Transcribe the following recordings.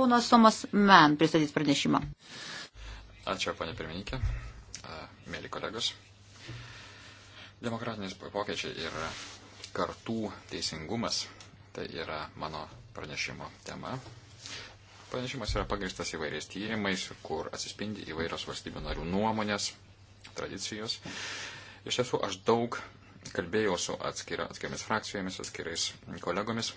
Ponas Tomas Men pristatys pranešimą. Ačiū, ponė pirmininkė, mėly kolegos. Demokratinis pokyčiai ir kartų teisingumas tai yra mano pranešimo tema. Pranešimas yra pagristas įvairiais tyrimais, kur atsispindi įvairios valstybių narių nuomonės, tradicijos. Iš tiesų, aš daug kalbėjau su atskira, atskiriamis frakcijomis, atskirais kolegomis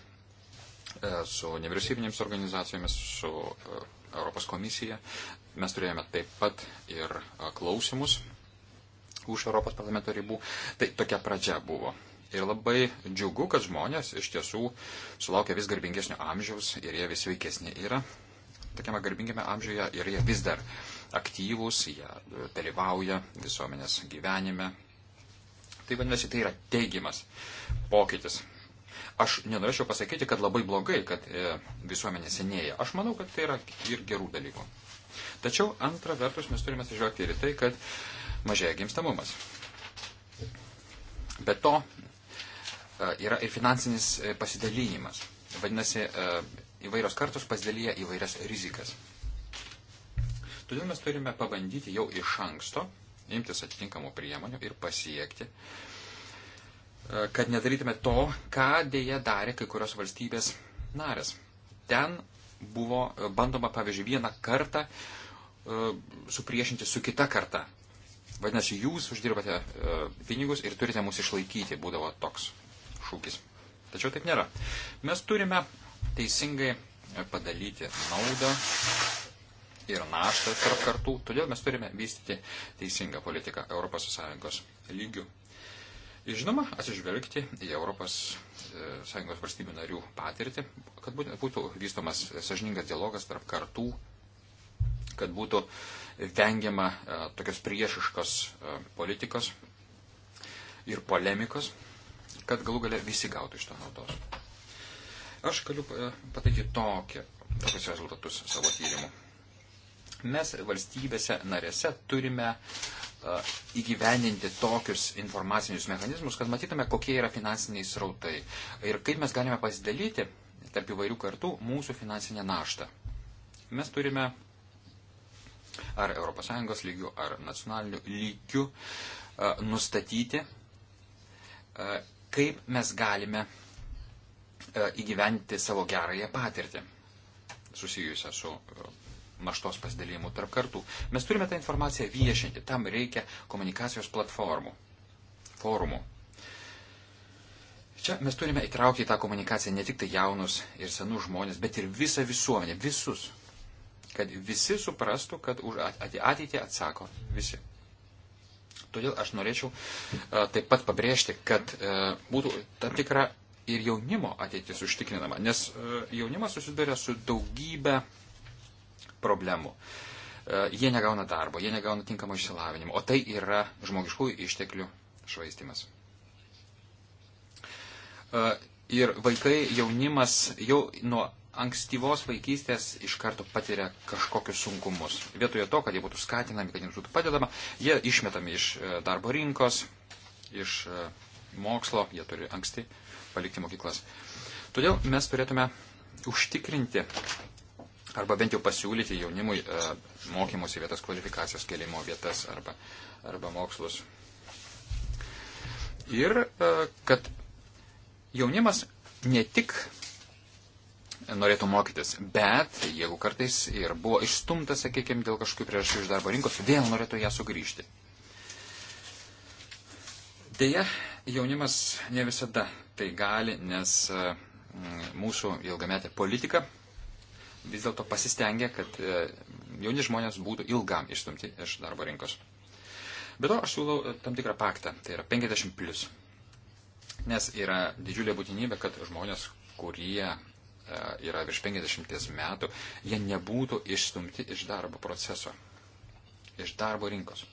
E, su nevyriausybinėms organizacijomis, su e, Europos komisija. Mes turėjome taip pat ir e, klausimus už Europos parlamento ribų. Tai tokia pradžia buvo. Ir labai džiugu, kad žmonės iš tiesų sulaukia vis garbingesnio amžiaus ir jie vis veikesni yra tokiame garbingame amžiuje ir jie vis dar aktyvūs, jie dalyvauja visuomenės gyvenime. Tai vadinasi, tai yra teigiamas pokytis. Aš nenorėčiau pasakyti, kad labai blogai, kad e, visuomenė senėja. Aš manau, kad tai yra ir gerų dalykų. Tačiau antra vertus mes turime atsižvelgti ir į tai, kad mažėja gimstamumas. Be to e, yra ir finansinis e, pasidalymas. Vadinasi, įvairios kartos pasidalyja įvairias rizikas. Todėl mes turime pabandyti jau iš anksto imtis atitinkamų priemonių ir pasiekti uh, kad nedarytume to, ką dėja darė kai kurios valstybės narės. Ten buvo e, bandoma, pavyzdžiui, vieną kartą e, supriešinti su kita karta. Vadinasi, jūs uždirbate e, pinigus ir turite mus išlaikyti, būdavo toks šūkis. Tačiau taip nėra. Mes turime teisingai padalyti naudą ir naštą tarp kartų, todėl mes turime vystyti teisingą politiką ES lygių Ir žinoma, atsižvelgti į Europos e, Sąjungos valstybių narių patirtį, kad būtų vystomas sažiningas dialogas tarp kartų, kad būtų vengiama e, tokios priešiškos e, politikos ir polemikos, kad galų gale visi gautų iš to naudos. Aš galiu pateikti tokie, tokius rezultatus savo tyrimu. Mes valstybėse narėse turime uh, įgyveninti tokius informacinius mechanizmus, kad matytume, kokie yra finansiniai srautai ir kaip mes galime pasidalyti tarp įvairių kartų mūsų finansinę naštą. Mes turime ar ES lygių, ar nacionalinių lygių nustatyti, kaip mes galime įgyventi savo gerąją patirtį susijusią su naštos pasidalymų tarp kartų. Mes turime tą informaciją viešinti, tam reikia komunikacijos platformų, forumų. Čia mes turime įtraukti į tą komunikaciją ne tik tai jaunus ir senus žmonės, bet ir visą visuomenę, visus, kad visi suprastų, kad už ateitį atsako visi. Todėl aš norėčiau e, taip pat pabrėžti, kad e, būtų tam tikra ir jaunimo ateitis užtikrinama, nes e, jaunimas susiduria su daugybė problemų. E, jie negauna darbo, jie negauna tinkamo išsilavinimo, o tai yra žmogiškųjų išteklių švaistimas. E, ir vaikai, jaunimas jau nuo ankstyvos vaikystės iš karto patiria kažkokius sunkumus. Vietoje to, kad jie būtų skatinami, kad jiems būtų padedama, jie išmetami iš e, darbo rinkos, iš mokslo, jie turi anksti palikti mokyklas. Todėl mes turėtume užtikrinti, arba bent jau pasiūlyti jaunimui e, mokymosi vietas, kvalifikacijos kelimo vietas arba, arba mokslus. Ir e, kad jaunimas ne tik norėtų mokytis, bet jeigu kartais ir buvo išstumtas, sakykime, dėl kažkokių priežasčių iš darbo rinkos, vėl norėtų ją sugrįžti. Deja, jaunimas ne visada tai gali, nes e, mūsų ilgametė politika vis dėlto pasistengė, kad e, jauni žmonės būtų ilgam išstumti iš darbo rinkos. Be to, aš siūlau e, tam tikrą paktą, tai yra 50 plus. Nes yra didžiulė būtinybė, kad žmonės, kurie e, yra virš 50 metų, jie nebūtų išstumti iš darbo proceso, iš darbo rinkos.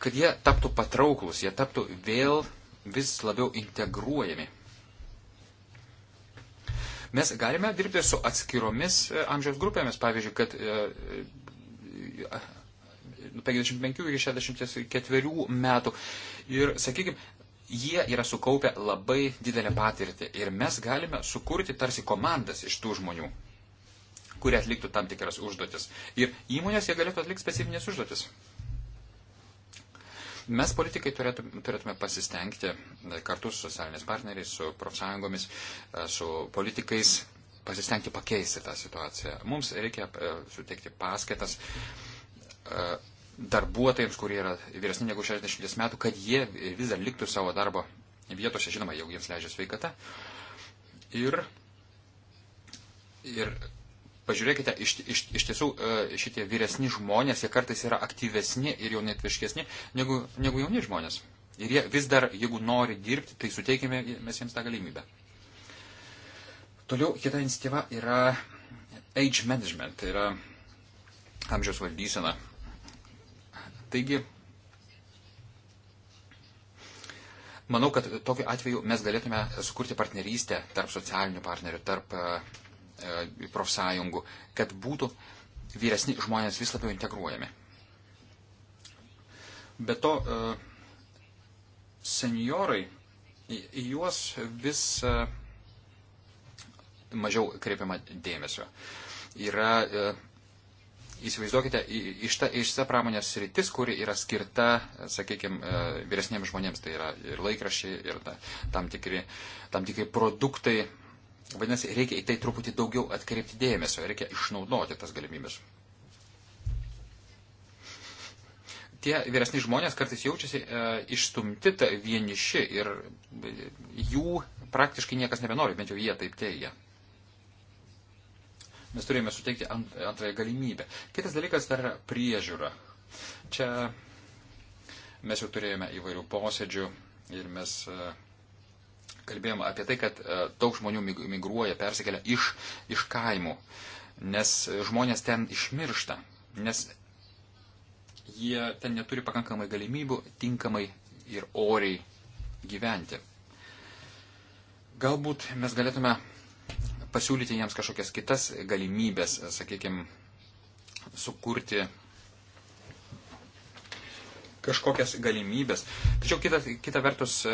Kad jie taptų patrauklus, jie taptų vėl vis labiau integruojami Mes galime dirbti su atskiromis e, amžiaus grupėmis, pavyzdžiui, kad 55 e, e, iki 64 metų. Ir, sakykime, jie yra sukaupę labai didelę patirtį ir mes galime sukurti tarsi komandas iš tų žmonių, kurie atliktų tam tikras užduotis. Ir įmonės jie galėtų atlikti specifinės užduotis. Mes politikai turėtume, turėtume pasistengti e, kartu su socialiniais partneriais, su profsąjungomis, e, su politikais, pasistengti pakeisti tą situaciją. Mums reikia e, suteikti paskaitas darbuotojams, kurie yra vyresni negu 60 metų, kad jie vis dar liktų savo darbo vietose, žinoma, jau jiems leidžia sveikata. Ir, ir pažiūrėkite, iš, iš, iš tiesų e, šitie vyresni žmonės, jie kartais yra aktyvesni ir jau netviškesni negu, negu jauni žmonės. Ir jie vis dar, jeigu nori dirbti, tai suteikime mes jiems tą galimybę. Toliau kita iniciatyva yra age management, tai yra amžiaus valdysena. Taigi, manau, kad tokiu atveju mes galėtume sukurti partnerystę tarp socialinių partnerių, tarp uh, E, profsąjungų, kad būtų vyresni žmonės vis labiau integruojami. Be to, e, seniorai, į juos vis e, mažiau kreipiama dėmesio. Yra, įsivaizduokite, išta, išta pramonės sritis, kuri yra skirta, sakykime, vyresniems žmonėms, tai yra ir laikrašiai, ir ta, tam, tikri, tam tikri produktai, Vadinasi, reikia į tai truputį daugiau atkreipti dėmesio, reikia išnaudoti tas galimybės. Tie vyresni žmonės kartais jaučiasi e, išstumti, ta, vieniši ir e, jų praktiškai niekas nebenori, bent jau jie taip teigia. Mes turėjome suteikti ant, antrąją galimybę. Kitas dalykas dar yra priežiūra. Čia mes jau turėjome įvairių posėdžių ir mes. E, kalbėjom apie tai, kad e, daug žmonių migruoja, persikelia iš, iš kaimų, nes žmonės ten išmiršta, nes jie ten neturi pakankamai galimybių tinkamai ir oriai gyventi. Galbūt mes galėtume pasiūlyti jiems kažkokias kitas galimybės, sakykime, sukurti kažkokias galimybės. Tačiau kita, kita vertus, e,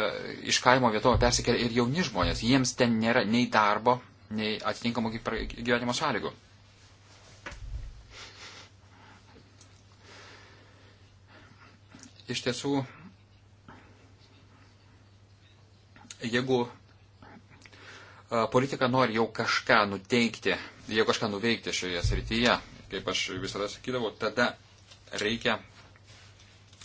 iš kaimo vietovo persikelia ir jauni žmonės. Jiems ten nėra nei darbo, nei atitinkamų gyvenimo sąlygų. Iš tiesų, jeigu e, politika nori jau kažką nuteikti, jau kažką nuveikti šioje srityje, kaip aš visada sakydavau, tada reikia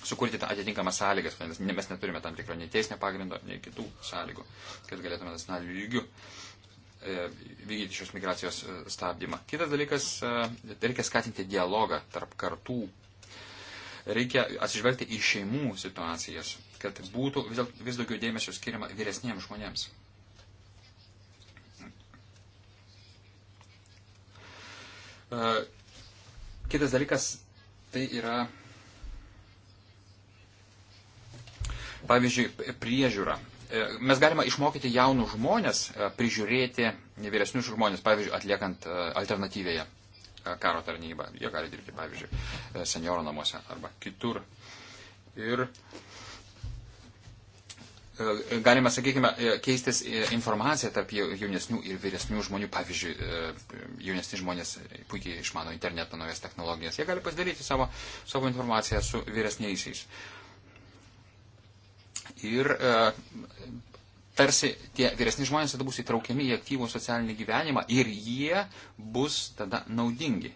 sukurti atitinkamas sąlygas, nes mes neturime tam tikro nei teisinio pagrindo, nei kitų sąlygų, kad galėtume nacionaliniu lygiu e, vykdyti šios migracijos e, stabdymą. Kitas dalykas, e, reikia skatinti dialogą tarp kartų. Reikia atsižvelgti į šeimų situacijas, kad būtų vis, vis daugiau dėmesio skiriama vyresniems žmonėms. Kitas dalykas tai yra Pavyzdžiui, priežiūra. E, mes galime išmokyti jaunų žmonės e, prižiūrėti vyresnius žmonės, pavyzdžiui, atliekant e, alternatyvėje karo tarnybą. Jie gali dirbti, pavyzdžiui, senjoro namuose arba kitur. Ir galime, sakykime, keistis informaciją tarp jaunesnių ir vyresnių žmonių. Pavyzdžiui, jaunesni žmonės puikiai išmano interneto naujas technologijas. Jie gali pasidaryti savo, savo informaciją su vyresniaisiais ir e, tarsi tie vyresni žmonės tada bus įtraukiami į aktyvų socialinį gyvenimą ir jie bus tada naudingi.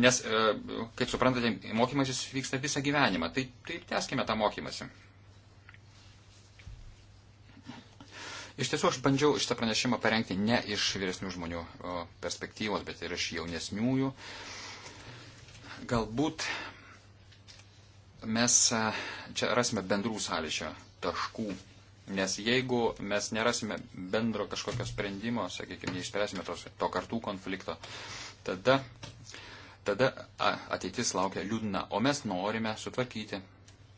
Nes, e, kaip suprantate, mokymasis vyksta visą gyvenimą. Tai, tai teskime tą mokymasi. Iš tiesų, aš bandžiau šitą pranešimą parengti ne iš vyresnių žmonių perspektyvos, bet ir iš jaunesniųjų. Galbūt mes e, čia rasime bendrų sąlyčio taškų. Nes jeigu mes nerasime bendro kažkokio sprendimo, sakykime, neišspręsime tos, to kartų konflikto, tada, tada ateitis laukia liūdna, o mes norime sutvarkyti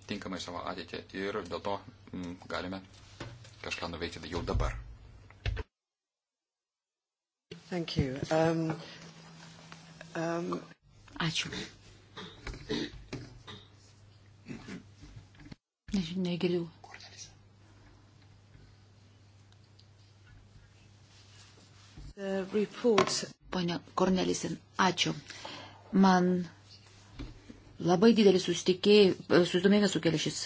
tinkamai savo ateitį ir dėl to m, galime kažką nuveikti jau dabar. Um, um... Ačiū. Negiliau. Pane Kornelisin, ačiū. Man labai didelį susidomėjimą sukelia šis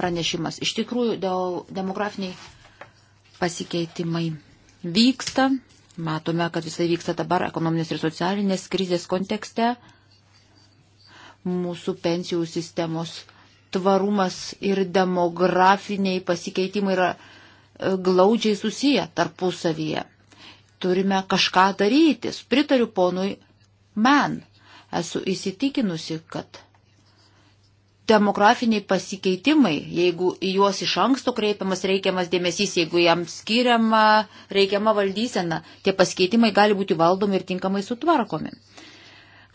pranešimas. Iš tikrųjų, demografiniai pasikeitimai vyksta. Matome, kad visai vyksta dabar ekonominės ir socialinės krizės kontekste. Mūsų pensijų sistemos tvarumas ir demografiniai pasikeitimai yra e, glaudžiai susiję tarpusavyje. Turime kažką daryti. Pritariu ponui man. Esu įsitikinusi, kad demografiniai pasikeitimai, jeigu į juos iš anksto kreipiamas reikiamas dėmesys, jeigu jam skiriama reikiama valdysena, tie pasikeitimai gali būti valdomi ir tinkamai sutvarkomi.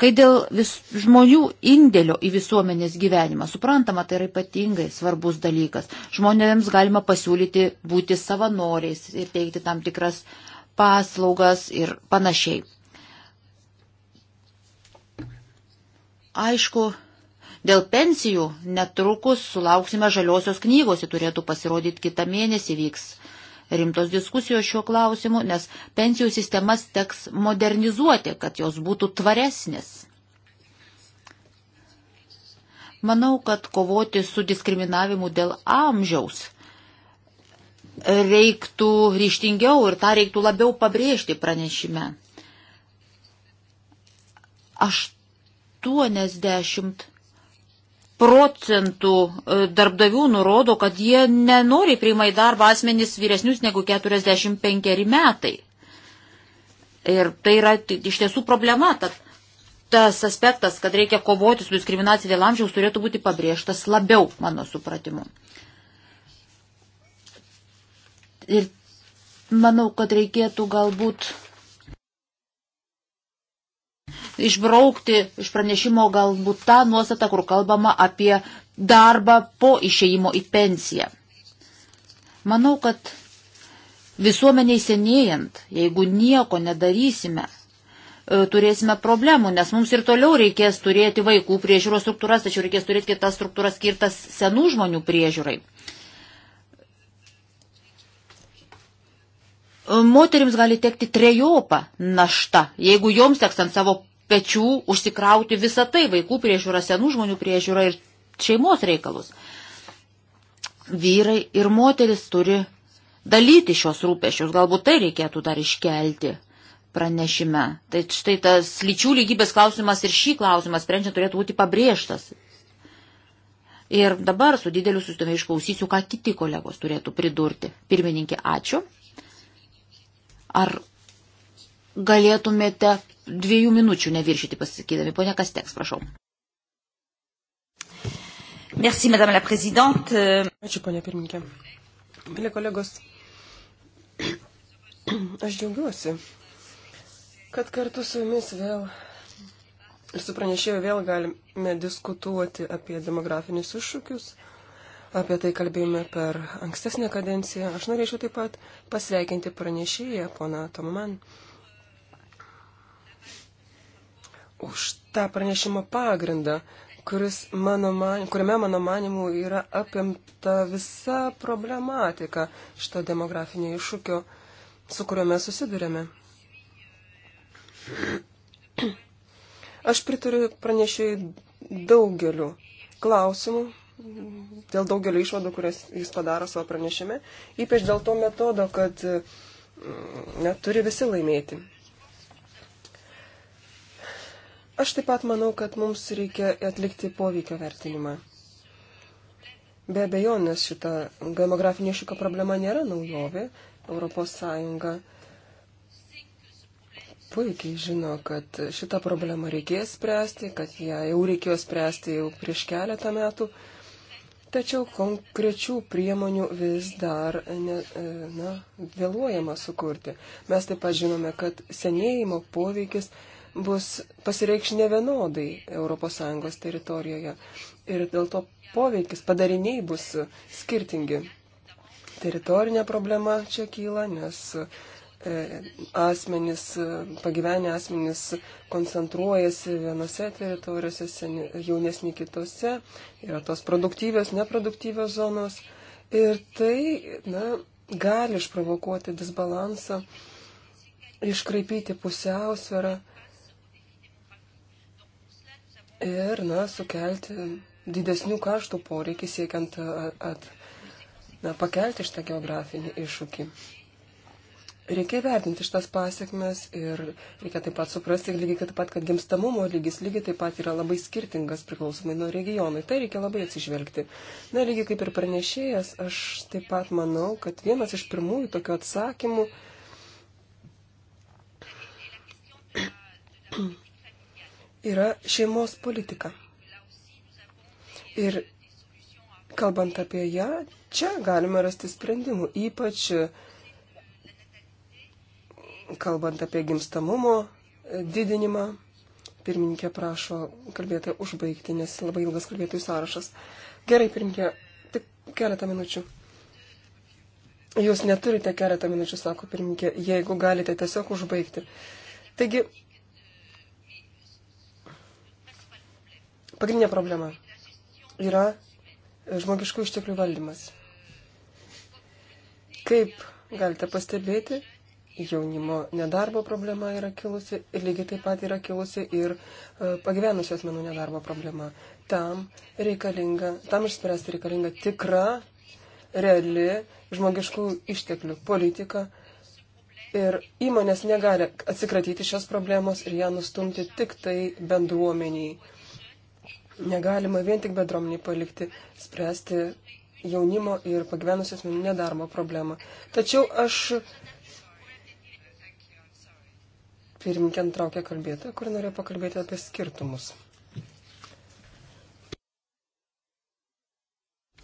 Kai dėl vis, žmonių indėlio į visuomenės gyvenimą, suprantama, tai yra ypatingai svarbus dalykas. Žmonėms galima pasiūlyti būti savanoriais ir teikti tam tikras paslaugas ir panašiai. Aišku, dėl pensijų netrukus sulauksime žaliosios knygos, ji turėtų pasirodyti kitą mėnesį vyks rimtos diskusijos šiuo klausimu, nes pensijų sistemas teks modernizuoti, kad jos būtų tvaresnės. Manau, kad kovoti su diskriminavimu dėl amžiaus reiktų ryštingiau ir tą reiktų labiau pabrėžti pranešime. 80 procentų e, darbdavių nurodo, kad jie nenori priima į darbą asmenys vyresnius negu 45 metai. Ir tai yra iš tiesų problema, tad tas aspektas, kad reikia kovoti su diskriminacija dėl amžiaus, turėtų būti pabrėžtas labiau, mano supratimu. Ir manau, kad reikėtų galbūt išbraukti iš pranešimo galbūt tą nuostatą, kur kalbama apie darbą po išeimo į pensiją. Manau, kad visuomeniai senėjant, jeigu nieko nedarysime, e, turėsime problemų, nes mums ir toliau reikės turėti vaikų priežiūros struktūras, tačiau reikės turėti kitas struktūras skirtas senų žmonių priežiūrai. moterims gali tekti trejopą naštą, jeigu joms teks ant savo pečių užsikrauti visą tai - vaikų priežiūra, senų žmonių priežiūra ir šeimos reikalus. Vyrai ir moteris turi dalyti šios rūpešius, galbūt tai reikėtų dar iškelti pranešime. Tai štai tas lyčių lygybės klausimas ir šį klausimą sprendžiant turėtų būti pabrėžtas. Ir dabar su dideliu sustumė išklausysiu, ką kiti kolegos turėtų pridurti. Pirmininkė, ačiū. Ar galėtumėte dviejų minučių neviršyti pasakydami? Pone Kasteks, prašau. Merci, madame la présidente. Ačiū, ponė pirmininkė. Mėly kolegos, aš džiaugiuosi, kad kartu su jumis vėl ir su pranešėju vėl galime diskutuoti apie demografinius iššūkius Apie tai kalbėjome per ankstesnę kadenciją. Aš norėčiau taip pat pasveikinti pranešėją, poną Tomaman, už tą pranešimo pagrindą, kuris mano man, kuriame, mano manimu, yra apimta visa problematika šito demografinio iššūkio, su kuriuo mes susidurėme. Aš pritariu pranešėjai daugeliu klausimų, dėl daugelio išvadų, kurias jis padaro savo pranešime, ypač dėl to metodo, kad mm, net turi visi laimėti. Aš taip pat manau, kad mums reikia atlikti poveikio vertinimą. Be abejonės šita demografinė šika problema nėra naujovė. Europos Sąjunga puikiai žino, kad šitą problemą reikės spręsti, kad ją jau reikėjo spręsti jau prieš keletą metų. Tačiau konkrečių priemonių vis dar ne, e, na, vėluojama sukurti. Mes taip pat žinome, kad senėjimo poveikis bus pasireikš nevienodai ES teritorijoje ir dėl to poveikis padariniai bus skirtingi. Teritorinė problema čia kyla, nes E, asmenys, e, pagyvenę asmenys koncentruojasi vienose teritorijose, jaunesni kitose, yra tos produktyvios, neproduktyvios zonos. Ir tai, na, gali išprovokuoti disbalansą, iškraipyti pusiausvėrą ir, na, sukelti didesnių kaštų poreikį siekiant at, at, na, pakelti šitą geografinį iššūkį reikia vertinti šitas pasiekmes ir reikia taip pat suprasti lygiai taip pat, kad gimstamumo lygis lygiai taip pat yra labai skirtingas priklausomai nuo regionų. Tai reikia labai atsižvelgti. Na, lygiai kaip ir pranešėjas, aš taip pat manau, kad vienas iš pirmųjų tokių atsakymų yra šeimos politika. Ir kalbant apie ją, čia galime rasti sprendimų, ypač uh, kalbant apie gimstamumo didinimą, pirmininkė prašo kalbėti užbaigti, nes labai ilgas kalbėtojų sąrašas. Gerai, pirmininkė, tik keletą minučių. Jūs neturite keletą minučių, sako pirmininkė, jeigu galite tiesiog užbaigti. Taigi, pagrindinė problema yra žmogiškų išteklių valdymas. Kaip galite pastebėti, jaunimo nedarbo problema yra kilusi ir lygiai taip pat yra kilusi ir e, pagyvenusių asmenų nedarbo problema. Tam reikalinga, tam išspręsti reikalinga tikra, reali žmogiškų išteklių politika. Ir įmonės negali atsikratyti šios problemos ir ją nustumti tik tai bendruomeniai. Negalima vien tik bendruomeniai palikti spręsti jaunimo ir pagyvenusios nedarbo problemą. Tačiau aš Pirminkė antraukė kalbėtoją, kuri norėjo pakalbėti apie skirtumus.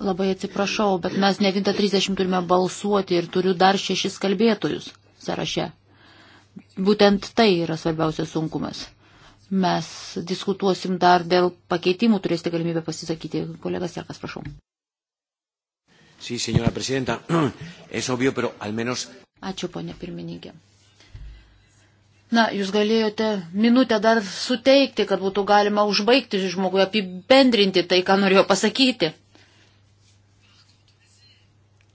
Labai atsiprašau, bet mes 9.30 turime balsuoti ir turiu dar šešis kalbėtojus sąraše. Būtent tai yra svarbiausias sunkumas. Mes diskutuosim dar dėl pakeitimų, turėsite galimybę pasisakyti. Kolegas Serkas, prašau. Sí, señora presidenta. Es obvio, pero al menos... Ačiū, ponė pirmininkė. Na, jūs galėjote minutę dar suteikti, kad būtų galima užbaigti žmogui, apibendrinti tai, ką norėjo pasakyti.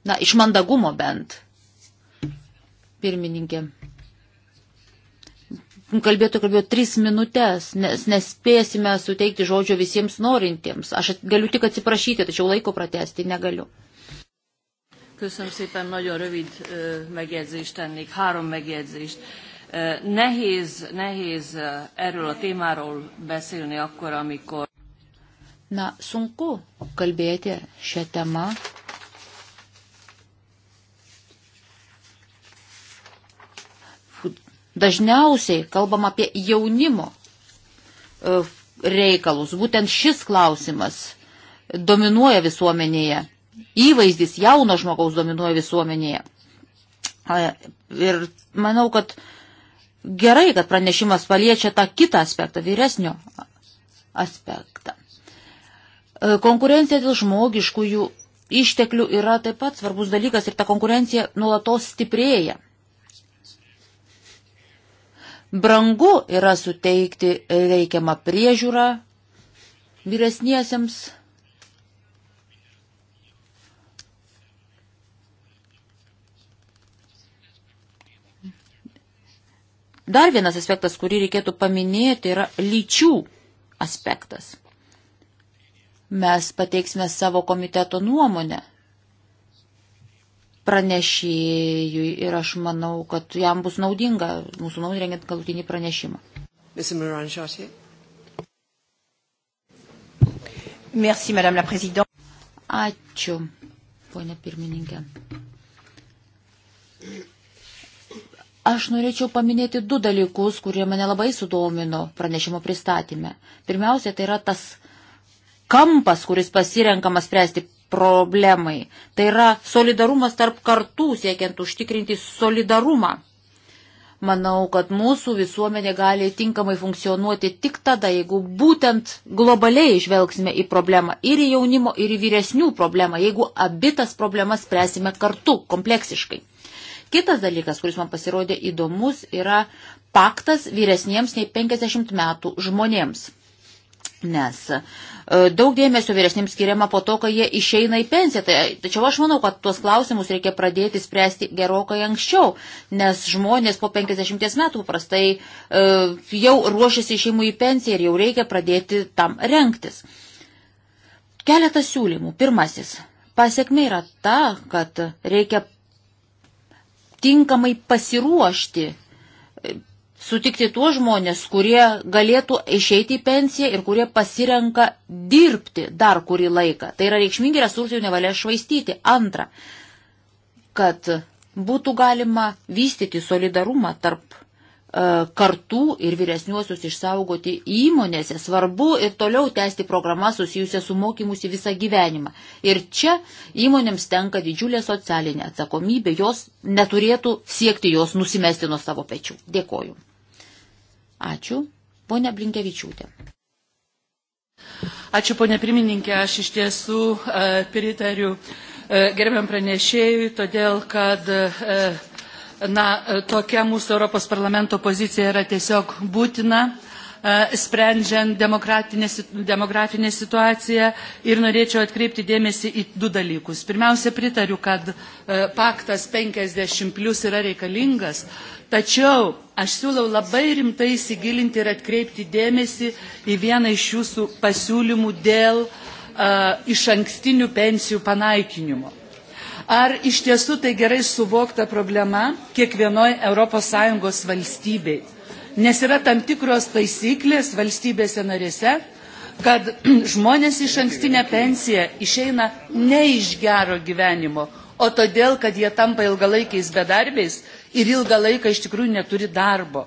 Na, iš mandagumo bent. Pirmininkė. Kalbėtų, kalbėjo tris minutės, nes nespėsime suteikti žodžio visiems norintiems. Aš galiu tik atsiprašyti, tačiau laiko pratesti negaliu. Köszönöm szépen, nagyon rövid megjegyzést tennék, három megjegyzést. Nehéz, nehéz erről a témáról beszélni akkor, amikor. Na, sunku kalbėti šią temą. Dažniausiai kalbam apie jaunimo reikalus. Būtent šis klausimas dominuoja visuomenėje. Įvaizdis jauno žmogaus dominuoja visuomenėje. Ir manau, kad uh, gerai, kad pranešimas paliečia tą kitą aspektą, vyresnio aspektą. E, konkurencija dėl žmogiškųjų išteklių yra taip pat svarbus dalykas ir ta konkurencija nuolatos stiprėja. Brangu yra suteikti reikiamą priežiūrą vyresniesiems Dar vienas aspektas, kurį reikėtų paminėti, yra lyčių aspektas. Mes pateiksime savo komiteto nuomonę pranešėjui ir aš manau, kad jam bus naudinga mūsų nuomonė rengiant galutinį pranešimą. Merci, Madame la Présidente. Ačiū, ponė pirmininkė. Aš norėčiau paminėti du dalykus, kurie mane labai sudomino pranešimo pristatymę. Pirmiausia, tai yra tas kampas, kuris pasirenkamas spręsti problemai. Tai yra solidarumas tarp kartų, siekiant užtikrinti solidarumą. Manau, kad mūsų visuomenė gali tinkamai funkcionuoti tik tada, jeigu būtent globaliai išvelgsime į problemą ir į jaunimo, ir į vyresnių problemą, jeigu abitas problemas spręsime kartu, kompleksiškai. Kitas dalykas, kuris man pasirodė įdomus, yra paktas vyresniems nei 50 metų žmonėms. Nes e, daug dėmesio vyresniems skiriama po to, kai jie išeina į pensiją. Tai, tačiau aš manau, kad tuos klausimus reikia pradėti spręsti gerokai anksčiau, nes žmonės po 50 metų prastai e, jau ruošiasi išeimų į pensiją ir jau reikia pradėti tam renktis. Keletas siūlymų. Pirmasis. Pasiekmė yra ta, kad reikia tinkamai pasiruošti, e, sutikti tuos žmonės, kurie galėtų išeiti į pensiją ir kurie pasirenka dirbti dar kurį laiką. Tai yra reikšmingi resursai, jų nevalia švaistyti. Antra, kad būtų galima vystyti solidarumą tarp E, kartų ir vyresniuosius išsaugoti įmonėse. Svarbu ir toliau tęsti programas susijusią su mokymusi visą gyvenimą. Ir čia įmonėms tenka didžiulė socialinė atsakomybė, jos neturėtų siekti jos nusimesti nuo savo pečių. Dėkoju. Ačiū, ponia Blinkevičiūtė. Ačiū, ponia pirmininkė, aš iš tiesų e, pritariu e, gerbiam pranešėjui, todėl kad Na, e, tokia mūsų Europos parlamento pozicija yra tiesiog būtina e, sprendžiant demografinę situaciją ir norėčiau atkreipti dėmesį į du dalykus. Pirmiausia, pritariu, kad e, paktas 50 plus yra reikalingas, tačiau aš siūlau labai rimtai įsigilinti ir atkreipti dėmesį į vieną iš jūsų pasiūlymų dėl uh, iš ankstinių pensijų panaikinimo. Ar iš tiesų tai gerai suvokta problema kiekvienoje ES valstybei? Nes yra tam tikros taisyklės valstybėse narėse, kad žmonės iš ankstinę pensiją išeina ne iš gero gyvenimo, o todėl, kad jie tampa ilgalaikiais bedarbiais ir ilgą laiką iš tikrųjų neturi darbo.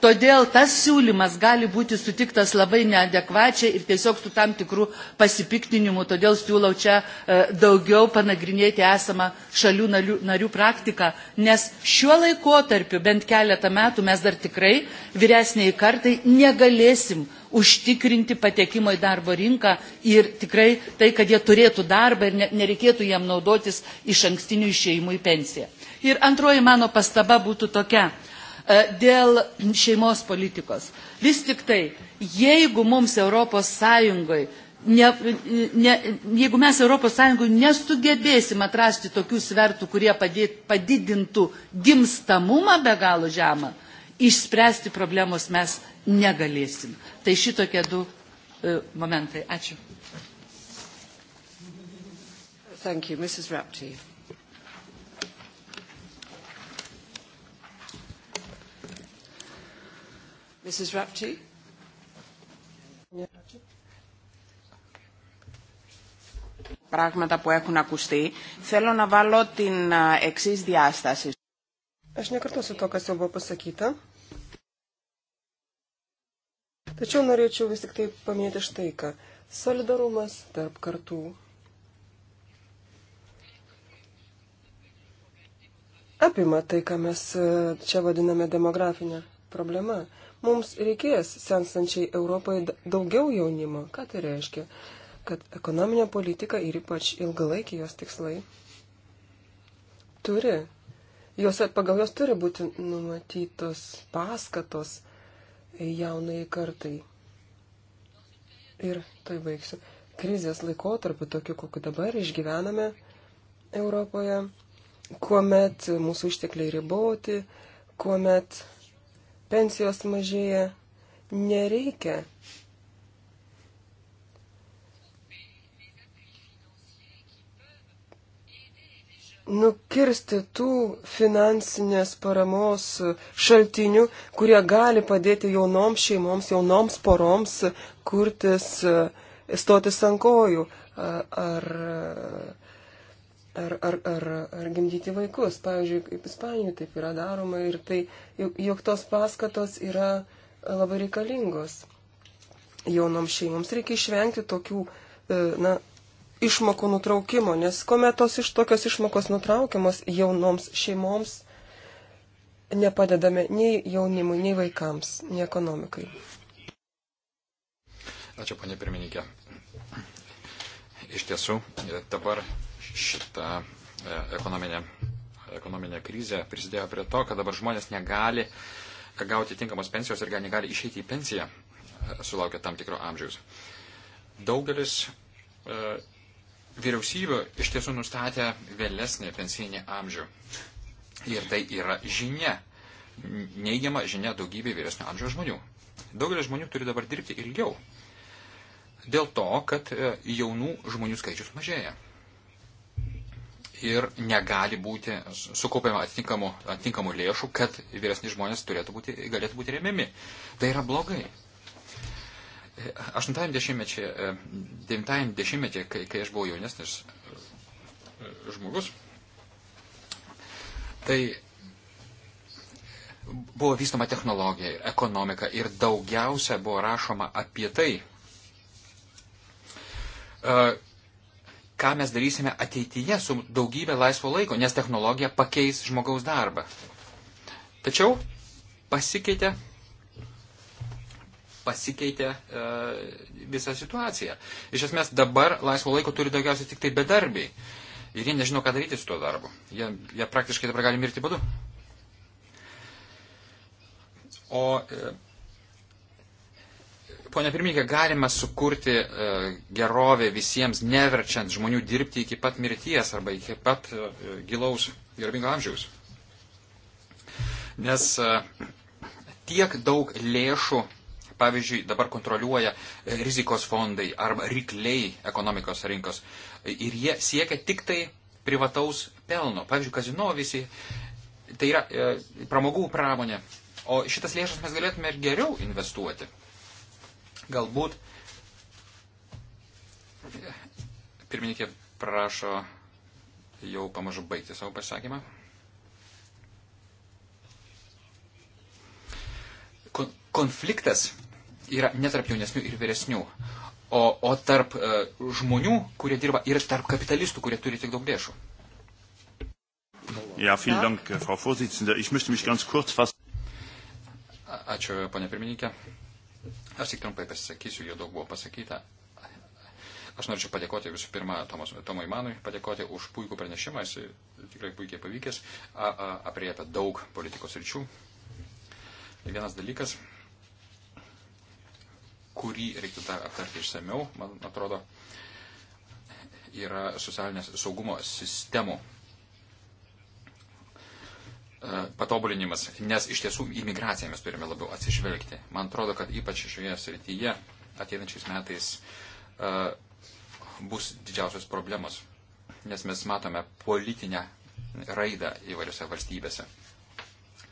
Todėl tas siūlymas gali būti sutiktas labai neadekvačiai ir tiesiog su tam tikrų pasipiktinimu. Todėl siūlau čia e, daugiau panagrinėti esamą šalių narių, narių praktiką, nes šiuo laikotarpiu bent keletą metų mes dar tikrai vyresniai kartai negalėsim užtikrinti patekimo į darbo rinką ir tikrai tai, kad jie turėtų darbą ir nereikėtų jam naudotis iš ankstinių išėjimų į pensiją. Ir antroji mano pastaba būtų tokia E, dėl šeimos politikos. Vis tik tai, jeigu mums Europos Sąjungoje ne, ne, jeigu mes ES nesugebėsim atrasti tokių svertų, kurie padėt, padidintų gimstamumą be galo žemą, išspręsti problemos mes negalėsim. Tai šitokie du uh, momentai. Ačiū. Thank you, Mrs. Rapti. Mrs. Rapti. Πράγματα που έχουν ακουστεί. Θέλω να βάλω την εξή διάσταση. Aš nekartosiu to, kas jau buvo pasakyta. Tačiau norėčiau vis tik tai paminėti štai ką. Solidarumas tarp kartų. Apima tai, ką mes e, čia vadiname demografinę problemą mums reikės sensančiai Europai daugiau jaunimo. Ką tai reiškia? Kad ekonominė politika ir ypač ilgalaikiai jos tikslai turi, jos, pagal jos turi būti numatytos paskatos jaunai kartai. Ir tai baigsiu. Krizės laikotarpiu, tokiu kokiu dabar išgyvename Europoje, kuomet mūsų ištekliai riboti, kuomet pensijos mažėja, nereikia nukirsti tų finansinės paramos šaltinių, kurie gali padėti jaunoms šeimoms, jaunoms poroms kurtis, stotis ant kojų ar ar, ar, ar, ar gimdyti vaikus. Pavyzdžiui, kaip Ispanijoje taip yra daroma ir tai, jog, jog tos paskatos yra labai reikalingos. Jaunoms šeimoms reikia išvengti tokių, e, na, išmokų nutraukimo, nes kuomet tos iš tokios išmokos nutraukiamos jaunoms šeimoms, nepadedame nei jaunimui, nei vaikams, nei ekonomikai. Ačiū, ponė pirmininkė. Iš tiesų, dabar šita e, ekonominė, ekonominė krizė prisidėjo prie to, kad dabar žmonės negali gauti tinkamos pensijos ir negali išeiti į pensiją, e, sulaukia tam tikro amžiaus. Daugelis e, vyriausybių iš tiesų nustatė vėlesnį pensinį amžių. Ir tai yra žinia, neigiama žinia daugybė vyresnio amžiaus žmonių. Daugelis žmonių turi dabar dirbti ilgiau. Dėl to, kad e, jaunų žmonių skaičius mažėja ir negali būti sukaupiama atitinkamų, atitinkamų lėšų, kad vyresni žmonės būti, galėtų būti remiami. Tai yra blogai. 80-mečiai, kai, kai aš buvau jaunesnis e, žmogus, tai buvo vystoma technologija, ekonomika ir daugiausia buvo rašoma apie tai, e, ką mes darysime ateityje su daugybė laisvo laiko, nes technologija pakeis žmogaus darbą. Tačiau pasikeitė, pasikeitė e, visą situaciją. Iš esmės dabar laisvo laiko turi daugiausiai tik tai bedarbiai. Ir jie nežino, ką daryti su tuo darbu. Jie, jie praktiškai dabar gali mirti badu. O e, Pone pirmininkė, galima sukurti e, gerovę visiems, neverčiant žmonių dirbti iki pat mirties arba iki pat e, gilaus garbingo amžiaus. Nes e, tiek daug lėšų, pavyzdžiui, dabar kontroliuoja rizikos fondai arba rykliai ekonomikos rinkos. Ir jie siekia tik tai privataus pelno. Pavyzdžiui, kazino visi, tai yra e, pramogų pramonė. O šitas lėšas mes galėtume ir geriau investuoti. Galbūt pirmininkė prašo jau pamažu baigti savo pasakymą. Kon konfliktas yra ne tarp jaunesnių ir vyresnių, o, o tarp e, žmonių, kurie dirba, ir tarp kapitalistų, kurie turi tik daug lėšų. Ja, vielen Dank, Frau Vorsitzende. Ich möchte mich ganz kurz fassen. Ačiū, ponia pirmininkė. Aš tik trumpai pasisakysiu, jau daug buvo pasakyta. Aš norėčiau padėkoti visų pirma Tomas, Tomui Manui, padėkoti už puikų pranešimą, jis tikrai puikiai pavykęs, apriepia daug politikos ryčių. Tai vienas dalykas, kurį reiktų dar aptarti išsameu, man atrodo, yra socialinės saugumo sistemų E, patobulinimas, nes iš tiesų į migraciją mes turime labiau atsižvelgti. Man atrodo, kad ypač šioje srityje ateinančiais metais uh, bus didžiausios problemos, nes mes matome politinę raidą įvairiose valstybėse.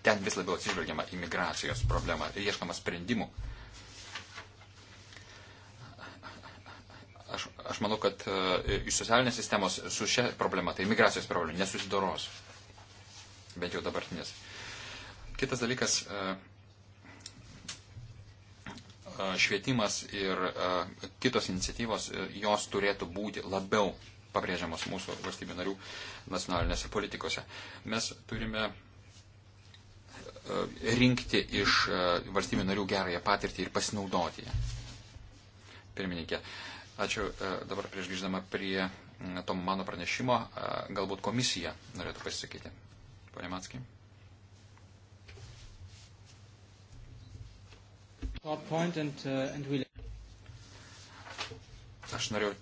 Ten vis labiau atsižvelgiama į migracijos problemą ir ieškama sprendimų. Aš, aš manau, kad uh, iš socialinės sistemos su šia problema, tai migracijos problema, nesusidoros bet jau dabartinės. Kitas dalykas e, e, švietimas ir e, kitos iniciatyvos, jos turėtų būti labiau pabrėžiamos mūsų valstybių narių nacionalinėse politikose. Mes turime rinkti iš valstybių narių gerąją patirtį ir pasinaudoti ją. Pirmininkė, ačiū dabar prieš grįždama prie to mano pranešimo. Galbūt komisija norėtų pasisakyti. Pane Mackį. Uh, Aš norėjau,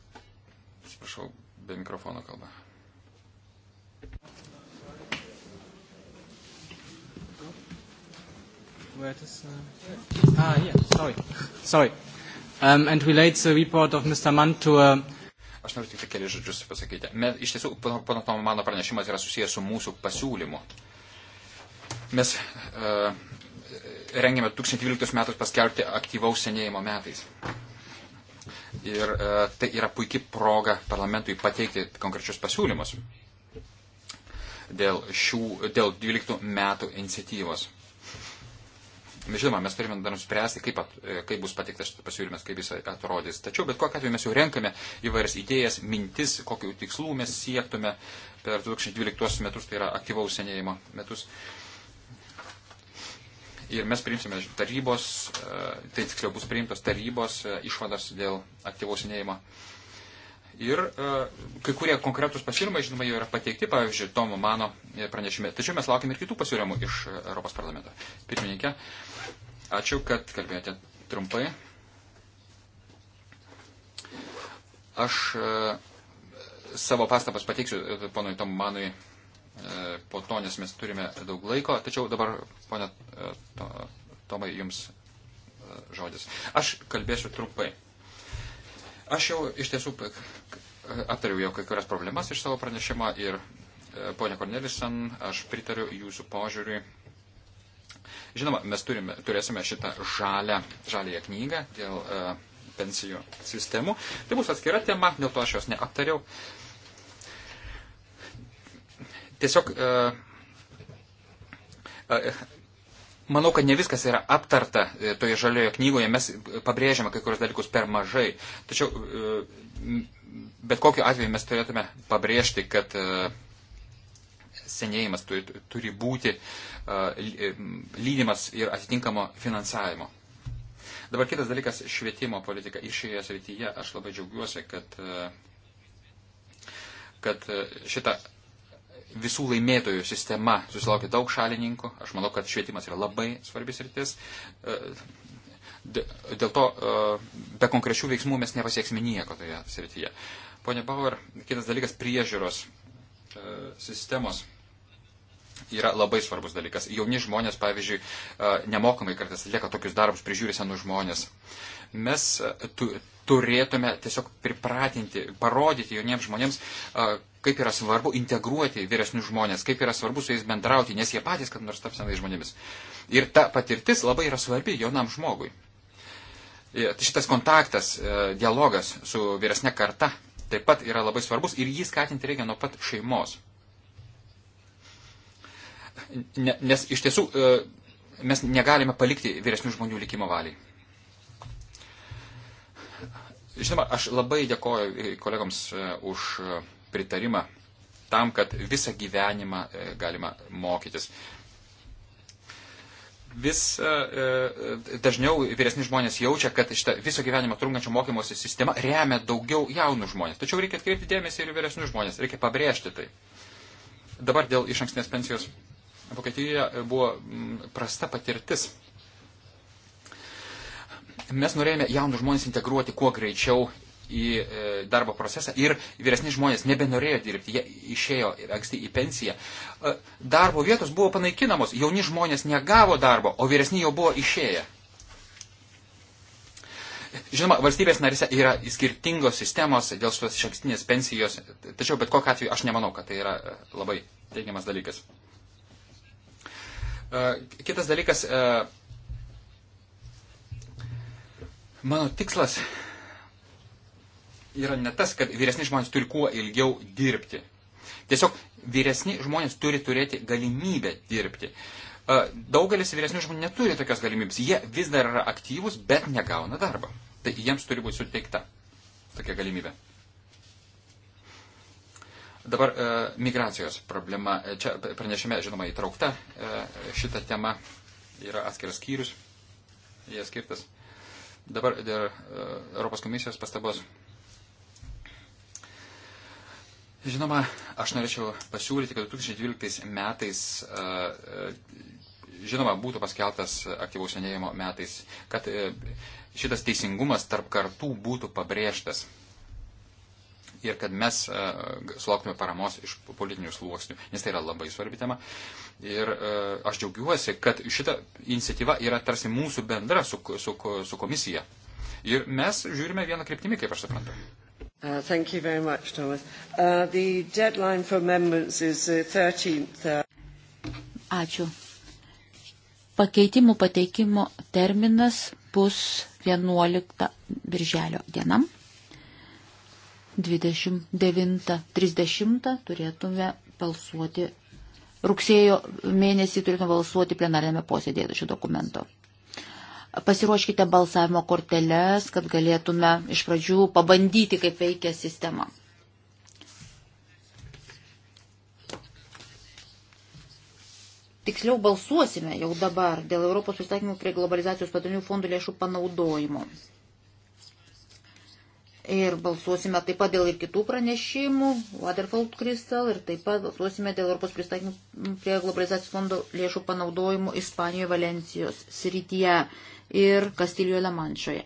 atsiprašau, be mikrofono kalbą. where it is. Uh, ah, yeah, sorry. Sorry. Um, and relates the report of Mr. Mann to a uh, Aš noriu tik tai keli žodžius pasakyti. Mes, iš tiesų, pana Tomo, mano pranešimas yra susijęs su mūsų pasiūlymu. Mes uh, rengėme 2012 metus paskelbti aktyvaus senėjimo metais. Ir uh, tai yra puikia proga parlamentui pateikti konkrečius pasiūlymus dėl, šių, dėl 12 metų iniciatyvos. Žinoma, mes turime dar nuspręsti, kaip, at, e, kaip bus patiktas šitas pasiūlymas, kaip jis atrodys. Tačiau bet kokiu atveju mes jau renkame įvairias idėjas, mintis, kokiu tikslu mes siektume per 2012 metus, tai yra aktyvaus senėjimo metus. Ir mes priimsime tarybos, e, tai tiksliau bus priimtos tarybos e, išvados dėl aktyvaus senėjimo metus Ir e, kai kurie konkretūs pasiūlymai, žinoma, jau yra pateikti, pavyzdžiui, Tomo mano pranešime. Tačiau mes laukime ir kitų pasiūlymų iš Europos parlamento. Pirmininkė, ačiū, kad kalbėjote trumpai. Aš e, savo pastabas pateiksiu e, ponui Tomu Manui po to, nes mes turime daug laiko. Tačiau dabar, ponė Tomai, jums žodis. Aš kalbėsiu trumpai. Aš jau iš tiesų aptariau jau kai kurias problemas iš savo pranešimo ir e, ponia Kornelisen, aš pritariu jūsų požiūriui. Žinoma, mes turime, turėsime šitą žalę, žalėją knygą dėl e, pensijų sistemų. Tai bus atskira tema, dėl to aš jos neaptariau. Tiesiog e, e Manau, kad ne viskas yra aptarta e, toje žalioje knygoje, mes pabrėžiame kai kurios dalykus per mažai. Tačiau e, bet kokiu atveju mes turėtume pabrėžti, kad e, senėjimas turi, turi būti lydimas ir atitinkamo finansavimo. Dabar kitas dalykas - švietimo politika. Ir šioje srityje aš labai džiaugiuosi, kad, kad šita visų laimėtojų sistema susilaukė daug šalininkų. Aš manau, kad švietimas yra labai svarbis rytis. E, dėl to e, be konkrečių veiksmų mes nepasieksime nieko toje srityje. Pone Bauer, kitas dalykas - priežiūros e, sistemos yra labai svarbus dalykas. Jauni žmonės, pavyzdžiui, nemokamai kartais atlieka tokius darbus, prižiūri senų žmonės. Mes tu, turėtume tiesiog pripratinti, parodyti jauniems žmonėms, kaip yra svarbu integruoti vyresnius žmonės, kaip yra svarbu su jais bendrauti, nes jie patys, kad nors taps senais žmonėmis. Ir ta patirtis labai yra svarbi jaunam žmogui. Tai šitas kontaktas, e, dialogas su vyresne karta taip pat yra labai svarbus ir jį skatinti reikia nuo pat šeimos. Nes iš tiesų e, mes negalime palikti vyresnių žmonių likimo valiai. Žinoma, aš labai dėkoju kolegoms e, už pritarimą tam, kad visą gyvenimą e, galima mokytis. Vis e, e, dažniau vyresni žmonės jaučia, kad šitą viso gyvenimą trunkančio mokymosi sistema remia daugiau jaunų žmonės. Tačiau reikia atkreipti dėmesį ir vyresnių žmonės, reikia pabrėžti tai. Dabar dėl iš ankstinės pensijos Vokietijoje buvo prasta patirtis. Mes norėjome jaunus žmonės integruoti kuo greičiau į e, darbo procesą ir vyresni žmonės nebenorėjo dirbti, jie išėjo anksti į pensiją. E, darbo vietos buvo panaikinamos, jauni žmonės negavo darbo, o vyresni jau buvo išėję. Žinoma, valstybės narise yra skirtingos sistemos dėl šios šakstinės pensijos, tačiau bet kokiu atveju aš nemanau, kad tai yra e, labai teigiamas dalykas. Kitas dalykas, mano tikslas yra ne tas, kad vyresni žmonės turi kuo ilgiau dirbti. Tiesiog vyresni žmonės turi turėti galimybę dirbti. Daugelis vyresnių žmonių neturi tokios galimybės. Jie vis dar yra aktyvūs, bet negauna darbą. Tai jiems turi būti suteikta tokia galimybė. Dabar e, migracijos problema. Čia pranešime, žinoma, įtraukta e, šita tema. Yra atskiras skyrius. Jie skirtas. Dabar dėl e, Europos komisijos pastabos. E, Žinoma, aš norėčiau pasiūlyti, kad 2012 metais, e, e, žinoma, būtų paskeltas aktyvaus senėjimo metais, kad e, šitas teisingumas tarp kartų būtų pabrėžtas ir kad mes sulauktume paramos iš politinių sluoksnių, nes tai yra labai svarbi tema. Ir aš džiaugiuosi, kad šita iniciatyva yra tarsi mūsų bendra su, su, su komisija. Ir mes žiūrime vieną kryptimį, kaip aš suprantu. Uh, thank you very much, Thomas. Uh, the deadline for amendments is the 13th. Uh... Ačiū. Pakeitimų pateikimo terminas bus 11 birželio dienam. 29.30 turėtume balsuoti. Rugsėjo mėnesį turėtume balsuoti plenarinėme posėdėje šio dokumento. Pasiruoškite balsavimo korteles, kad galėtume iš pradžių pabandyti, kaip veikia sistema. Tiksliau balsuosime jau dabar dėl Europos pristatymų prie globalizacijos padarinių fondų lėšų panaudojimo. Ir balsuosime taip pat dėl ir kitų pranešimų, Waterfall Crystal, ir taip pat balsuosime dėl Europos pristatymų prie globalizacijos fondo lėšų panaudojimo Ispanijoje Valencijos srityje ir Kastilijoje Lamanšoje.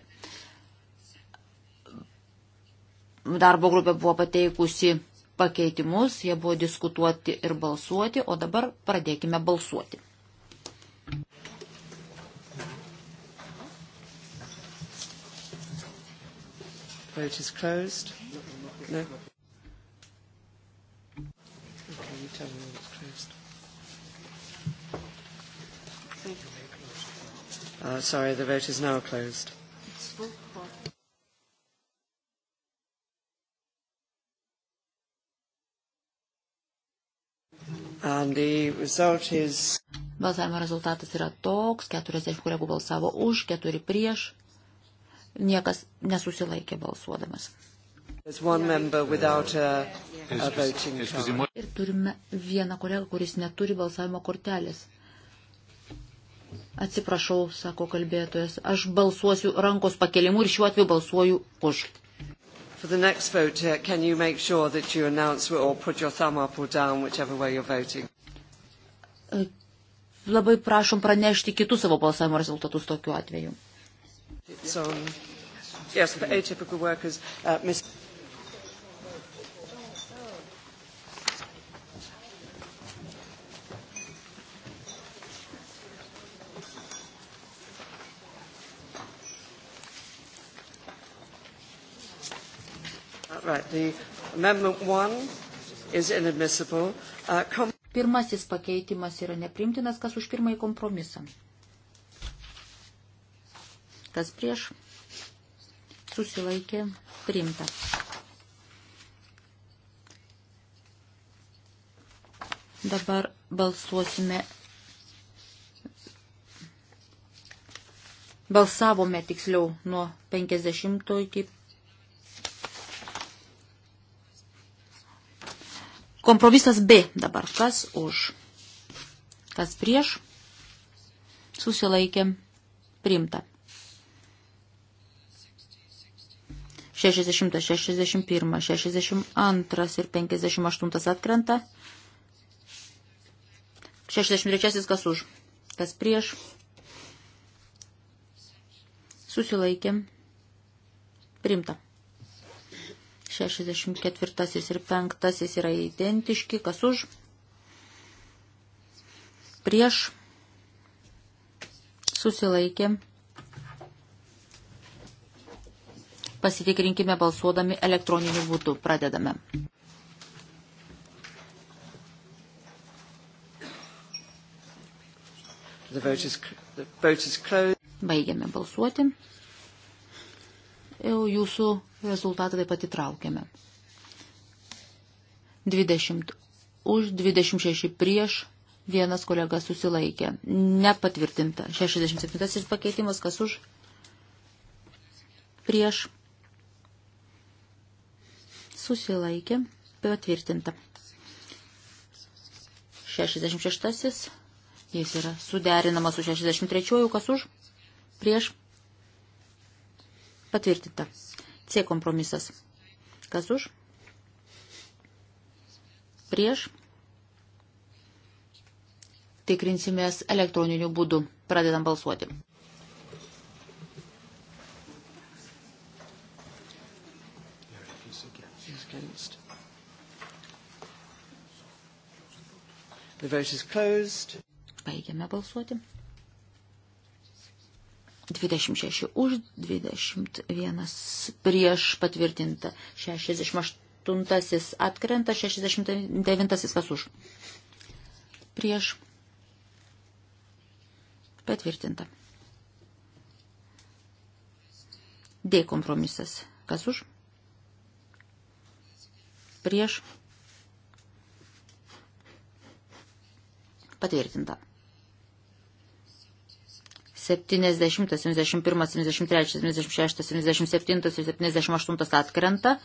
Darbo grupė buvo pateikusi pakeitimus, jie buvo diskutuoti ir balsuoti, o dabar pradėkime balsuoti. Vote is closed. No. Okay, you tell me when it's closed. Uh, sorry, the vote is now closed. It's four, four. And the result is... Balsavimo rezultatas yra toks, 40 kolegų balsavo už, 4 prieš, niekas nesusilaikė balsuodamas. A, a Ir turime vieną kolegą, kuris neturi balsavimo kortelės. Atsiprašau, sako kalbėtojas, aš balsuosiu rankos pakelimu ir šiuo atveju balsuoju už. For the next vote, uh, can you make sure that you announce or put your thumb up or down, whichever way you're voting? Uh, labai prašom pranešti kitus savo balsavimo rezultatus tokiu atveju. It's on, um, yes, for atypical workers, uh, Ms. Right, the amendment one is inadmissible. Uh, com Pirmasis pakeitimas yra neprimtinas, kas už pirmąjį kompromisą. Kas prieš susilaikė primta. Dabar balsuosime. Balsavome tiksliau nuo 50 iki Kompromisas B dabar. Kas už? Kas prieš? Susilaikė. Primta. 60, 61, 62 ir 58 atkrenta. 63 kas už, kas prieš. Susilaikė. Primta. 64 ir 5 yra identiški, kas už, prieš, susilaikė. Pasitikrinkime balsuodami elektroniniu būdu. Pradedame. The vote is, the vote is closed. Baigiame balsuoti. Jau jūsų rezultatą taip pat įtraukėme. 20 už, 26 prieš, vienas kolega susilaikė. Nepatvirtinta. 67 pakeitimas, kas už, prieš, susilaikė, patvirtinta. 66 jis yra suderinamas su 63 kas už, prieš, patvirtinta. C kompromisas. Kas už? Prieš. Tikrinsimės elektroniniu būdu. Pradedam balsuoti. Baigiame balsuoti. 26 už, 21 prieš patvirtinta, 68 atkrenta, 69 kas už. Prieš patvirtinta. D kompromisas. Kas už? Prieš patvirtinta. 70, 71, 73, 76, 77 ir 78 atkrenta.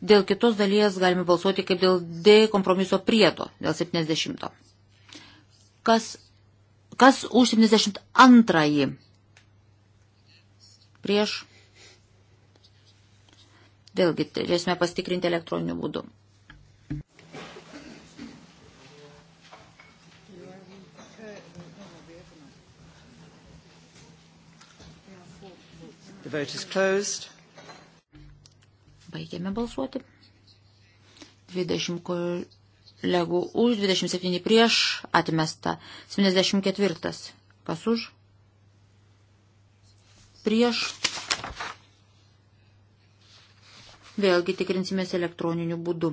Dėl kitos dalies galime balsuoti kaip dėl D kompromiso priedo, dėl 70. Kas, kas už 72? Prieš. Vėlgi, turėsime pastikrinti elektroniniu būdu. The vote is closed. Baigėme balsuoti. 20 kolegų už, 27 prieš, atmesta. 74. Kas už? Prieš. Vėlgi tikrinsimės elektroniniu būdu.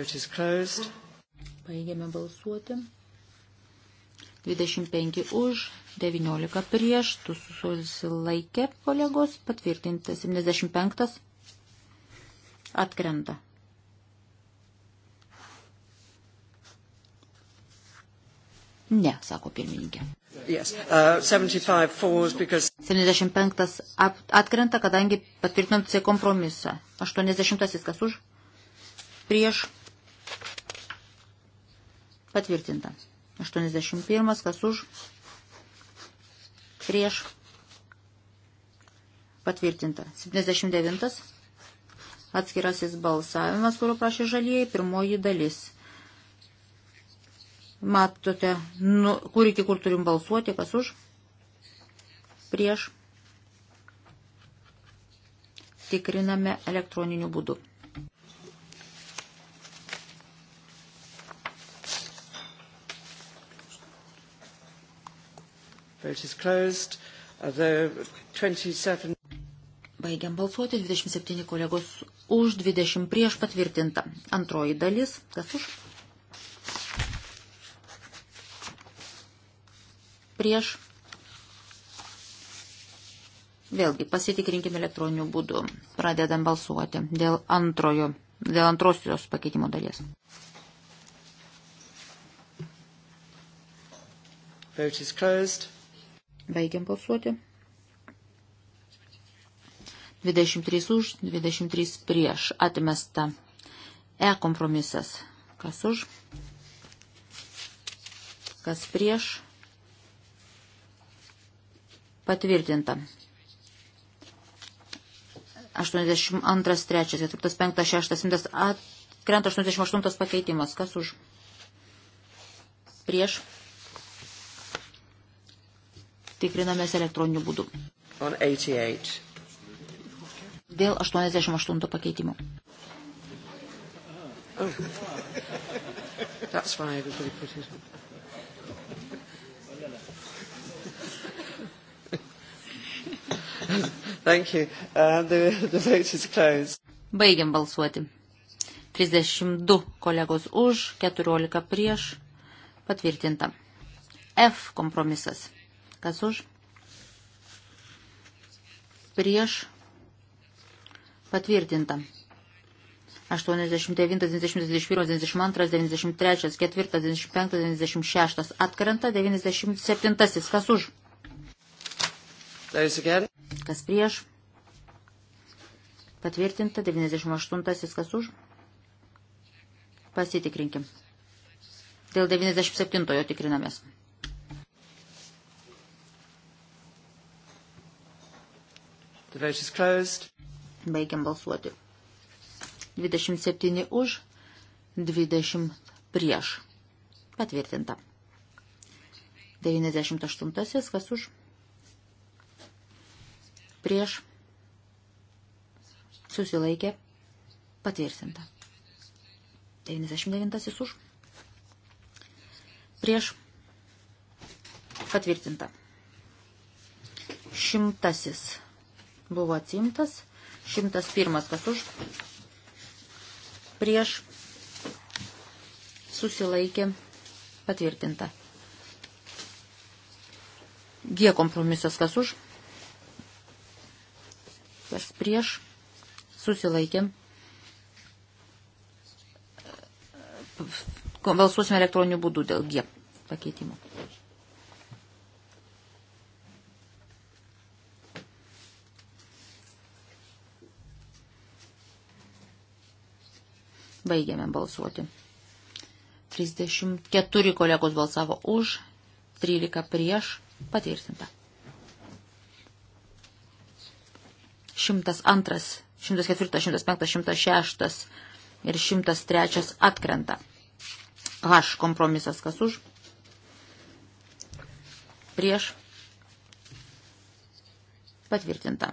Vote is closed. Baigiame balsuoti. 25 už, 19 prieš, tu susilaikė kolegos, patvirtinta 75 atkrenta. Ne, sako pirmininkė. Yes. Uh, 75, because... 75 atkrenta, kadangi patvirtinam C kompromisą. 80 kas už, prieš Patvirtinta. 81. Kas už? Prieš. Patvirtinta. 79. Atskirasis balsavimas, kurio prašė žalieji, pirmoji dalis. Matote, nu, kur iki kur turim balsuoti, kas už? Prieš. Tikriname elektroniniu būdu. Vote is closed. The 27... Baigiam balsuoti. 27 kolegos už, 20 prieš patvirtinta. Antroji dalis. Kas už? Prieš. Vėlgi, pasitikrinkime elektroniniu būdu. Pradedam balsuoti dėl antrojo, dėl antrosios pakeitimo dalies. Vote is closed. Baigiam balsuoti. 23 už, 23 prieš. Atmesta. E kompromisas. Kas už? Kas prieš? Patvirtinta. 82, 3, 4, 5, 6, 7, krenta 88 pakeitimas. Kas už? Prieš? tikrinamės elektroniniu būdu. Dėl 88 pakeitimų. Oh. That's why everybody put it on. Thank you. Uh, the, the vote is closed. Baigiam balsuoti. 32 kolegos už, 14 prieš. Patvirtinta. F kompromisas. Kas už? Prieš patvirtinta. 89, 90, 91, 92, 93, 4, 95, 96 atkrenta, 97 kas už. Kas prieš? Patvirtinta, 98 kas už. Pasitikrinkim. Dėl 97 tikrinamės. The vote is closed. Baigiam balsuoti. 27 už, 20 prieš. Patvirtinta. 98 kas už? Prieš. Susilaikė. Patvirtinta. 99 už. Prieš. Patvirtinta. Šimtasis buvo atsimtas. 101 kas už prieš susilaikė patvirtinta. G kompromisas kas už kas prieš susilaikė. Balsuosime elektroniniu būdu dėl G pakeitimo. Baigiame balsuoti. 34 kolegos balsavo už, 13 prieš, patvirtinta. 102, 104, 105, 106 ir 103 atkrenta. H kompromisas kas už, prieš, patvirtinta.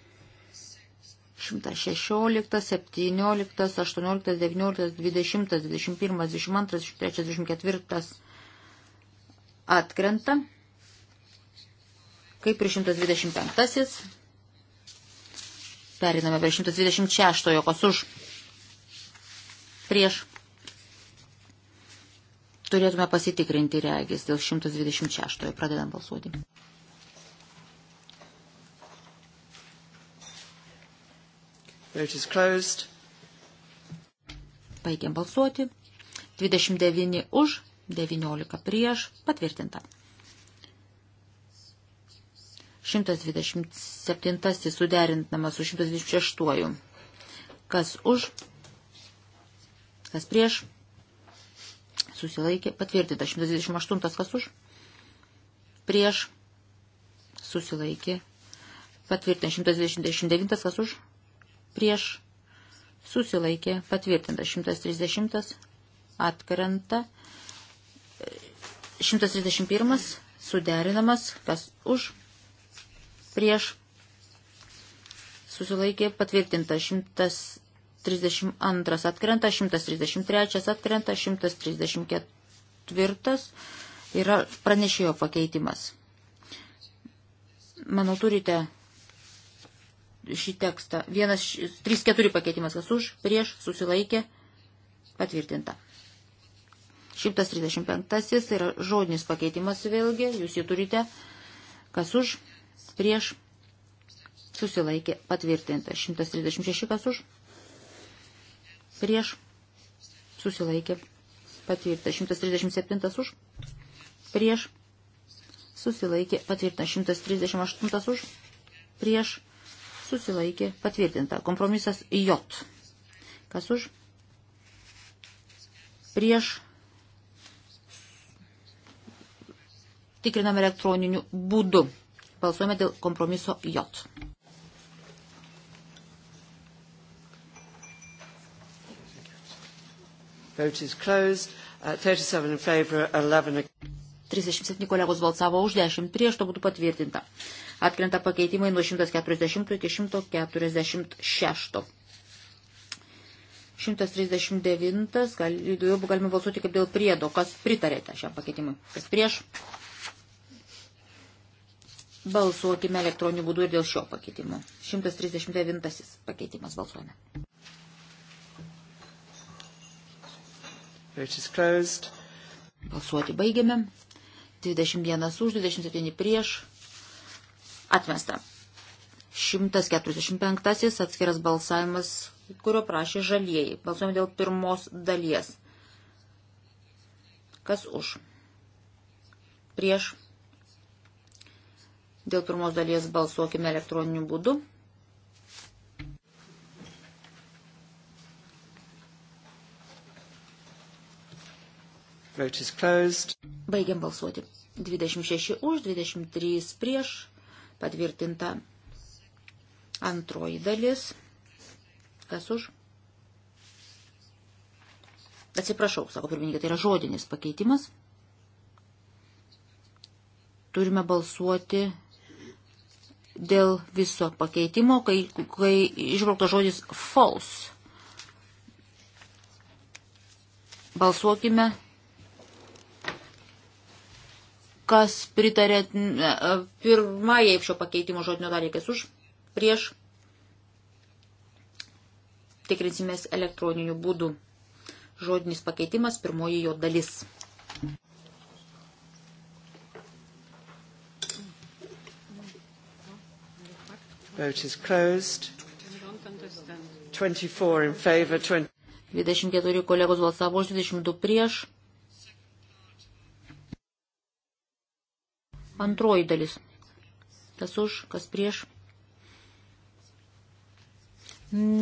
116, 17, 18, 19, 20, 21, 22, 23, 24 atkrenta, kaip ir 125. Periname prie 126, kas už prieš. Turėtume pasitikrinti regis dėl 126. Pradedam balsuoti. Vote is closed. Baigiam balsuoti. 29 už, 19 prieš, patvirtinta. 127 suderintinamas su 126. Kas už, kas prieš, susilaikė, patvirtinta. 128 kas už, prieš, susilaikė, patvirtinta. 129 kas už, prieš susilaikė patvirtinta 130 atkrenta 131 suderinamas kas už prieš susilaikė patvirtinta 132 atkrenta 133 atkrenta 134 yra pranešėjo pakeitimas manau turite šį tekstą. Vienas, trys, keturi pakeitimas, kas už, prieš, susilaikė, patvirtinta. 135 yra žodinis pakeitimas vėlgi, jūs jį turite, kas už, prieš, susilaikė, patvirtinta. 136 kas už, prieš, susilaikė, patvirtinta. 137 už, prieš, susilaikė, patvirtinta. 138 už, prieš, susilaikė patvirtinta. Kompromisas J. Kas už? Prieš. Tikriname elektroniniu būdu. Balsuojame dėl kompromiso J. Vote is closed. Uh, 37 in favor, 11 against. 37 kolegos balsavo už 10 prieš, to būtų patvirtinta. Atkrenta pakeitimai nuo 140 iki 146. 139, gal, jau galime balsuoti kaip dėl priedo, kas pritarėte šiam pakeitimui, kas prieš. Balsuokime elektroniniu būdu ir dėl šio pakeitimo. 139 pakeitimas balsuojame. Balsuoti baigiame. 21 už, 27 prieš. Atmesta. 145 atskiras balsavimas, kurio prašė žalieji. Balsuojame dėl pirmos dalies. Kas už? Prieš. Dėl pirmos dalies balsuokime elektroniniu būdu. Vote is closed. Baigiam balsuoti. 26 už, 23 prieš. Patvirtinta antroji dalis. Kas už? Atsiprašau, sako pirmininkė, tai yra žodinis pakeitimas. Turime balsuoti dėl viso pakeitimo, kai, kai išbraukta žodis false. Balsuokime kas pritarė e, pirmąjį šio pakeitimo žodinio dalį, kas už, prieš, tikrinsimės elektroniniu būdu. Žodinis pakeitimas, pirmoji jo dalis. Vote is closed. 24 in favor, 20. 24 kolegos balsavo už, 22 prieš. Antroji dalis. Kas už, kas prieš.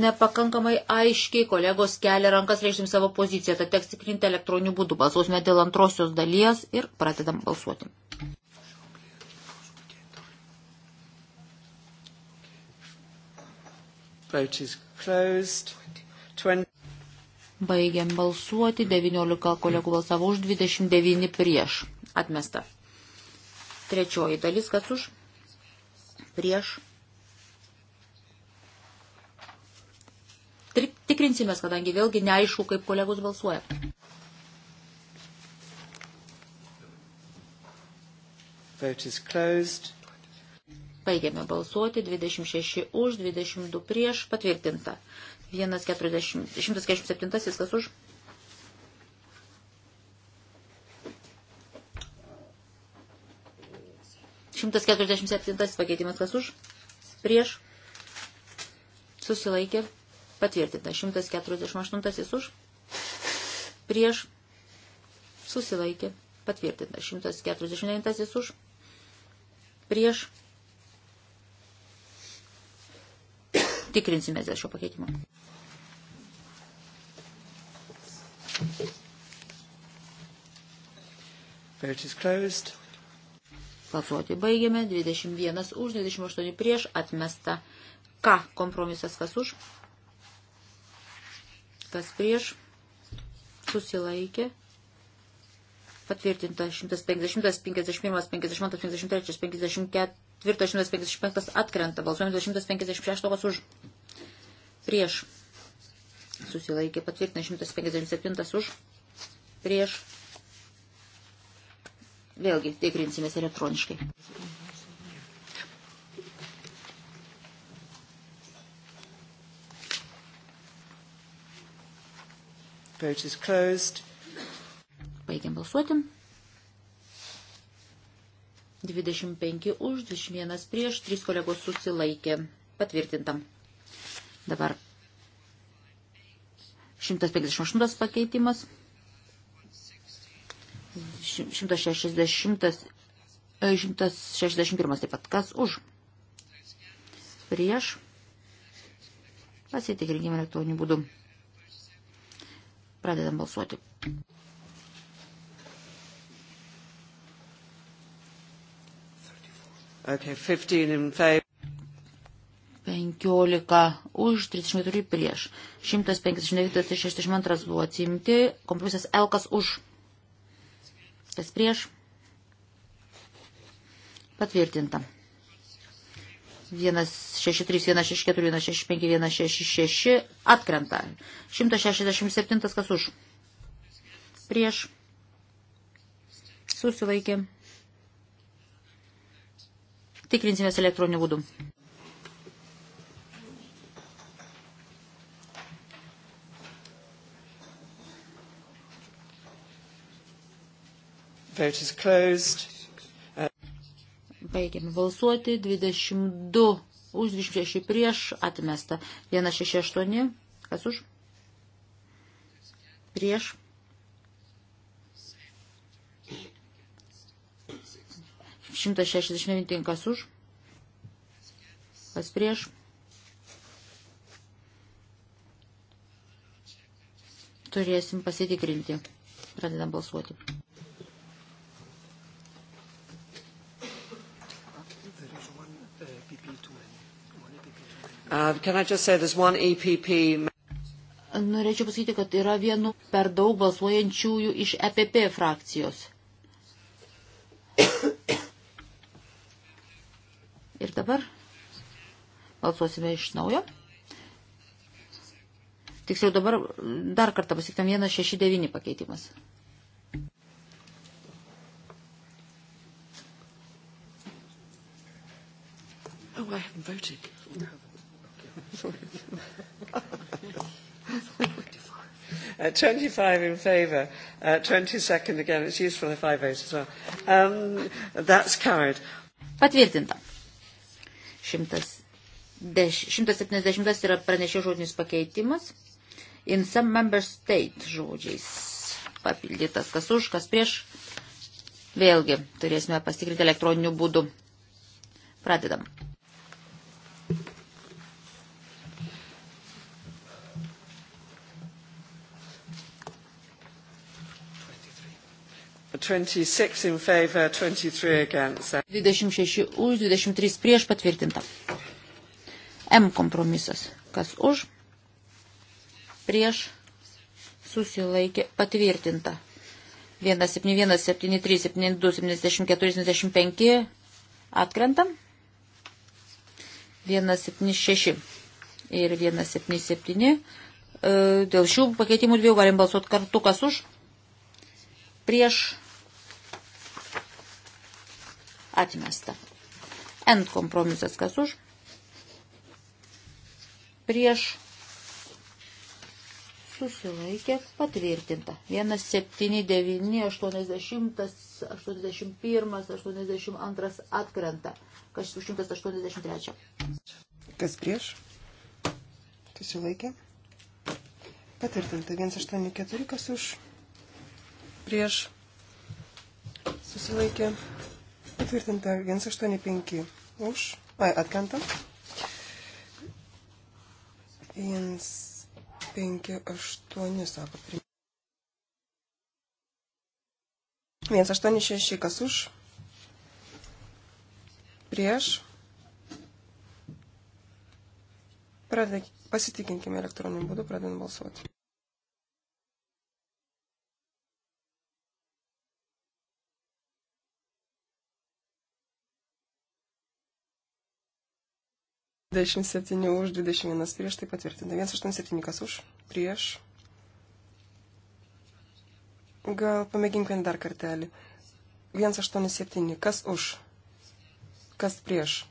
Nepakankamai aiškiai kolegos kelia rankas, reikšim savo poziciją, tad teks tikrinti elektroniniu būdu. Balsuosime dėl antrosios dalies ir pradedam balsuoti. Vote is closed. 20. Baigiam balsuoti, 19 kolegų balsavo už, 29 prieš. Atmesta. Trečioji dalis, kas už prieš. Tikrinsimės, kadangi vėlgi neaišku, kaip kolegos balsuoja. Vote is closed. Baigėme balsuoti 26 už, 22 prieš, patvirtinta. 147, kas už, 147 pakeitimas kas už, prieš, susilaikė, patvirtinta. 148 už, prieš, susilaikė, patvirtinta. 149 už, prieš, tikrinsimės dėl šio pakeitimo. Vote is closed. Balsuoti baigiame. 21 už, 28 prieš, atmesta. K kompromisas kas už? Kas prieš? Susilaikė. Patvirtinta 150, 51, 52, 53, 54, 155 atkrenta. Balsuojame 156 kas už. Prieš. Susilaikė. Patvirtinta 157 už. Prieš vėlgi tikrinsimės elektroniškai. Vote is closed. Baigiam balsuoti. 25 už, 21 prieš, 3 kolegos susilaikė. Patvirtintam. Dabar 158 pakeitimas. 160, 161 e, taip pat. Kas už? Prieš. Pasitikrinkime elektroniniu būdu. Pradedam balsuoti. Okay, 15 in favor. 15 už, 34 prieš. 159 ir 62 buvo atsimti, kompromisas Elkas už kas prieš. Patvirtinta. 163, 164, 165, 166 atkrenta. 167 kas už. Prieš. Susilaikė. Tikrinsimės elektroniniu būdu. Vote is closed. Baigiame balsuoti. 22 už 26 prieš atmesta. 168. Kas už? Prieš. Šimtas šešiasdešimt devintinkas už. Kas prieš? Turėsim pasitikrinti. Pradedam balsuoti. Uh, can I just say there's one EPP Norėčiau pasakyti, kad yra vienu per daug balsuojančiųjų iš EPP frakcijos. Ir dabar balsuosime iš naujo. Tiksliau dabar dar kartą pasiektam 169 pakeitimas. Oh, I haven't voted. No uh, 25 in favour, uh, 20 second again. It's useful if I vote as well. Um, that's carried. Patvirtinta. 170 yra pranešė žodinis pakeitimas. In some member state žodžiais papildytas, kas už, kas prieš. Vėlgi turėsime pasitikrinti elektroniniu būdu. Pradedam. Favor, 26 už, 23 prieš patvirtinta. M kompromisas. Kas už? Prieš susilaikė patvirtinta. 171, 73, 72, 74, 75 atkrentam. 176 ir 177. E, dėl šių pakeitimų dviejų galim balsuoti kartu, kas už, prieš atmesta. N kompromisas kas už, prieš susilaikė patvirtinta. 1, 7, 9, 80, 81, 82 atkrenta. Kas 183. Kas prieš? Susilaikė. Patvirtinta. 184, kas už? Prieš. Susilaikė. Patvirtinta 185 už. Ai, atkrenta. 158, sako. 186, kas už. Prieš. Pradėk, pasitikinkime elektroniniu būdu, pradedam balsuoti. 27 už, 21 prieš, tai patvirtinta. 187 kas už, prieš. Gal pamėginkime dar kartelį. 187 kas už, kas prieš.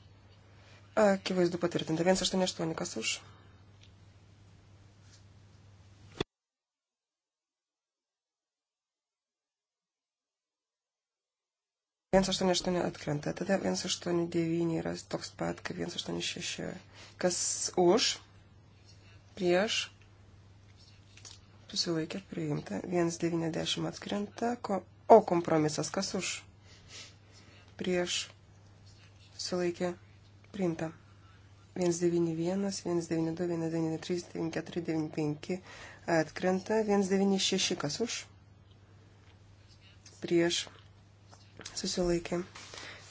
Akivaizdu patvirtinta. 188 kas už, 188 atkrenta, tada 189 yra toks pat kaip 186. Kas už, prieš, susilaikė priimta, 190 atkrenta, ko, o kompromisas kas už, prieš, susilaikė priimta. 191, 192, 193, 94, 95 atkrenta, 196 kas už, prieš, susilaikė.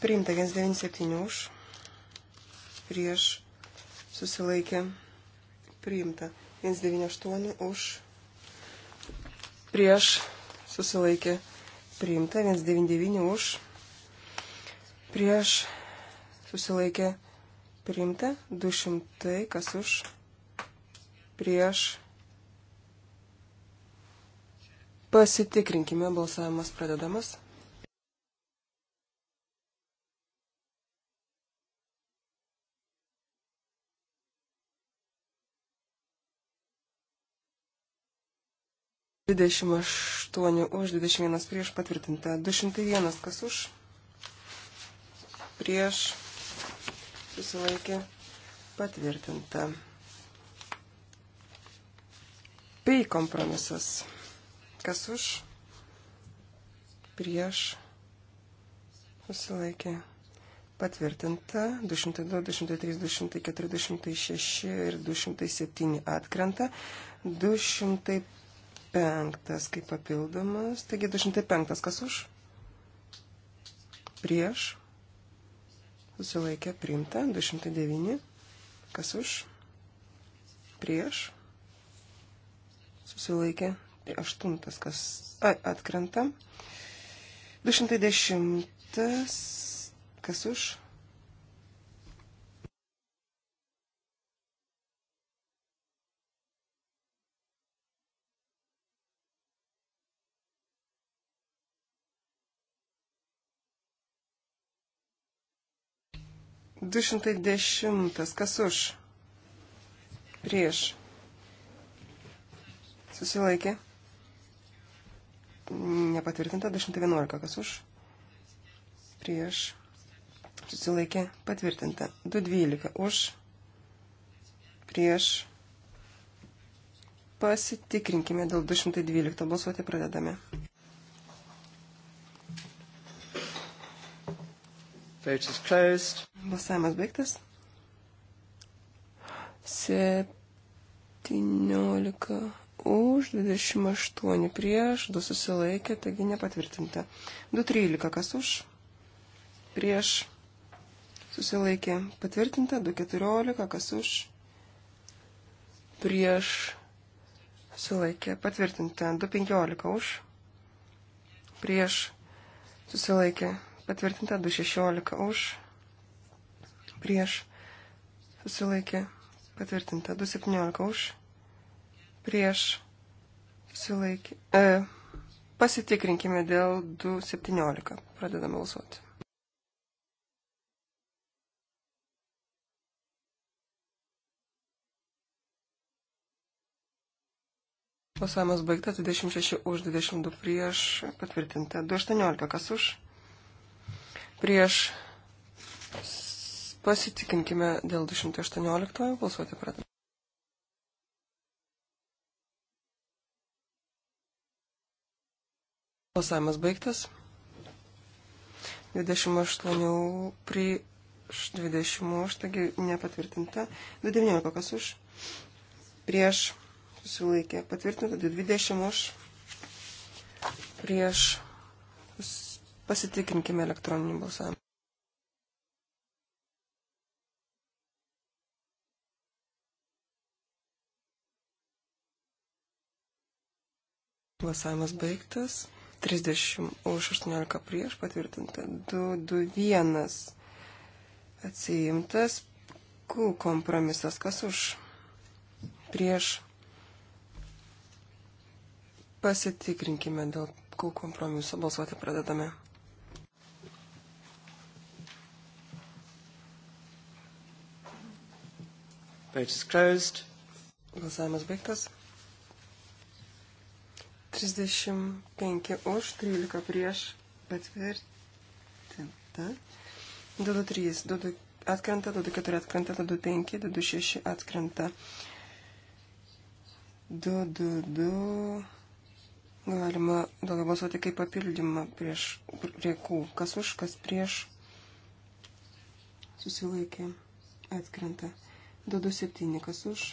Priimta 197 už, prieš susilaikė. Priimta 198 už, prieš susilaikė. Priimta 199 už, prieš susilaikė. Priimta 200, kas už, prieš Pasitikrinkime, balsavimas pradedamas. 28 už, 21 prieš patvirtinta. 201 kas už, prieš susilaikė patvirtinta. P kompromisas. Kas už, prieš susilaikė patvirtinta. 202, 203, 204, 206 ir 207 atkrenta. 205 penktas kaip papildomas. Taigi 205 kas už? Prieš. Susilaikė priimta. 209 kas už? Prieš. Susilaikė. Aštuntas kas A, atkrenta. 210 kas už? 210. Kas už? Prieš. Susilaikė. Nepatvirtinta. 211. Kas už? Prieš. Susilaikė. Patvirtinta. 212. Už. Prieš. Pasitikrinkime dėl 212. Balsuoti pradedame. Vote is closed. Balsavimas baigtas. 17 už, 28 prieš, 2 susilaikė, taigi nepatvirtinta. 213 kas už, prieš, susilaikė, patvirtinta, 214 kas už, prieš, susilaikė, patvirtinta, 215 už, prieš, susilaikė, patvirtinta, 216 už prieš susilaikė patvirtinta. 217 už prieš susilaikė. E, pasitikrinkime dėl 217. Pradedame balsuoti. Balsavimas baigtas 26 už 22 prieš patvirtinta. 218 kas už? Prieš Pasitikinkime dėl 218 balsuoti pradame. Balsavimas baigtas. 28 prieš 20 už, taigi nepatvirtinta. 29 kas už. Prieš susilaikė. Patvirtinta 20 už. Prieš pasitikrinkime elektroninį balsavimą. Balsavimas baigtas. 30 už 18 prieš patvirtinta. 2, 2, 1 atsiimtas. Q kompromisas. Kas už? Prieš. Pasitikrinkime dėl Q kompromiso. Balsuoti pradedame. Vote is closed. Balsavimas baigtas. 35 už, 13 prieš patvirtinta. 23, 2 atkrenta, 24 atkrenta, 25, 26 atkrenta. 222 galima daugiau balsuoti kaip papildymą prieš priekų. Kas už, kas prieš susilaikė atkrenta. 227 kas už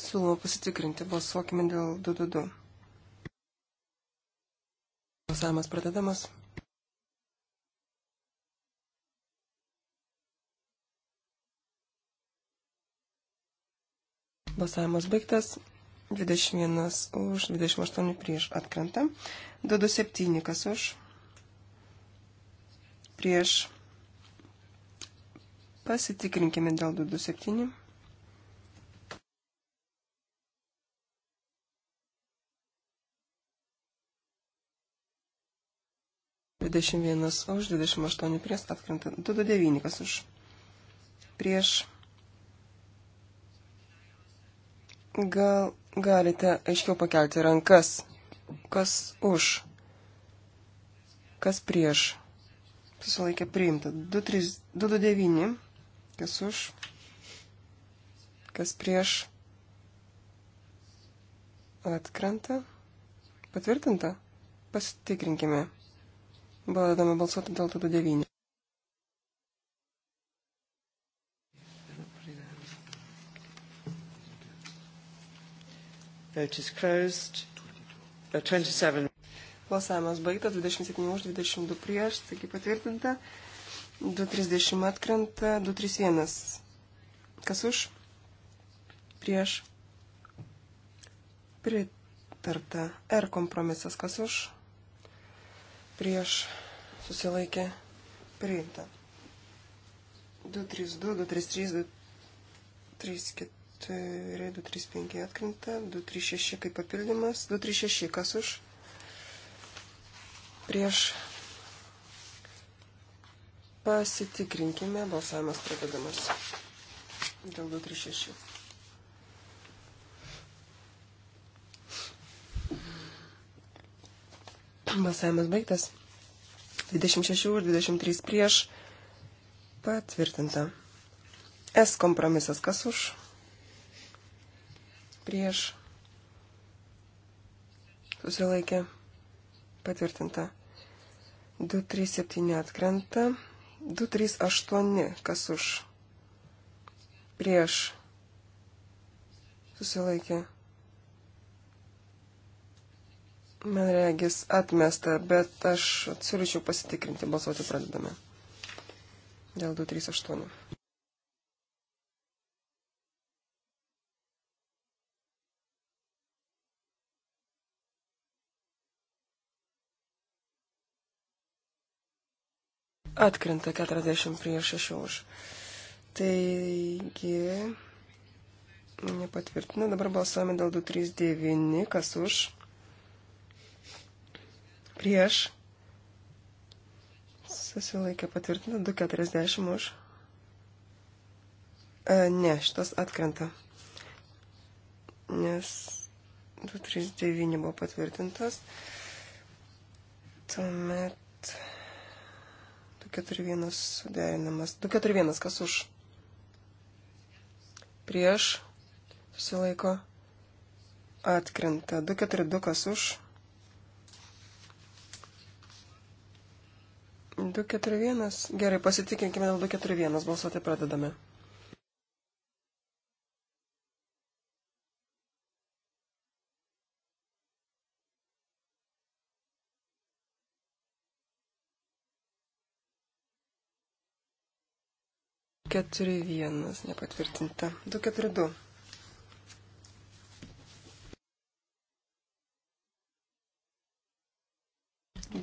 Siūlau pasitikrinti. Balsuokime dėl 222. Balsavimas pradedamas. Balsavimas baigtas. 21 už, 28 prieš atkrenta. 227 kas už. Prieš. Pasitikrinkime dėl 227. 21 už, 28 prieš atkrenta. 29 kas už. Prieš. Gal galite aiškiau pakelti rankas. Kas už? Kas prieš? Susilaikė priimta. 229. Kas už? Kas prieš? Atkrenta. Patvirtinta? Pasitikrinkime. Buvo dama balsuoti dėl tada devynių. Vote is closed. 27. Uh, Balsavimas baigtas, 27 už, 22 prieš, taigi patvirtinta. 230 atkrenta, 231. Kas už? Prieš. Pritarta. R kompromisas, kas už? prieš susilaikė priimta. 232, 233, 234, 235 atkrinta, 236 kaip papildymas, 236 kas už, prieš pasitikrinkime, balsavimas pradedamas dėl 236. Balsavimas baigtas. 26 ir 23 prieš. Patvirtinta. S kompromisas kas už? Prieš. Susilaikė. Patvirtinta. 237 atkrenta. 238 kas už? Prieš. Susilaikė. Man regis atmesta, bet aš siūlyčiau pasitikrinti, balsuoti pradedame. Dėl 238. Atkrenta 40 prieš 6 už. Taigi, nepatvirtina, dabar balsuojame dėl 239, kas už prieš, susilaikė patvirtinta, 240 už. E, ne, šitas atkrenta, nes 239 buvo patvirtintas. Tuomet 241 suderinamas. 241 kas už? Prieš susilaiko atkrenta. 242 kas už? 241. Gerai, pasitikinkime dėl 241. Balsuoti pradedame. keturi vienas nepatvirtinta. Du keturi du.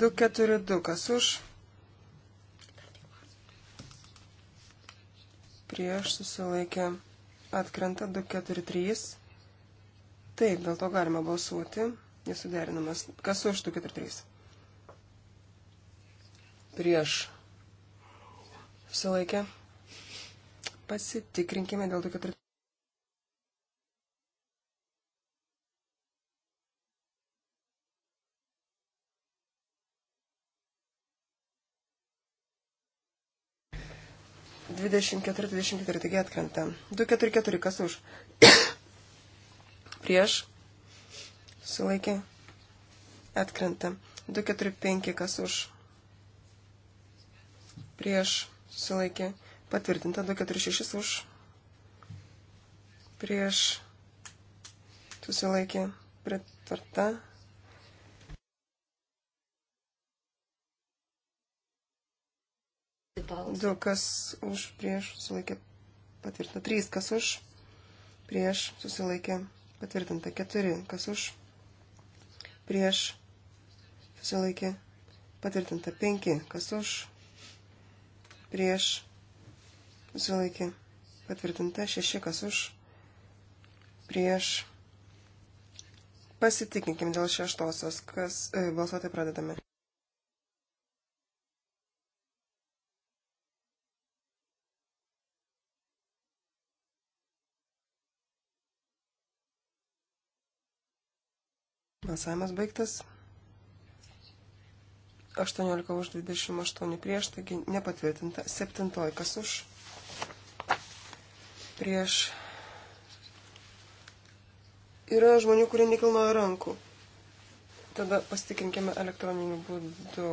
Du keturi du, kas už? prieš susilaikė atkrenta 243. Taip, dėl to galima balsuoti. Nesuderinamas. Kas už 243? Prieš susilaikė. Pasitikrinkime dėl 243. 24, 24, taigi atkrenta. 2, 4, 4, kas už? Prieš. Sulaikė. Atkrenta. 2, 4, 5, kas už? Prieš. Sulaikė. Patvirtinta. 2, 4, 6 už. Prieš. Susilaikė. Pritvarta. Du, kas už, prieš, susilaikė patvirtinta. Trys, kas už, prieš, susilaikė patvirtinta. Keturi, kas už, prieš, susilaikė patvirtinta. Penki, kas už, prieš, susilaikė patvirtinta. Šeši, kas už, prieš. Pasitikinkim dėl šeštosios, kas e, balsuoti pradedame. Balsavimas baigtas. 18 už 28 prieš, taigi nepatvirtinta. 7 kas už. Prieš. Yra žmonių, kurie nekilnoja rankų. Tada pasitikrinkime elektroniniu būdu.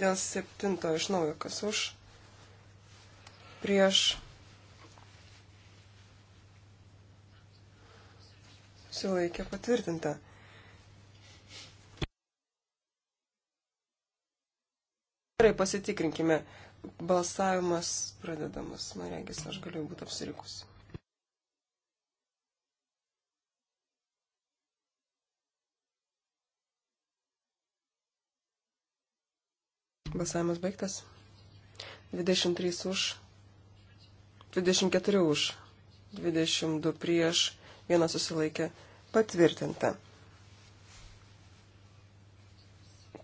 Dėl 7 iš naujo kas už. Prieš. Sulaikė patvirtinta. Gerai, pasitikrinkime. Balsavimas pradedamas. Man regis, aš galiu būti apsirikusi. Balsavimas baigtas. 23 už, 24 už, 22 prieš, vienas susilaikė patvirtinta.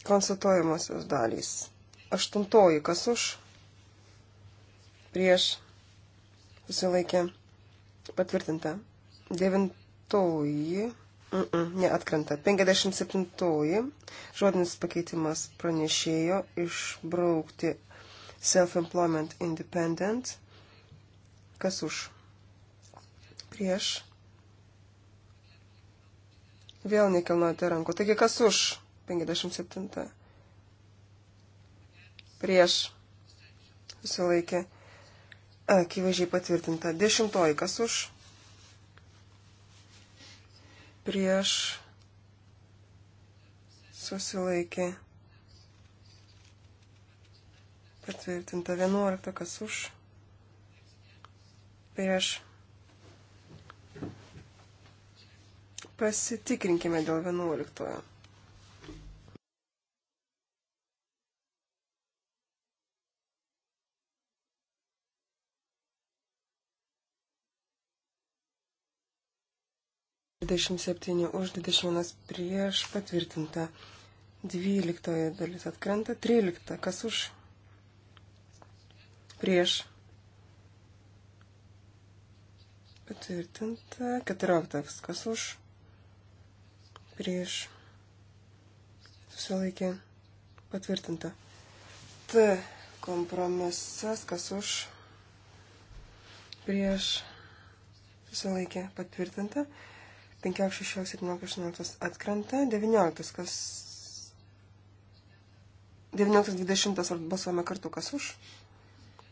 Konstatuojamosios dalys aštuntoji, kas už, prieš, susilaikė, patvirtinta. Devintoji, mm -mm, neatkrenta. 57. Žodinis pakeitimas pranešėjo išbraukti self-employment independent. Kas už? Prieš. Vėl nekelnojate rankų. Taigi kas už? 57 prieš susilaikė akivaizdžiai patvirtinta. Dešimtoji kas už prieš susilaikė patvirtinta. Vienuolikta kas už prieš pasitikrinkime dėl vienuoliktojo. 27 už 21 prieš patvirtinta. 12 dalis atkrenta. 13. Kas už? Prieš. Patvirtinta. 14. Kas už? Prieš. Susilaikė. Patvirtinta. T. Kompromisas. Kas už? Prieš. Susilaikė. Patvirtinta. 15, 16, 17, 18 atkrenta. 19, kas... 19, 20 balsuojame kartu, kas už.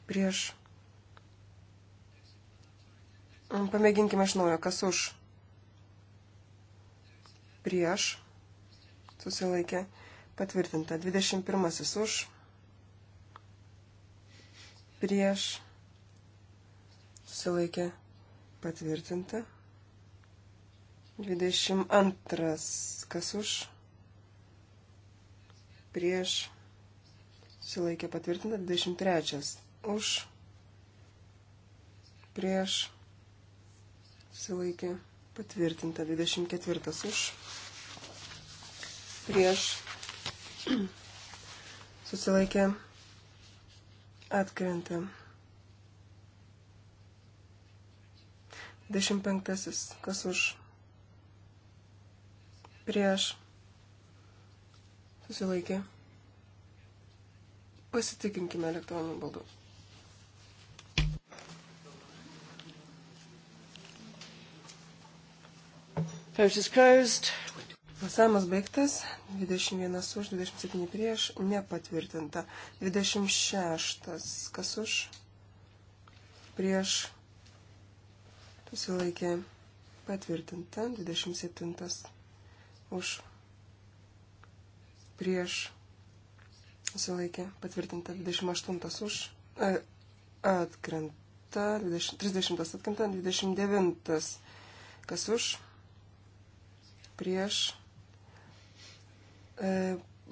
Prieš. Mm, pamėginkime iš naujo, kas už. Prieš. Susilaikė. Patvirtinta. 21 už. Prieš. Susilaikė. Patvirtinta. 22. Kas už? Prieš. Silaikė patvirtinta. 23. Už. Prieš. Silaikė patvirtinta. 24. Už. Prieš. Susilaikė atkrenta. 25. Kas už? prieš susilaikė. Pasitikinkime elektroniniu būdu. Pasamas baigtas, 21 už, 27 prieš, nepatvirtinta. 26, kas už, prieš, susilaikė, patvirtinta, 27 už prieš susilaikė patvirtinta 28 už e, atkrenta 20, 30 atkrenta 29 kas už prieš e,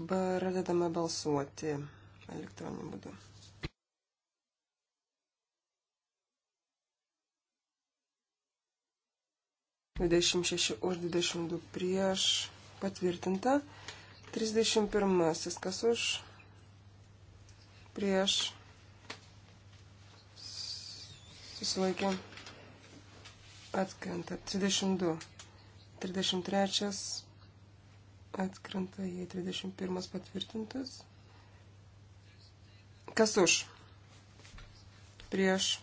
pradedame balsuoti elektroniniu būdu. 26 už 22 prieš patvirtinta. 31. Kas už prieš susilaikė atkrenta. 32. 33. Atkrenta, jei 31 patvirtintas. Kas už? Prieš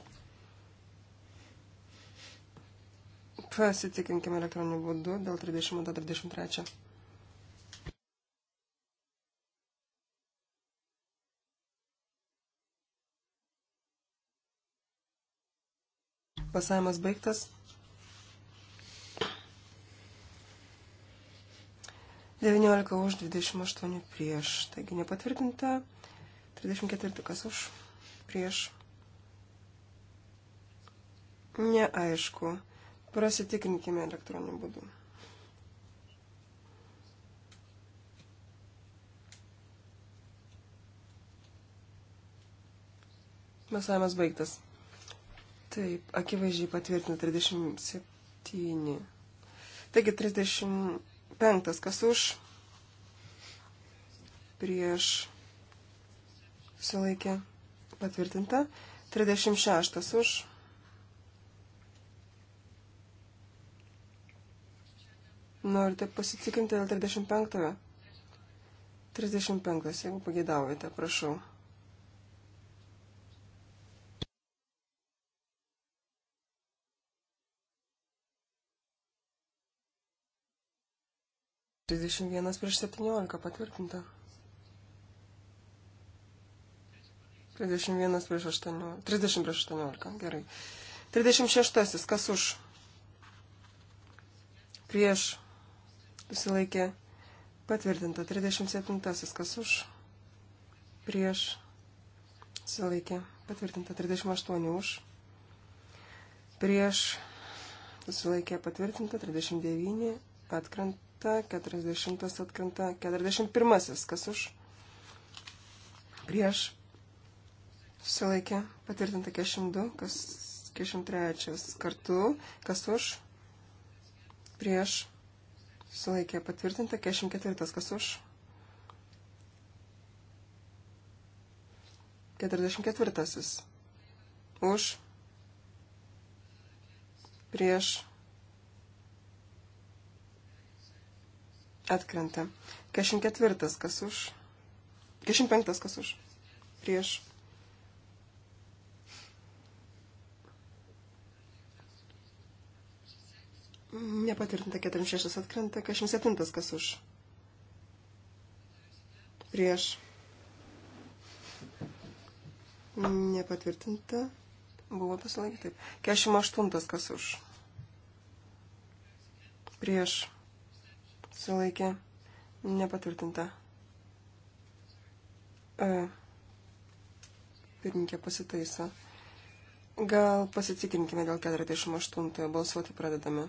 Pasitikinkime elektroniniu būdu dėl 32-33. Pasavimas baigtas. 19 už 28 prieš. Taigi nepatvirtinta. 34 kas už prieš. Neaišku. Prasitikrinkime elektroniniu būdu. Balsavimas baigtas. Taip, akivaizdžiai patvirtina 37. Taigi 35. Kas už? Prieš. Sulaikė. Patvirtinta. 36. Už Norite pasitikinti dėl 35-ojo? 35-as, jeigu pagėdavote, prašau. Trisdešimt vienas prieš septyniolika patvirtinta. Trisdešimt vienas prieš aštuoniolika. Trisdešimt prieš aštuoniolika, gerai. Trisdešimt šeštasis, kas už? Prieš susilaikė patvirtinta. 37. Kas už, prieš, susilaikė patvirtinta. 38. Už, prieš, susilaikė patvirtinta. 39. Atkrenta. 40. Atkrenta. 41. Kas už, prieš, susilaikė patvirtinta. 42. Kas 43. Kartu. Kas už, prieš, sulaikė patvirtinta, 44 kas už. 44 už, prieš, atkrenta. 44 kas už, 45 kas už, prieš, Nepatvirtinta 46 atkrenta, 47 kas už. Prieš. Nepatvirtinta. Buvo pasilaikyta. 48 kas už. Prieš. Sulaikė. Nepatvirtinta. E. Pirminkė pasitaiso. Gal pasitikrinkime dėl 48 balsuoti pradedame.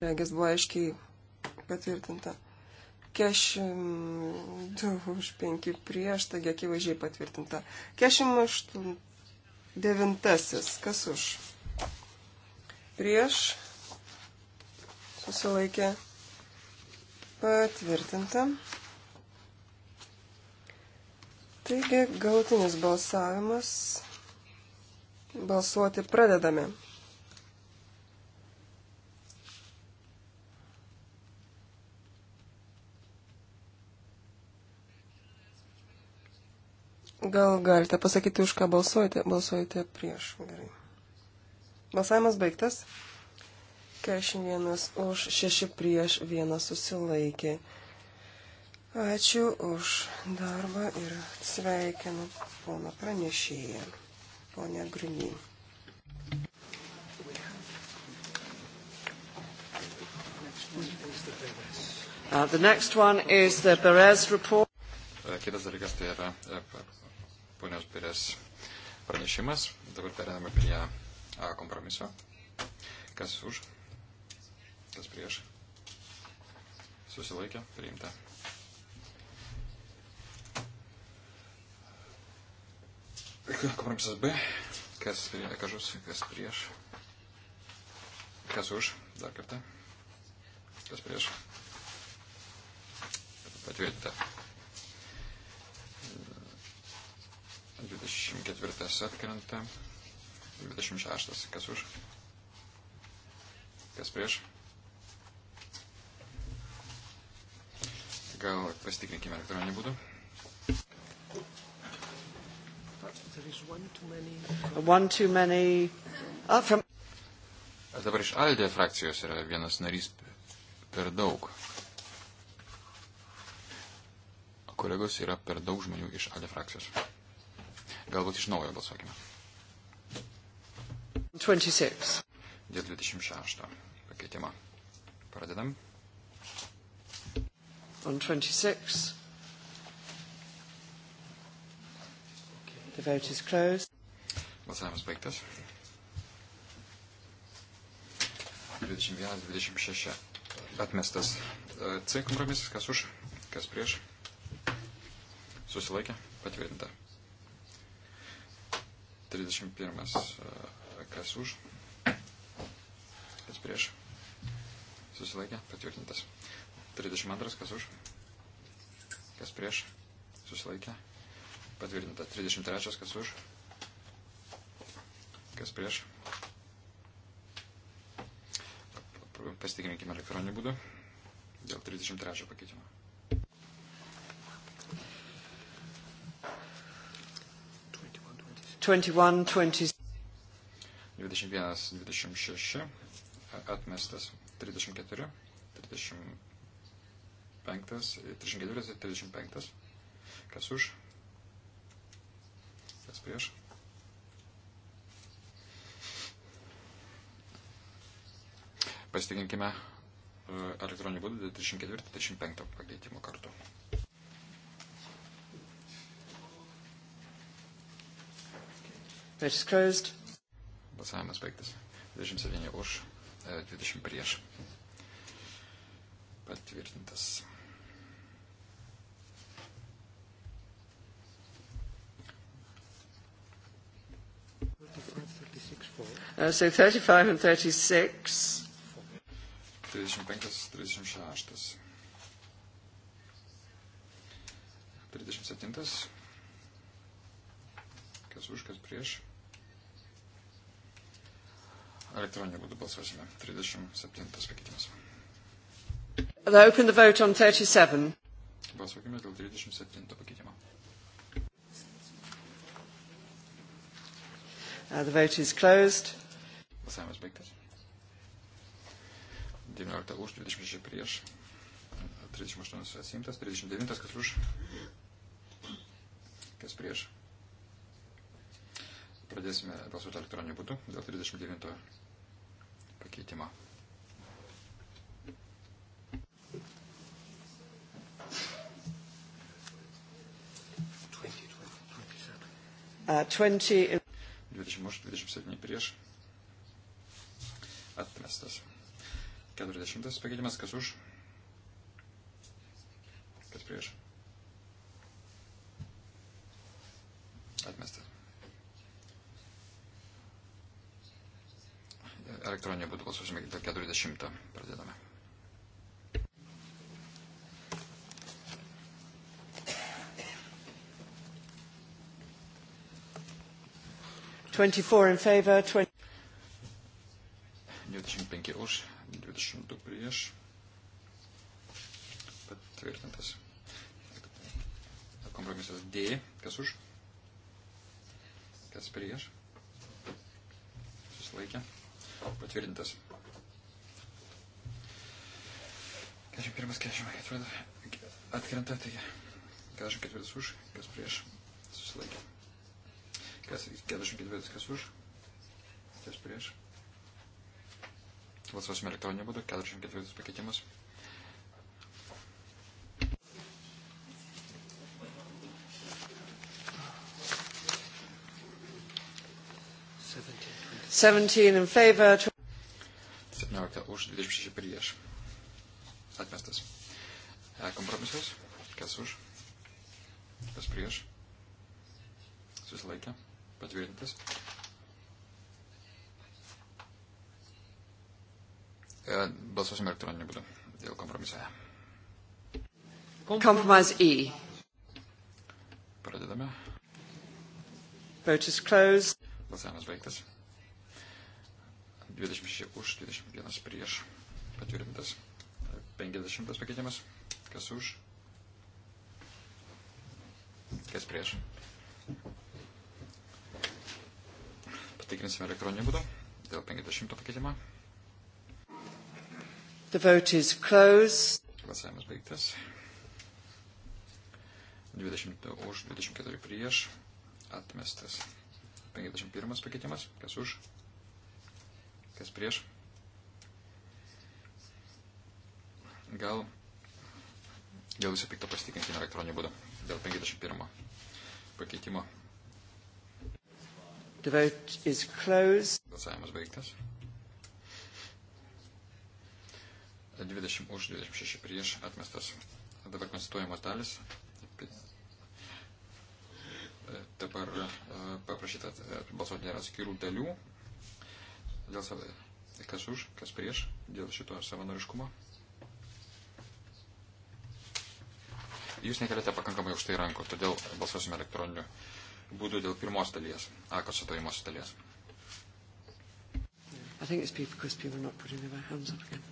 Regis buvo aiškiai patvirtinta. Kešim 2 už 5 prieš, taigi akivaizdžiai patvirtinta. Kešim 8 devintasis, kas už? Prieš susilaikė patvirtinta. Taigi galutinis balsavimas. Balsuoti pradedame. Gal galite pasakyti, už ką balsuojate? Balsuojate prieš. Gerai. Balsavimas baigtas. 41 už 6 prieš 1 susilaikė. Ačiū už darbą ir sveikinu poną pranešėją, ponę Grunį. Uh, the next one is the Perez report. Uh, kitas dalykas tai yra uh, ponios Pirės pranešimas. Dabar periname prie A kompromiso. Kas už? Kas prieš? Susilaikė? Priimta. Kompromisas B. Kas, kas už? Kas prieš? Kas už? Dar kartą. Kas prieš? Patvirtinta. 24 atkrenta, 26 kas už, kas prieš. Gal pasitikrinkime elektroninį būdų. One too many. Oh, from... Dabar iš Aldė frakcijos yra vienas narys per daug. Kolegos yra per daug žmonių iš Aldė frakcijos. Galbūt iš naujo balsuokime. 26. Dėl 26 pakeitimą. Pradedam. On 26. The vote is closed. Balsavimas baigtas. 21-26. Atmestas e, C kompromisas, kas už, kas prieš. Susilaikė, patvirtinta. 31. E, kas už? Kas prieš? Susilaikė? Patvirtintas. 32. Kas už? Kas prieš? Susilaikė? Patvirtinta. 33. Kas už? Kas prieš? Pasitikrinkime elektroniniu būdu dėl 33 pakeitimo. 21, 20. 21, 26, atmestas 34, 35, 34, 35. Kas už? Kas prieš? Pasitikinkime e, elektroniniu būdu 34-35 pakeitimo kartu. Balsavimas baigtas. 27 už, 20 e, prieš. Patvirtintas. Uh, so 35 and 36. 35, 36. 37. Kas už, kas prieš. Elektroniniu būdu balsuosime. 37 pakeitimas. Open the vote on 37. Balsuokime dėl 37 pakeitimo. Uh, the vote is closed. Balsavimas baigtas. 19 už, 26 prieš, 38 atsimtas, 39 kas už, kas prieš. Pradėsime balsuoti elektroniniu būdu dėl 39 pakeitimą. Uh, 20 už, 27 prieš. Atmestas. 40 pakeitimas, kas už? Kas prieš? Atmestas. elektroninio būdu balsuosime dėl 40. Pradedame. Favor, 20... 25 už, 22 prieš. Patvirtintas. Kompromisas D. Kas už? Kas prieš? Susilaikė. Patvirtintas. 41-44 atkrenta, tai 44 už, kas prieš, susilaikė. Kas 44 kas už, kas prieš. Balsuosime elektroninį būdą, 44 pakeitimas. 17 in favor. 17 už, 26 prieš. Atmestas. E kompromisas. Kas už? Kas prieš? Susilaikė. Patvirtintas. E, balsuosime elektroniniu būdu dėl kompromiso. E. Compromise E. Pradedame. Vote is closed. Balsavimas baigtas. 26 už, 21 prieš. Patvirtintas 50 pakeitimas. Kas už? Kas prieš? Patikrinsime elektroninį būdą dėl 50 pakeitimo. The vote is closed. Balsavimas baigtas. 20 už, 24 prieš. Atmestas. 51 pakeitimas. Kas už? kas prieš. Gal, gal visą piktą pasitikinkime elektroninį būdą dėl 51 pakeitimo. The vote is closed. Balsavimas baigtas. 20 už, 26 prieš atmestas. Dabar konstatuojamos dalis. Dabar e, paprašyta e, balsuoti dėl atskirų dalių dėl savo, kas už, kas prieš, dėl šito savanoriškumo. Jūs nekeliate pakankamai aukštai rankų, todėl balsuosime elektroniniu būdu dėl pirmos dalies, A, kad sutojimos dalies. I think it's because people are not putting their hands up again.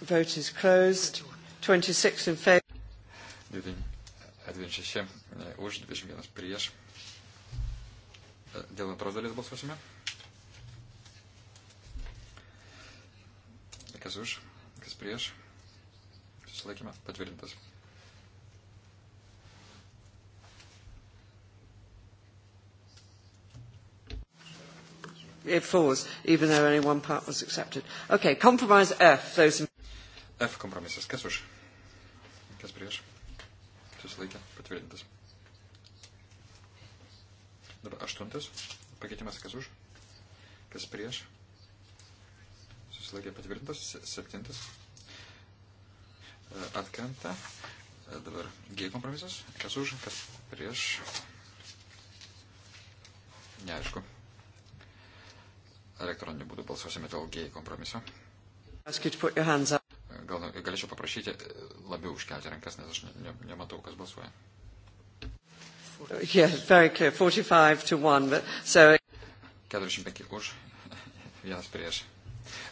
The vote is closed. 26 in favor. 26 e, už, 21 prieš. Dėl antros dalies balsuosime. Kas už, kas prieš. Susilaikime. Patvirtintas. It falls, even though only one part was accepted. Okay, compromise F. Those in... F kompromisas. Kas už? Kas prieš? Susilaikė. Patvirtintas. Dabar aštuntas. Pakeitimas kas už, kas prieš. Susilaikė patvirtintas. Septintas. E, atkrenta. E, dabar G kompromisas. Kas už, kas prieš. Neaišku. Elektroniniu būdu balsuosime dėl G kompromiso. E, gal galėčiau paprašyti labiau užkelti rankas, nes aš ne, ne, nematau, kas balsuoja. Yeah, very clear. 45 to 1, but so... 45 už, vienas prieš.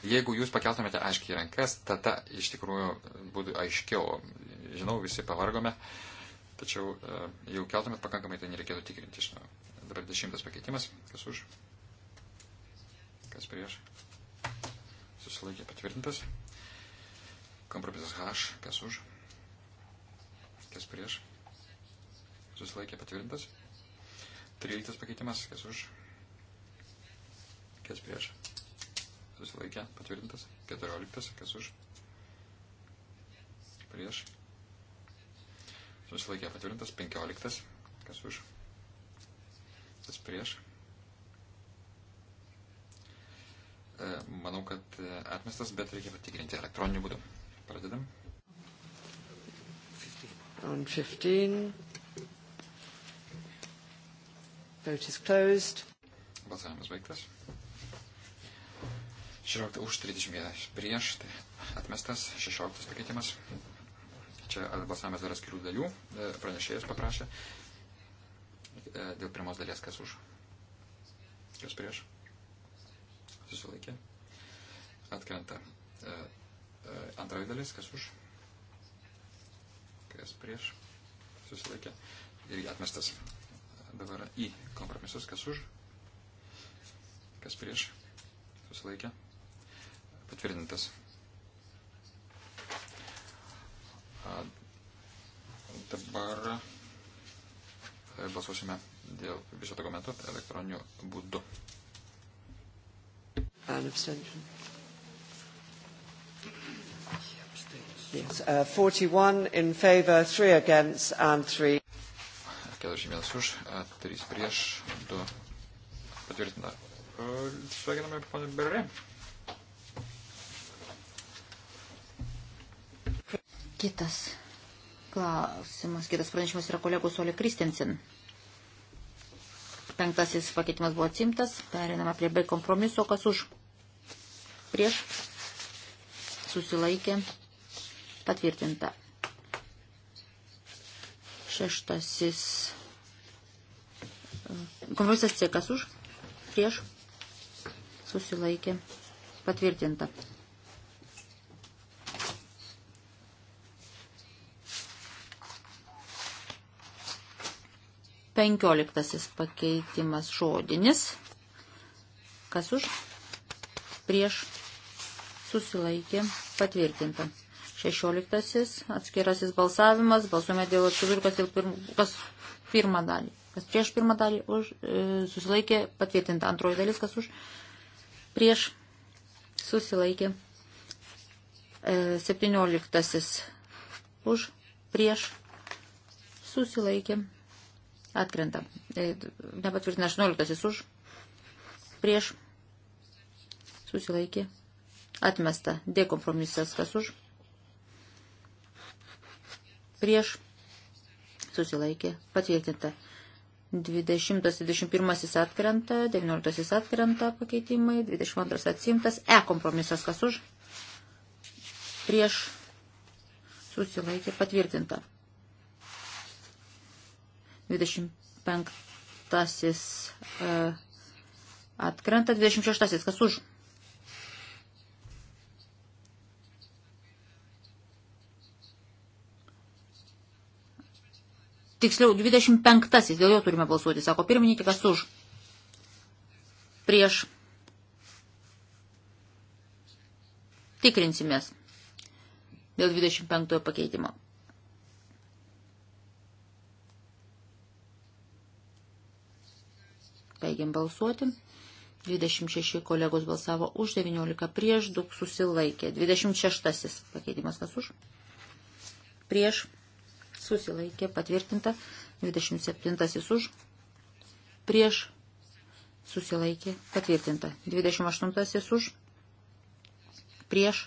Jeigu jūs pakeltumėte aiškiai rankas, tada iš tikrųjų būtų aiškiau. Žinau, visi pavargome, tačiau e, jeigu keltumėt pakankamai, tai nereikėtų tikrinti iš naujo. Dabar dešimtas pakeitimas. Kas už? Kas prieš? Susilaikė patvirtintas. Kompromisas H. Kas už? Kas prieš? susilaikė patvirtintas. 13 pakeitimas, kas už, kas prieš, susilaikė patvirtintas. 14, kas už, prieš, susilaikė patvirtintas. 15, kas už, kas prieš. E, manau, kad e, atmestas, bet reikia patikrinti elektroniniu būdu. Pradedam. On 15. Vote is closed. Balsavimas baigtas. 16 už 31 prieš, tai atmestas 16 pakeitimas. Čia e, balsavimas dar atskirų dalių, e, pranešėjas paprašė. E, dėl pirmos dalies kas už? Kas prieš? Susilaikė. Atkrenta. Antroji dalis kas už? Kas prieš? Susilaikė. Irgi atmestas dabar į kompromisus, kas už, kas prieš, susilaikė, patvirtintas. A, dabar e, balsuosime dėl viso dokumento elektroniniu būdu. An abstention. Yes, uh, 41 in favour, 3 against and 3. 41 už, 3 prieš, 2 patvirtina. Sveikiname, ponė Berė. Kitas klausimas, kitas pranešimas yra kolegų Solė Kristensen. Penktasis pakeitimas buvo atsimtas, periname prie B kompromiso, kas už prieš susilaikė patvirtinta. Šeštasis. Kompromisas C, kas už? Prieš. Susilaikė. Patvirtinta. Penkioliktasis pakeitimas žodinis. Kas už? Prieš. Susilaikė. Patvirtinta. 16. Atskirasis balsavimas. Balsuojame dėl atskirų, kas, pirm, kas pirmą dalį. Kas prieš pirmą dalį už, e, susilaikė patvirtinta. Antroji dalis, kas už prieš susilaikė. E, 17. Už prieš susilaikė. Atkrenta. E, nepatvirtina 18. Už prieš susilaikė. Atmesta. D kompromisas, kas už prieš susilaikė patvirtinta. 20-21 atkrenta, 19 atkrenta pakeitimai, 22 atsimtas, E kompromisas kas už, prieš susilaikė patvirtinta. 25 e, atkrenta, 26 kas už, tiksliau 25, dėl jo turime balsuoti, sako pirmininkė, kas už. Prieš. Tikrinsimės dėl 25 pakeitimo. Baigiam balsuoti. 26 kolegos balsavo už, 19 prieš, daug susilaikė. 26 pakeitimas kas už? Prieš susilaikė patvirtinta, 27 už, prieš susilaikė patvirtinta, 28 už, prieš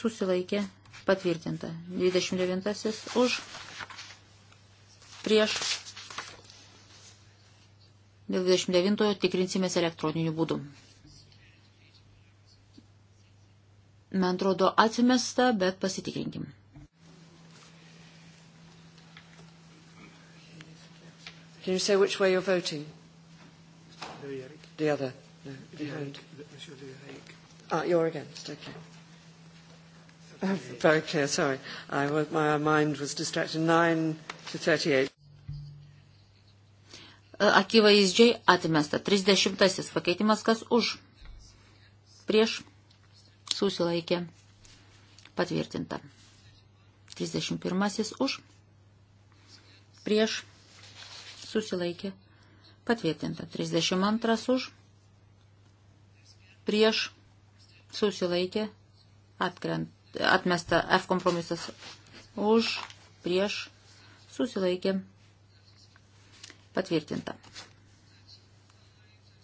susilaikė patvirtinta, 29 už, prieš dėl 29 tikrinsimės elektroniniu būdu. Man atrodo atsimesta, bet pasitikrinkim. Can you say which way you're voting? The other. No, behind. Ah, you're against. Okay. Oh, very clear. Sorry, I was, my mind was distracted. Nine to thirty-eight. E, akivaizdžiai atmesta. 30 pakeitimas, kas už. Prieš susilaikė. Patvirtinta. 31 už. Prieš susilaikė, patvirtinta. 32 už, prieš, susilaikė, atkrent, atmesta F kompromisas už, prieš, susilaikė, patvirtinta.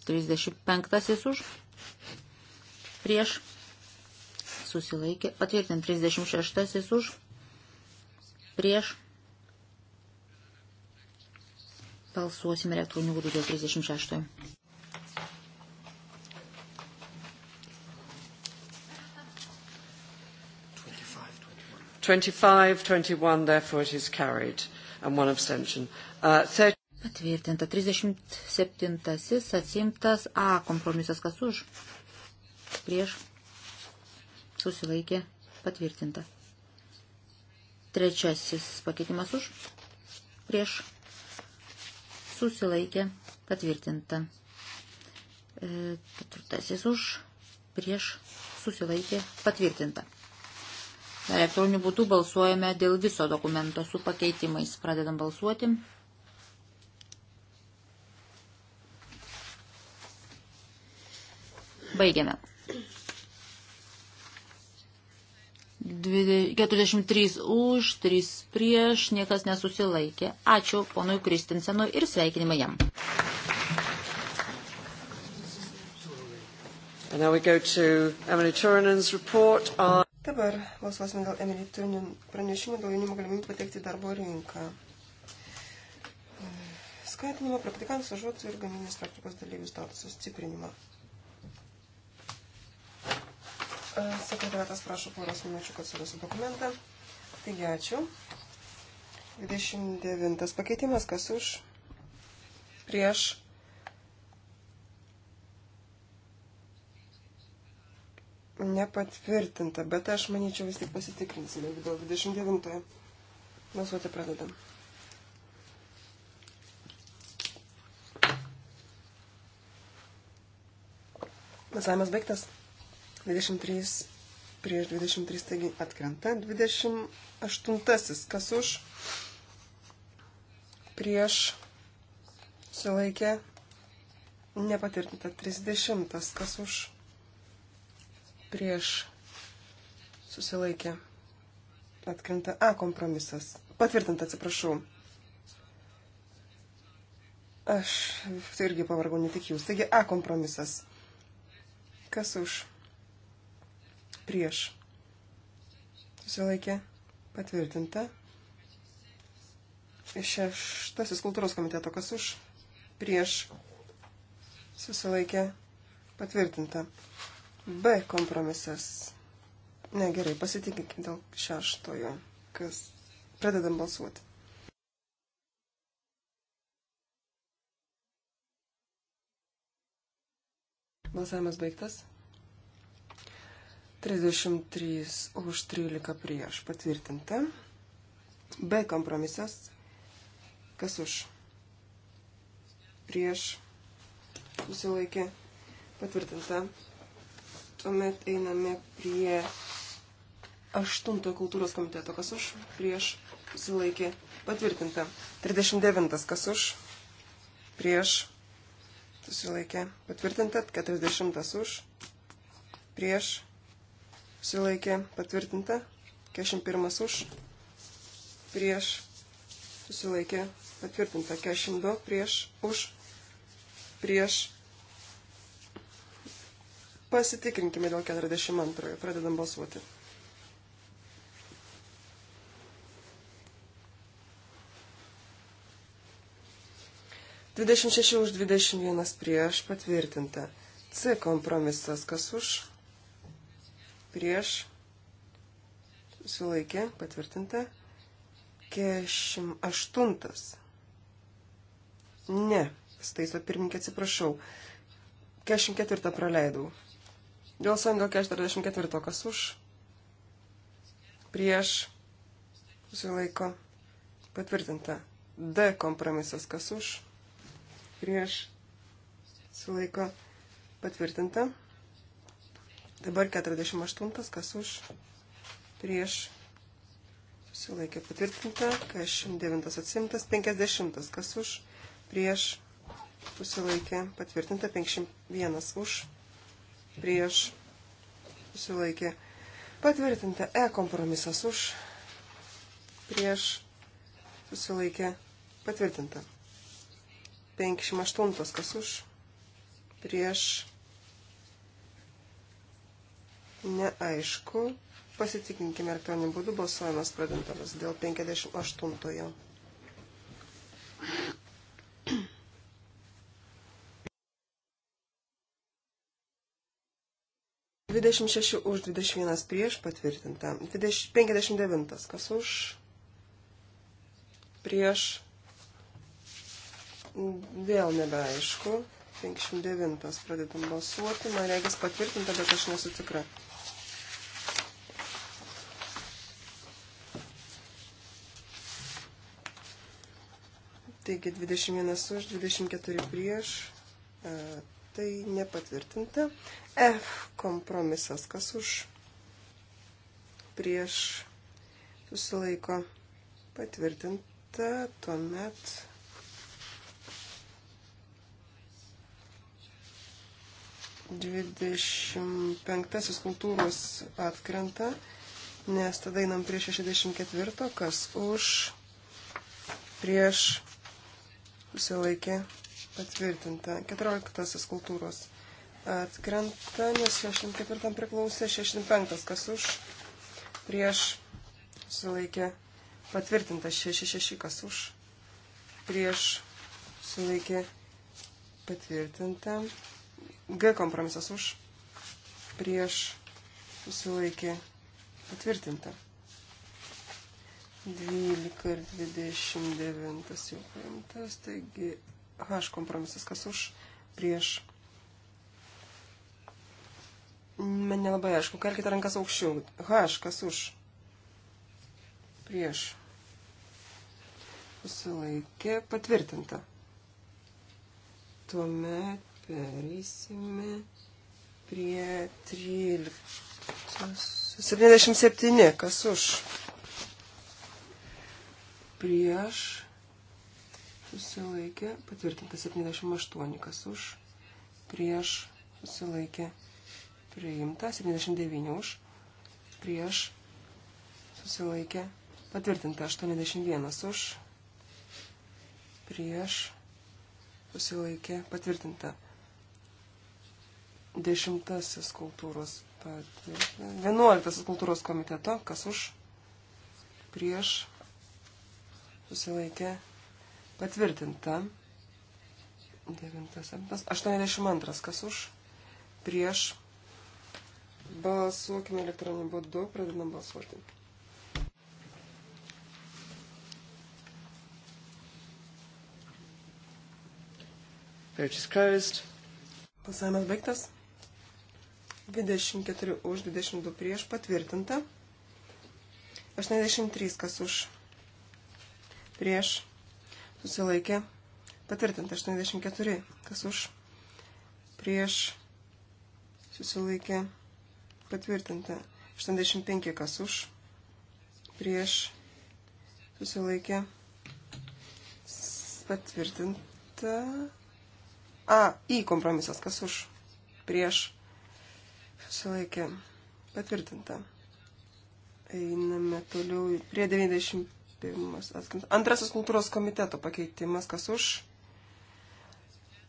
35 už, prieš, susilaikė, patvirtinta. 36 už, prieš, susilaikė Balsuosime elektroniniu būdu dėl 36. therefore it is carried and one abstention. Uh, 30... Patvirtinta 37 atsimtas A kompromisas kas už prieš susilaikė patvirtinta. Trečiasis pakeitimas už prieš susilaikė patvirtinta. E, ketvirtasis už, prieš, susilaikė patvirtinta. Elektroniniu būdu balsuojame dėl viso dokumento su pakeitimais. Pradedam balsuoti. Baigiame. 43 už, 3 prieš, niekas nesusilaikė. Ačiū ponui Kristinsenui ir sveikinimai jam. On... Dabar balsuosime dėl Emily Turinin pranešimo dėl jaunimo galimybių patekti į darbo rinką. Skatinimo praktikams užuotų ir gaminės praktikos dalyvių statusus stiprinimą. Sekretariatas prašo poros minučių, kad surasiu dokumentą. Taigi ačiū. 29 pakeitimas, kas už, prieš. Nepatvirtinta, bet aš manyčiau vis tik pasitikrinsime dėl 29. Balsuoti pradedam. Balsavimas baigtas. 23 prieš 23, taigi atkrenta. 28, kas už, prieš sulaikė, nepatvirtinta. 30, kas už, prieš susilaikė, atkrenta. A kompromisas. Patvirtinta, atsiprašau. Aš tai irgi pavargau, ne tik jūs. Taigi A kompromisas. Kas už? prieš. Susilaikė patvirtinta. Šeštasis kultūros komiteto, kas už, prieš. Susilaikė patvirtinta. B kompromisas. Ne, gerai, pasitikinkime dėl šeštojo, kas pradedam balsuoti. Balsavimas baigtas. 33 už 13 prieš patvirtinta. B kompromisas. Kas už? Prieš susilaikė patvirtinta. Tuomet einame prie 8 kultūros komiteto. Kas už? Prieš susilaikė patvirtinta. 39 kas už? Prieš susilaikė patvirtinta. 40 už? Prieš susilaikė patvirtinta, 41 už, prieš, susilaikė patvirtinta, 42 prieš, už, prieš. Pasitikrinkime dėl 42, pradedam balsuoti. Dvidešimt šeši už dvidešimt vienas prieš patvirtinta. C kompromisas kas už? prieš sulaikė, patvirtinta. 48. Ne, staiso pirmininkė, atsiprašau. 44 praleidau. Dėl sango 44, kas už? Prieš sulaiko, patvirtinta. D kompromisas, kas už? Prieš sulaiko, patvirtinta. Dabar 48, kas už, prieš, susilaikė patvirtinta, kas 9 atsimtas, 50, kas už, prieš, susilaikė patvirtinta, 51 už, prieš, susilaikė patvirtinta, E kompromisas už, prieš, susilaikė patvirtinta, 58, kas už, prieš, neaišku. Pasitikinkime elektroniniu būdu, balsuojamas pradintas dėl 58-ojo. Dvidešimt šeši už, dvidešimt vienas prieš patvirtinta. Penkiasdešimt devintas. Kas už? Prieš. Vėl nebeaišku. 59 pradedam balsuoti. Man regis patvirtinta, bet aš nesu tikra. 59. Taigi 21 už, 24 prieš. E, tai nepatvirtinta. F kompromisas, kas už prieš susilaiko patvirtinta. Tuomet dvidešimt penktasis kultūros atkrenta, nes tada einam prie šešiasdešimt ketvirto, kas už, prieš susilaikė patvirtinta. 14 kultūros atkrenta, nes 64 priklausė, 65 kas už, prieš susilaikė patvirtinta, 66 kas už, prieš susilaikė patvirtinta. G kompromisas už, prieš susilaikė patvirtinta. 12 ir 29 jau paimtas, taigi H kompromisas kas už, prieš. Man nelabai aišku, kelkite rankas aukščiau. H kas už, prieš. Susilaikė patvirtinta. Tuomet pereisime prie 13. 77, kas už prieš susilaikė, patvirtinta 78, kas už, prieš susilaikė, priimta 79 už, prieš susilaikė, patvirtinta 81 už, prieš susilaikė, patvirtinta dešimtasis kultūros, patvirtinta, vienuoliktasis kultūros komiteto, kas už, prieš susilaikė patvirtinta. 9, 7, 82, kas už, prieš, balsuokime elektroniniu būdu, pradedam balsuoti. Vote is closed. Balsavimas baigtas. 24 už, 22 prieš, patvirtinta. 83, kas už prieš susilaikė patvirtinta 84, kas už prieš susilaikė patvirtinta 85, kas už prieš susilaikė patvirtinta. A, į kompromisas, kas už prieš susilaikė patvirtinta. Einame toliau prie 90 Pirmas atskrimt. Antrasis kultūros komiteto pakeitimas, kas už,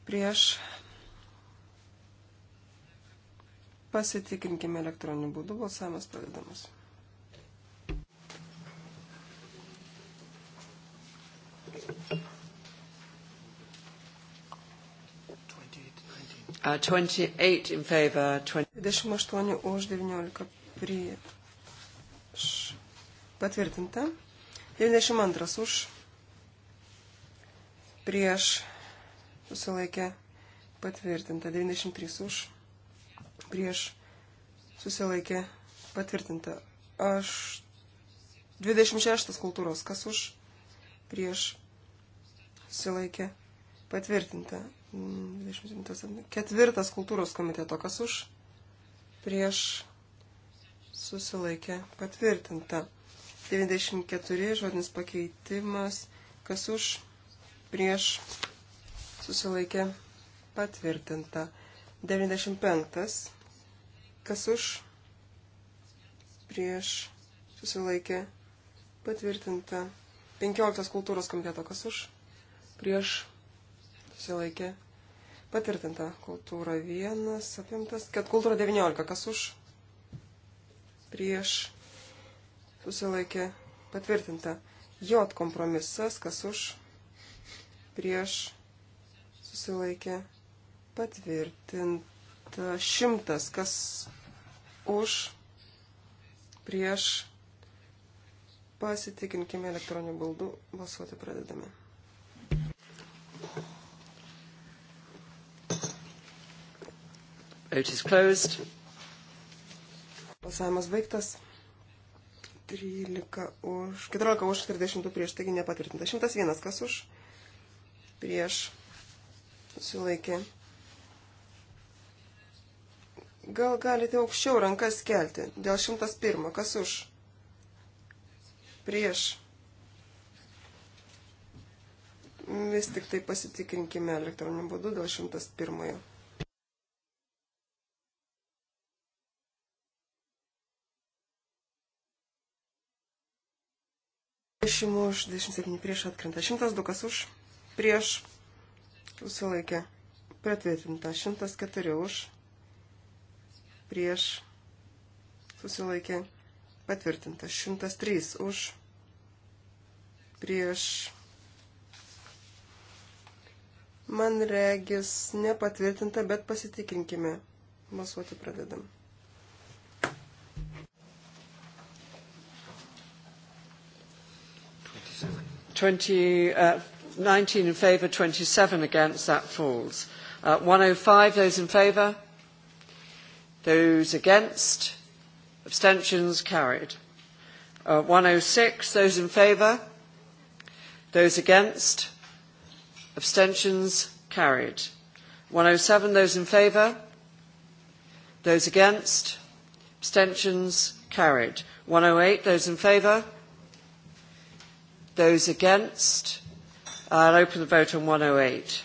prieš. Pasitikrinkime elektroniniu būdu, balsavimas pradedamas. Uh, 28 in favor, 20. 28 už 19 prieš. Patvirtinta. 92 už, prieš, susilaikė, patvirtinta. 93 už, prieš, susilaikė, patvirtinta. Aš 26 kultūros, kas už, prieš, susilaikė, patvirtinta. 24 kultūros komiteto, kas už, prieš, susilaikė, patvirtinta. 94 žodinis pakeitimas, kas už prieš susilaikė patvirtinta. 95 kas už prieš susilaikė patvirtinta. 15 kultūros komiteto kas už prieš susilaikė patvirtinta. Kultūra 1 apimtas, kad kultūra 19 kas už prieš susilaikė patvirtinta. J kompromisas, kas už, prieš, susilaikė patvirtinta. Šimtas, kas už, prieš, pasitikinkime elektroniniu būdu, balsuoti pradedame. Vote is closed. Balsavimas baigtas. 13 už, 14 už 32 prieš, taigi nepatvirtinta. 101 kas už, prieš, susilaikė. Gal galite aukščiau rankas kelti dėl 101, kas už, prieš. Vis tik tai pasitikrinkime elektroniniu būdu dėl 101. 20 už, 27 prieš atkrenta. 102 kas už, prieš susilaikė. Pratvirtinta. 104 už, prieš susilaikė. Patvirtinta. 103 už, prieš. Man regis nepatvirtinta, bet pasitikrinkime. Masuoti pradedam. 20, uh, 19 in favour, 27 against, that falls. Uh, 105, those in favour? Those against? Abstentions carried. Uh, 106, those in favour? Those against? Abstentions carried. 107, those in favour? Those against? Abstentions carried. 108, those in favour? Those against? I'll open the vote on 108.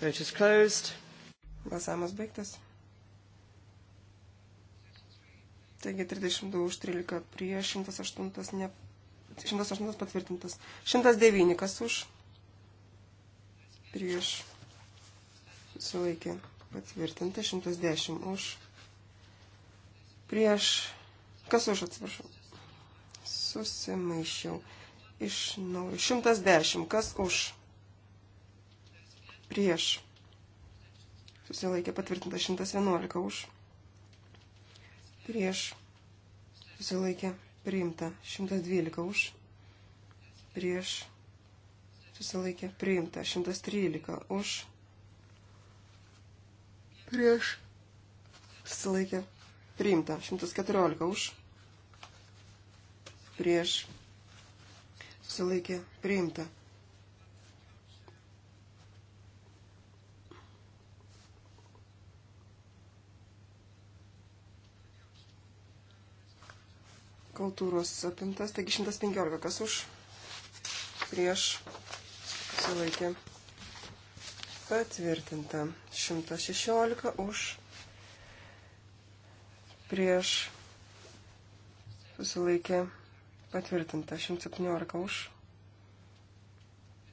Vote is closed. Balsavimas baigtas. Taigi 32 už 13 prieš, 108, ne, 108 patvirtintas. 109 kas už prieš sulaikė patvirtinta, 110 už, prieš, kas už atsiprašau, susimaišiau iš naujo, 110, kas už, prieš, susilaikė patvirtinta, 111 už, prieš, susilaikė priimta, 112 už, prieš, susilaikė priimta, 113 už, prieš, prieš susilaikė priimta. 114 už prieš susilaikė priimta. kultūros apimtas, taigi 115, kas už prieš susilaikė Patvirtinta. 116 už prieš susilaikė patvirtinta 117 už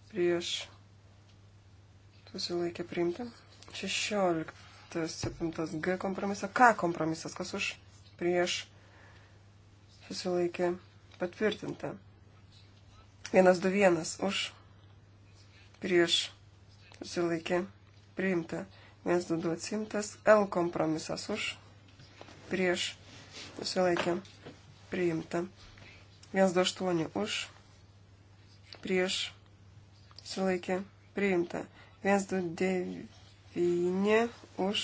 prieš susilaikė priimta 16 7 G kompromisą K kompromisas kas už prieš susilaikė patvirtinta 121 už prieš susilaikė priimta. 122 atsimtas. L kompromisas už prieš susilaikė priimta. 128 už prieš susilaikė priimta. 129 už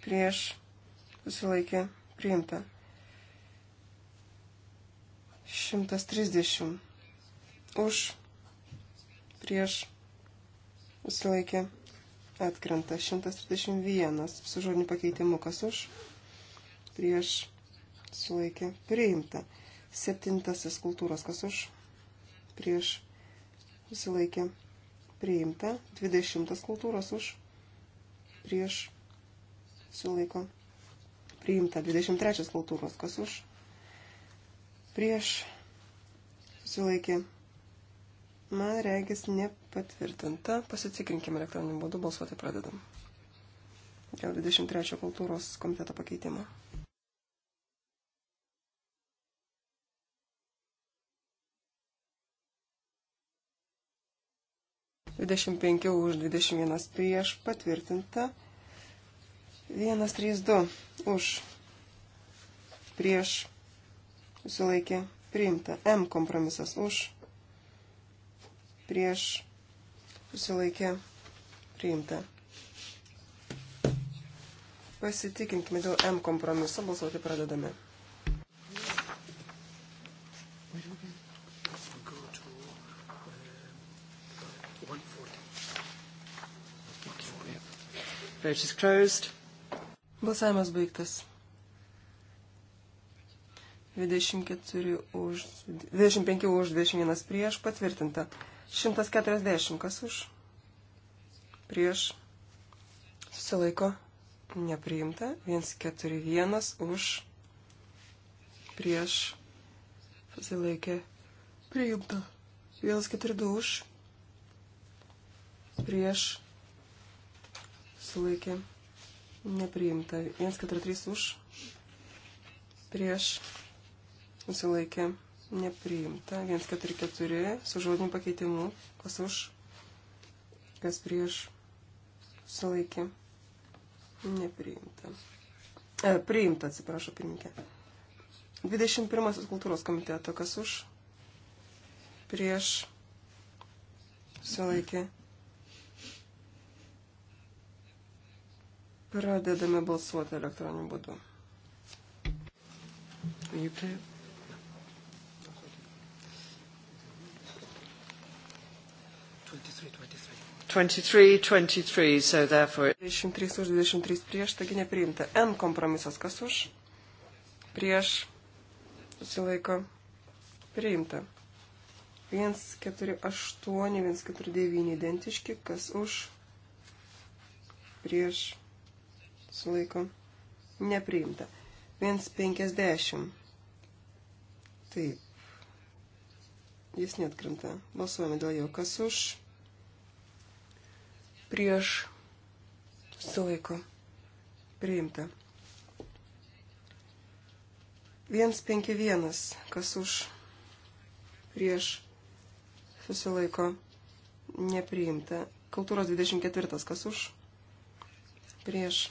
prieš susilaikė priimta. 130 už prieš susilaikė atkrenta 131 su žodiniu pakeitimu, kas už, prieš sulaikė priimta. Septintasis kultūros, kas už, prieš susilaikė priimta. Dvidešimtas kultūros už, prieš sulaiko priimta. Dvidešimt trečias kultūros, kas už, prieš susilaikė priimta Man regis nepatvirtinta. Pasitikrinkim elektroniniu būdu, balsuoti pradedam. Dėl 23 kultūros komiteto pakeitimo. Dvidešimt penki už, dvidešimt vienas prieš, patvirtinta. Vienas, trys, du už, prieš, susilaikė, priimta. M kompromisas už, prieš susilaikė priimta. Pasitikinkime dėl M kompromiso, balsuoti pradedame. Balsavimas baigtas. 24 už, 25 už, 21 prieš patvirtinta. 140 kas už, prieš, susilaiko, nepriimta, 141 už, prieš, susilaikė, priimta, 142 už, prieš, susilaikė, nepriimta, 143 už, prieš, susilaikė, nepriimta. 144 su žodiniu pakeitimu. Kas už, kas prieš sulaikė. Nepriimta. E, priimta, atsiprašau, pirmininkė. 21 kultūros komiteto. Kas už, prieš sulaikė. Pradedame balsuoti elektroniniu būdu. Are you clear? 23, 23, so therefore... 23 už 23 prieš, taigi nepriimta. N kompromisas kas už? Prieš susilaiko priimta. 148, 149 identiški, kas už? Prieš susilaiko nepriimta. 150. Taip. Jis netkrenta. Balsuojame dėl jo. Kas už? prieš sulaiko priimta. 151, kas už prieš susilaiko nepriimta. Kultūros 24, kas už prieš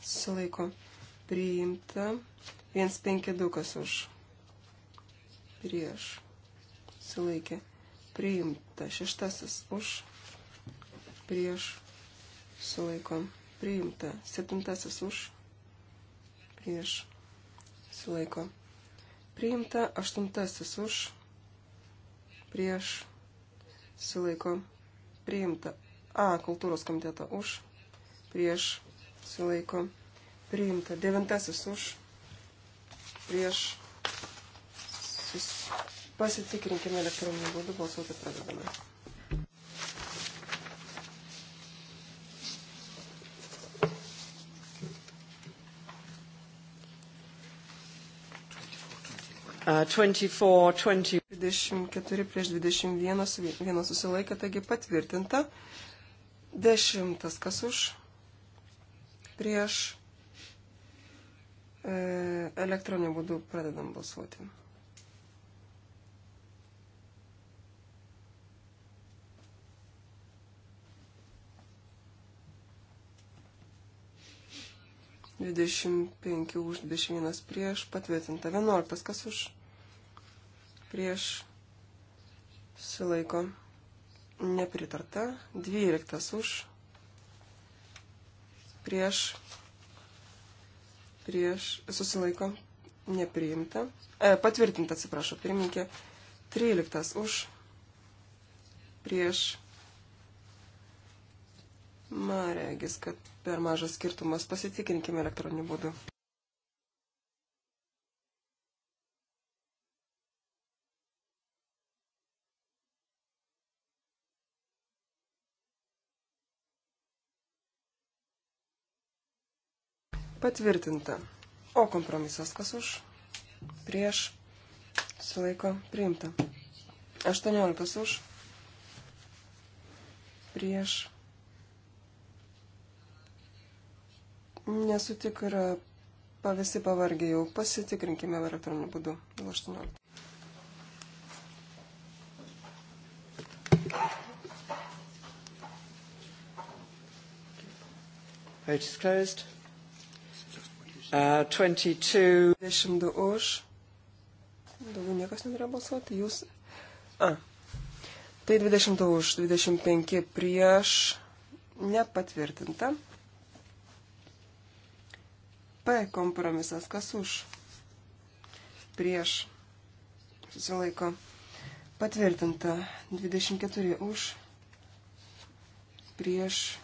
susilaiko priimta. 152, kas už prieš sulaikė priimta. Šeštasis už prieš prieš sulaiko priimta. Septintasis už prieš sulaiko priimta. Aštuntasis už prieš sulaiko priimta. A. Kultūros komiteto už prieš sulaiko priimta. Devintasis už prieš sus... pasitikrinkime elektroninį būdų balsuoti pradedame. 24, 20. 24 prieš 21, vienas susilaikė, taigi patvirtinta. Dešimtas kas už prieš e, elektroniniu būdu pradedam balsuoti. Dvidešimt penki už, dvidešimt vienas prieš, patvirtinta vienuoliktas kas už prieš susilaiko nepritarta, 12 už, prieš, prieš susilaiko nepriimta, e, patvirtinta, atsiprašau, pirmininkė, 13 už, prieš, man regis, kad per mažas skirtumas, pasitikrinkime elektroniniu būdu. Patvirtinta. O kompromisas kas už? Prieš. Sulaiko. Priimta. 18 už. Prieš. Nesu tikra, pa visi pavargė jau. Pasitikrinkime elektroniniu būdu. 18. Vote is closed. Uh, 22. 22 už. Daugiau niekas nenorėjo balsuoti. Jūs. A. Tai 20 už, 25 prieš. Nepatvirtinta. P kompromisas. Kas už? Prieš. Susilaiko. Patvirtinta. 24 už. Prieš.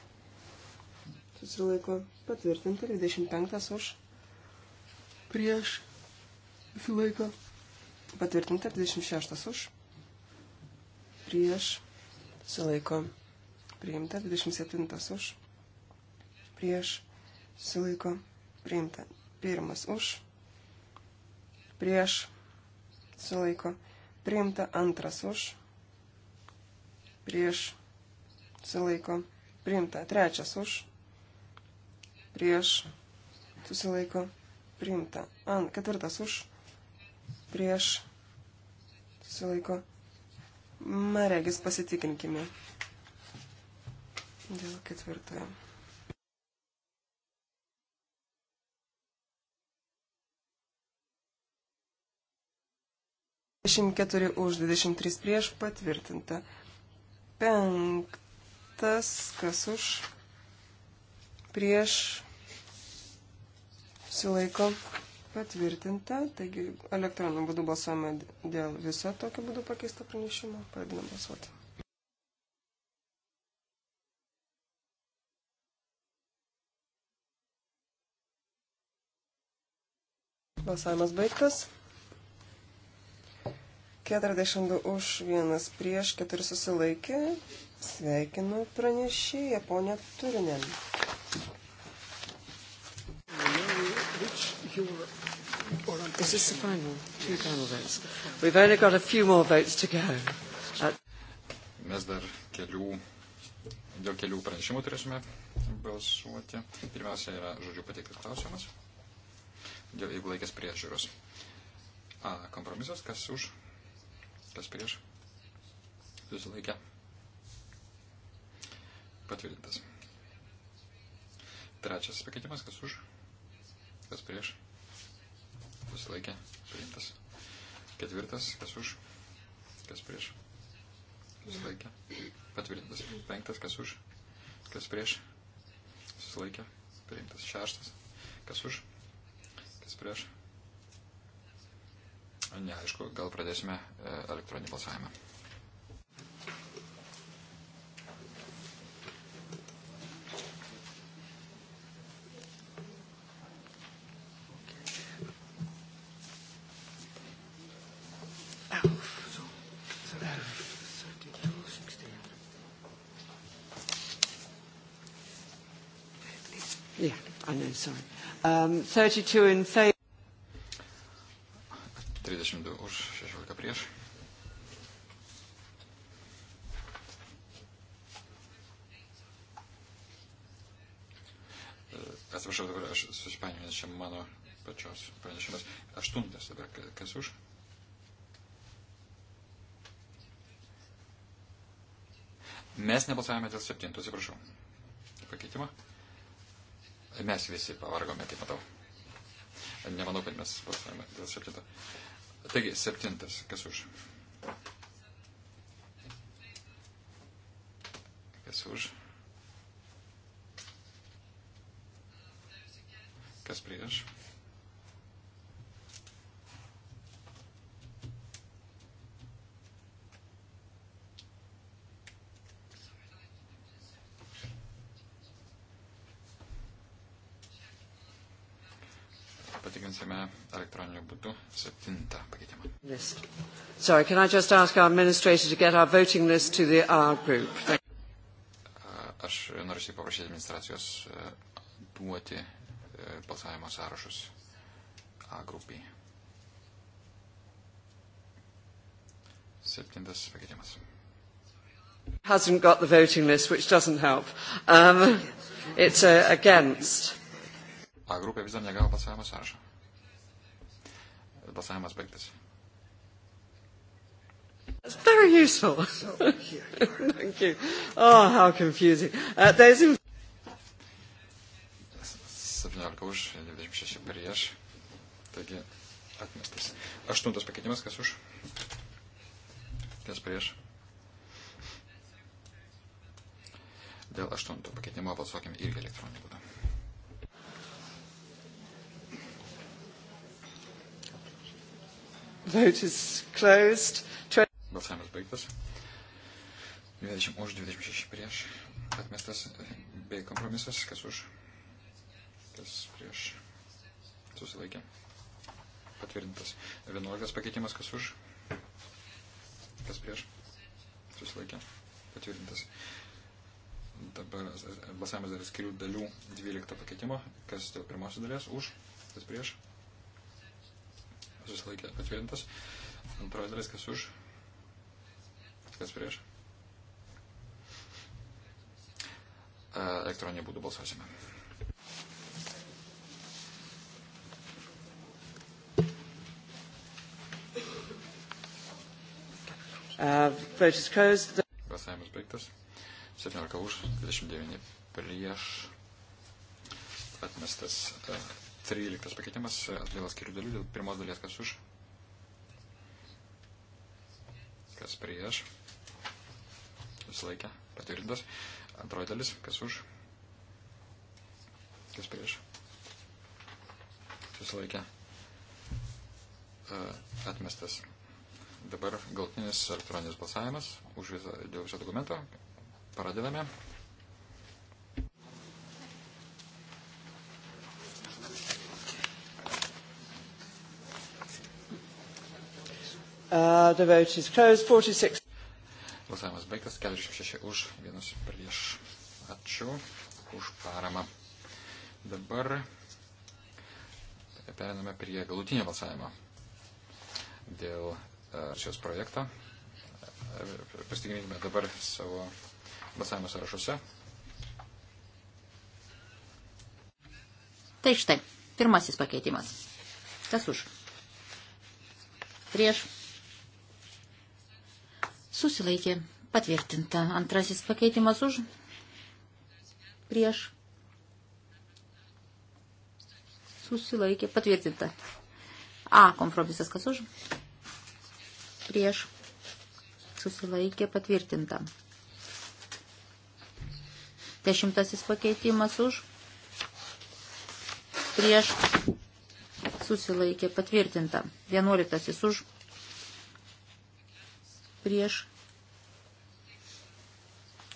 Susilaiko. Patvirtinta. 25 už prieš susilaiko patvirtinta, 26 už prieš susilaiko priimta, 27 už prieš susilaiko priimta, pirmas už prieš susilaiko priimta, antras už prieš susilaiko priimta, trečias už prieš susilaiko priimta priimta. An, ketvirtas už, prieš, susilaiko. Maregis pasitikinkime dėl ketvirtojo. Dvidešimt keturi už, dvidešimt trys prieš patvirtinta. Penktas, kas už, prieš susilaiko patvirtinta. Taigi elektroniniu būdu balsuojame dėl viso tokiu būdu pakeisto pranešimo. Pradedame balsuoti. Balsavimas baigtas. 42 už, 1 prieš, 4 susilaikė. Sveikinu pranešėją, ponę Turinen. your or on Is this the final? Two final votes. We've only got a few more votes to go. At... Uh, Mes dar kelių, dėl kelių pranešimų turėsime balsuoti. Pirmiausia yra žodžių pateiktas klausimas dėl ilgalaikės priežiūros. A, kompromisas, kas už, kas prieš, susilaikė. Patvirtintas. Trečias pakeitimas, kas už, kas prieš, susilaikė, priimtas. Ketvirtas, kas už, kas prieš, susilaikė, patvirtintas. Penktas, kas už, kas prieš, susilaikė, priimtas. Šeštas, kas už, kas prieš. Neaišku, gal pradėsime e, elektroninį balsavimą. sorry. Um, 32 in favor. 32 už, 16 prieš. E, atsiprašau, dabar aš susipainiojęs čia mano pačios pranešimas. Aštuntas dabar, kas už? Mes nebalsavome dėl septinto, atsiprašau. Pakeitimą. Mes visi pavargome, kaip matau. Nemanau, kad mes balsuojame dėl septinto. Taigi, septintas, kas už? Kas už? Kas prieš? Patikrinsime elektroniniu būdu septintą pakeitimą. Yes. Sorry, can I just ask our administrator to get our voting list to the R group? Thank Aš noriu paprašyti administracijos e, duoti e, balsavimo sąrašus A grupiai. Septintas pakeitimas. Hasn't got the voting list, which doesn't help. Um, it's uh, against. A grupė vis dar negavo balsavimo sąrašo. Balsavimas baigtas. That's very useful. Thank you. Oh, how confusing. Uh, there's in... 17 už, 26 prieš. Taigi, atmestas. Aštuntas pakeitimas, kas už? Kas prieš? Dėl aštunto pakeitimo balsuokim irgi elektroniniu būdu. Vote is closed. Balsavimas baigtas. 20 už, 26 prieš. Atmestas bei kompromisas, kas už, kas prieš. Susilaikė. Patvirtintas. 11 pakeitimas, kas už, kas prieš. Susilaikė. Patvirtintas. Dabar balsavimas dar skirių dalių 12 pakeitimo, kas dėl pirmosios dalies už, kas prieš susilaikė patvirtintas. Antroji dalis, kas už, kas prieš. E, Elektroninė būdų balsuosime. E, Balsavimas baigtas. 17 už, 29 prieš. Atmestas. Uh, 13 pakeitimas dėl skirių dalių, dėl pirmos dalies kas už, kas prieš, susilaikė, patvirtintas, antroji dalis kas už, kas prieš, susilaikė, e, atmestas. Dabar galtinis elektroninis balsavimas už visą, dėl viso dokumento. Pradedame. Uh, the vote is closed. 46. Balsavimas baigtas. 46 už, 1 prieš. Ačiū už paramą. Dabar periname prie galutinio balsavimo dėl uh, šios projekto. Pasitikrinkime dabar savo balsavimo sąrašuose. Tai štai, pirmasis pakeitimas. Kas už? Prieš susilaikė patvirtinta. Antrasis pakeitimas už prieš susilaikė patvirtinta. A kompromisas kas už prieš susilaikė patvirtinta. Dešimtasis pakeitimas už prieš susilaikė patvirtinta. Vienuoliktasis už prieš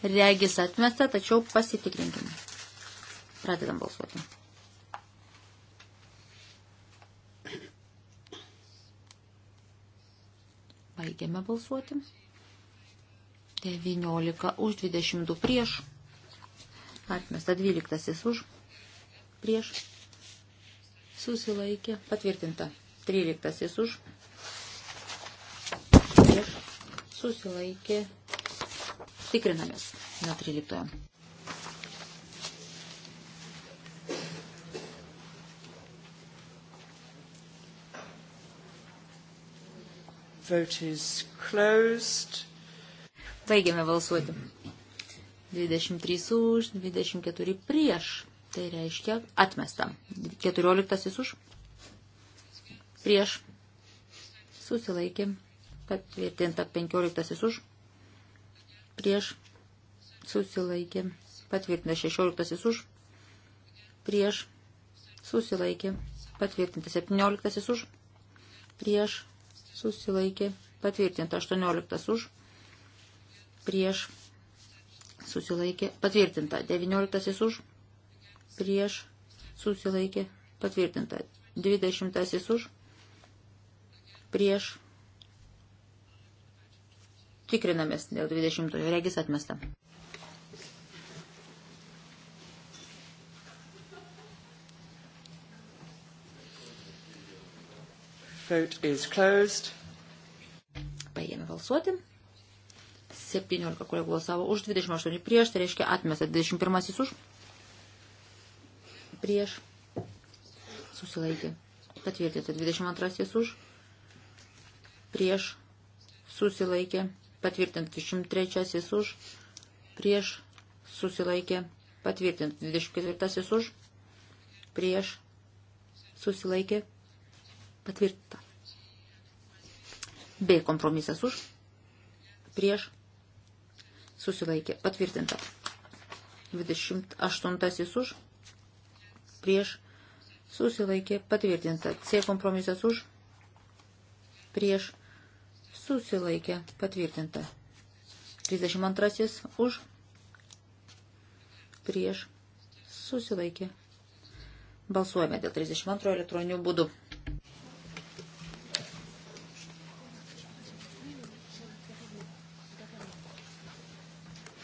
Regis atmesta, tačiau pasitikrinkime. Pradedam balsuoti. Baigiame balsuoti. 19 už 22 prieš. Atmesta 12 už prieš. Susilaikė. Patvirtinta. 13 už prieš. Susilaikė tikrinamės nuo 13. Vote is closed. Baigėme balsuoti. 23 už, 24 prieš. Tai reiškia atmesta. 14 už. Prieš. Susilaikė. Patvirtinta 15 už prieš susilaikė patvirtinta 16 už, prieš susilaikė patvirtinta 17 už, prieš susilaikė patvirtinta 18 už, prieš susilaikė patvirtinta 19 už, prieš susilaikė patvirtinta 20 už, prieš Tikrinamės dėl 20. Regis atmesta. Vote is closed. Baigėme balsuoti. 17 kolegų balsavo už, 28 prieš, tai reiškia atmesta 21 už. Prieš. Susilaikė. Patvirtinta 22 už. Prieš. Susilaikė patvirtinti 23 už, prieš susilaikė patvirtinti 24 už, prieš susilaikė patvirtinta. B kompromisas už, prieš susilaikė patvirtinta. 28 už, prieš susilaikė patvirtinta. C kompromisas už, prieš susilaikė patvirtinta susilaikė patvirtinta. 32 už prieš susilaikė. Balsuojame dėl 32 elektroninių būdų.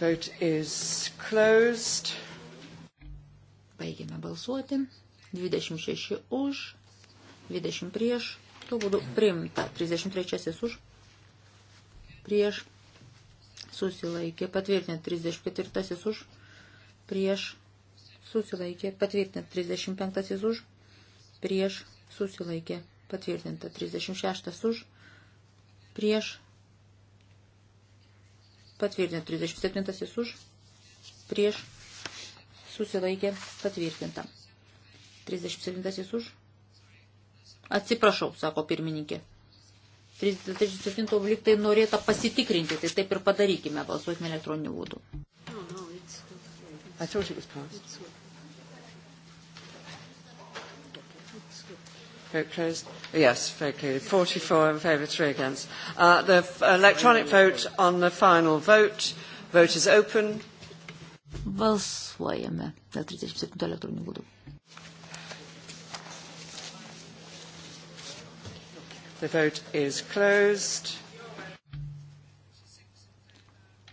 Vote is closed. Baigėme balsuoti. 26 už, 20 prieš. Tuo būdu priimta. 33 už prieš susilaikė patvirtinti 34 už, prieš susilaikė patvirtinti 35 už, prieš susilaikė patvirtinta 36 už, prieš patvirtinta 37 už, prieš susilaikė patvirtinta 37 už. Atsiprašau, sako pirmininkė. 37 liktai norėta pasitikrinti, tai taip ir padarykime, balsuokime elektroniniu būdu. I thought it was passed. Vote closed. Yes, very clearly. 44 in favour, 3 against. Uh, the electronic vote on the final vote. Vote is open. Balsuojame dėl 37 elektroninių būdų. The vote is closed.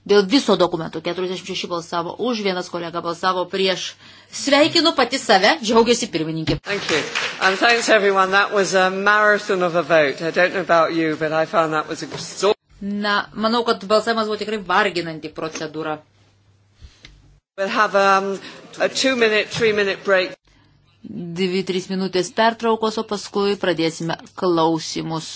Dėl viso dokumento 46 balsavo už, vienas kolega balsavo prieš. Sveikinu pati save, džiaugiasi pirmininkė. Na, manau, kad balsavimas buvo tikrai varginanti procedūra. We'll have, um, a two minute, three minute break. 2-3 minutės pertraukos, o paskui pradėsime klausimus.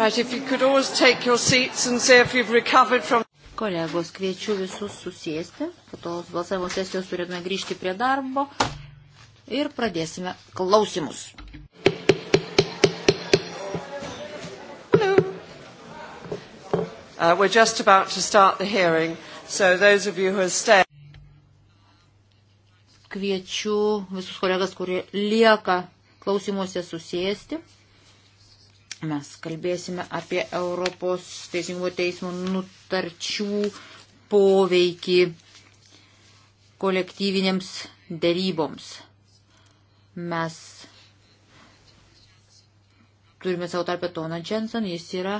Right, if you could always take your seats and see if you've recovered from... Kolegos, kviečiu visus susėsti, po tos balsavimo sesijos turėtume grįžti prie darbo ir pradėsime klausimus. Uh, we're just about to start the hearing, so those of you who are staying. Kviečiu visus kolegas, kurie lieka klausimuose susėsti. Mes kalbėsime apie Europos teisingumo teismo nutarčių poveikį kolektyvinėms dėryboms. Mes turime savo tarpę Toną Jensen, jis yra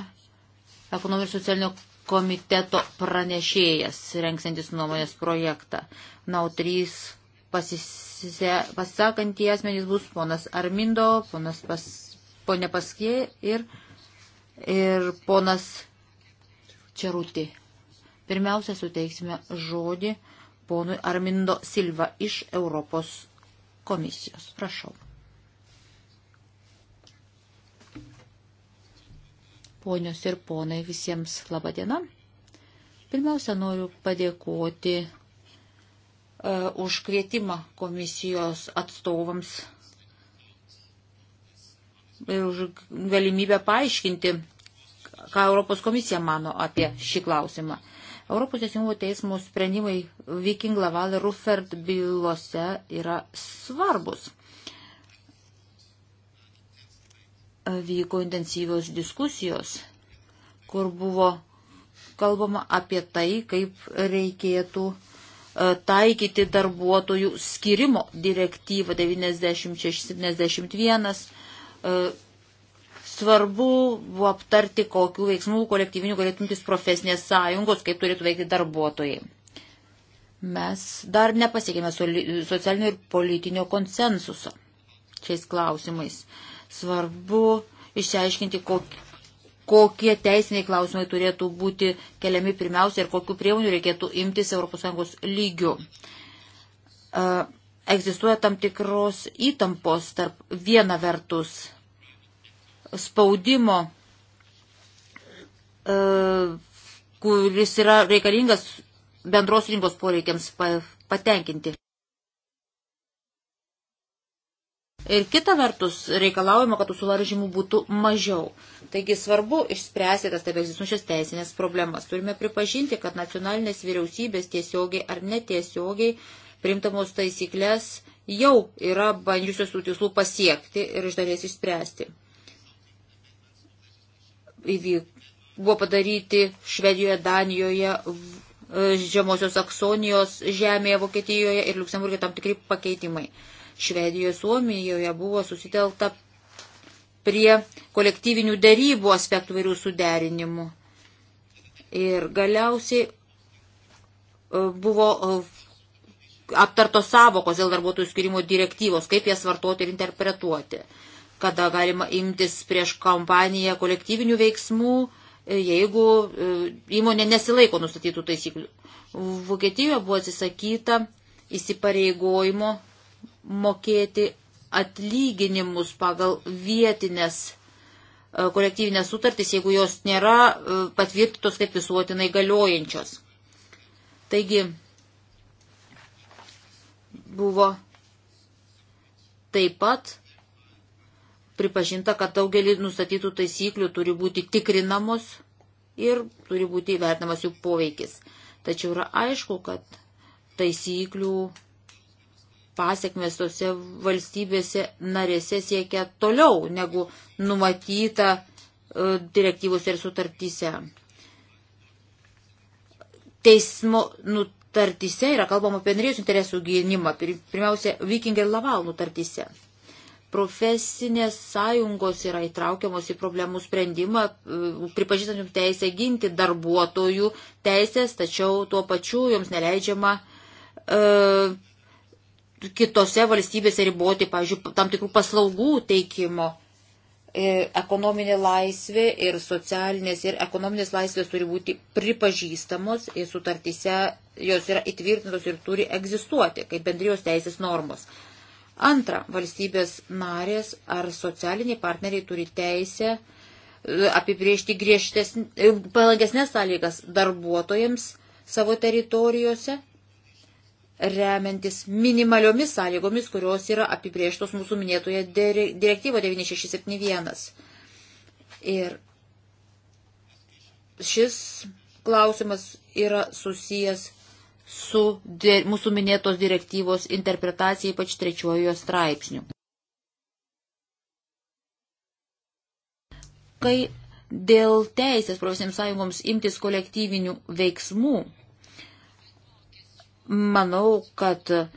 ekonominio ir socialinio komiteto pranešėjas, renksantis nuomonės projektą. Na, o trys pasisakantys asmenys bus ponas Armindo, ponas Pas ponė Paskie ir, ir ponas Čerutį. Pirmiausia, suteiksime žodį ponui Armindo Silva iš Europos komisijos. Prašau. Ponios ir ponai, visiems laba diena. Pirmiausia, noriu padėkoti uh, už kvietimą komisijos atstovams E, už galimybę paaiškinti, ką Europos komisija mano apie šį klausimą. Europos teisingumo teismo sprendimai Viking Laval ir Ruffert bylose yra svarbus. Vyko intensyvios diskusijos, kur buvo kalbama apie tai, kaip reikėtų e, taikyti darbuotojų skirimo direktyvą 96-71 E, svarbu buvo aptarti, kokiu veiksmu kolektyviniu galėtumtis profesinės sąjungos, kaip turėtų veikti darbuotojai. Mes dar nepasiekėme socialinio ir politinio konsensuso šiais klausimais. Svarbu išsiaiškinti, kokie kokie teisiniai klausimai turėtų būti keliami pirmiausia ir kokiu priemonių reikėtų imtis ES lygių. Uh, egzistuoja tam tikros įtampos tarp viena vertus spaudimo, e, kuris yra reikalingas bendros rinkos poreikiams patenkinti. Ir kita vertus reikalaujama, kad tų suvaržymų būtų mažiau. Taigi svarbu išspręsti tas taip egzistuojančias teisinės problemas. Turime pripažinti, kad nacionalinės vyriausybės tiesiogiai ar netiesiogiai uh, primtamos taisyklės jau yra bandžiusios tų tikslų pasiekti ir iš dalies išspręsti. Buvo padaryti Švedijoje, Danijoje, Žemosios Aksonijos žemėje, Vokietijoje ir Luksemburgė tam tikri pakeitimai. Švedijoje, Suomijoje buvo susitelta prie kolektyvinių dėrybų aspektų vairių suderinimų. Ir galiausiai e, buvo aptartos savokos dėl darbuotojų skirimo direktyvos, kaip jas vartoti ir interpretuoti, kada galima imtis prieš kompaniją kolektyvinių veiksmų, e, jeigu e, įmonė nesilaiko nustatytų taisyklių. Vokietijoje buvo atsisakyta įsipareigojimo mokėti atlyginimus pagal vietinės e, kolektyvinės sutartys, jeigu jos nėra patvirtintos kaip visuotinai galiojančios. Taigi, buvo taip pat pripažinta, kad daugelį nustatytų taisyklių turi būti tikrinamos ir turi būti įvertinamas jų poveikis. Tačiau yra aišku, kad taisyklių pasiekmes tose valstybėse narėse siekia toliau negu numatyta e, direktyvose ir sutartyse. Teismo nu, tartise yra kalbama apie bendrijos interesų gynimą, pirmiausia, vikingai ir lavalnų tartise. Profesinės sąjungos yra įtraukiamos į problemų sprendimą, e, pripažįstant jums teisę ginti darbuotojų teisės, tačiau tuo pačiu jums neleidžiama e, kitose valstybėse riboti, pavyzdžiui, tam tikrų paslaugų teikimo E, ekonominė laisvė ir socialinės ir ekonominės laisvės turi būti pripažįstamos ir sutartyse jos yra įtvirtintos ir turi egzistuoti kaip bendrijos teisės normos. Antra, valstybės narės ar socialiniai partneriai turi teisę e, apibriežti e, palankesnės sąlygas darbuotojams savo teritorijose remiantis minimaliomis sąlygomis, kurios yra apibrieštos mūsų minėtoje direktyvo 9671. Ir šis klausimas yra susijęs su mūsų minėtos direktyvos interpretacija, ypač trečiojo straipsnių. Kai dėl teisės profesinėms sąjungoms imtis kolektyvinių veiksmų, manau, kad e,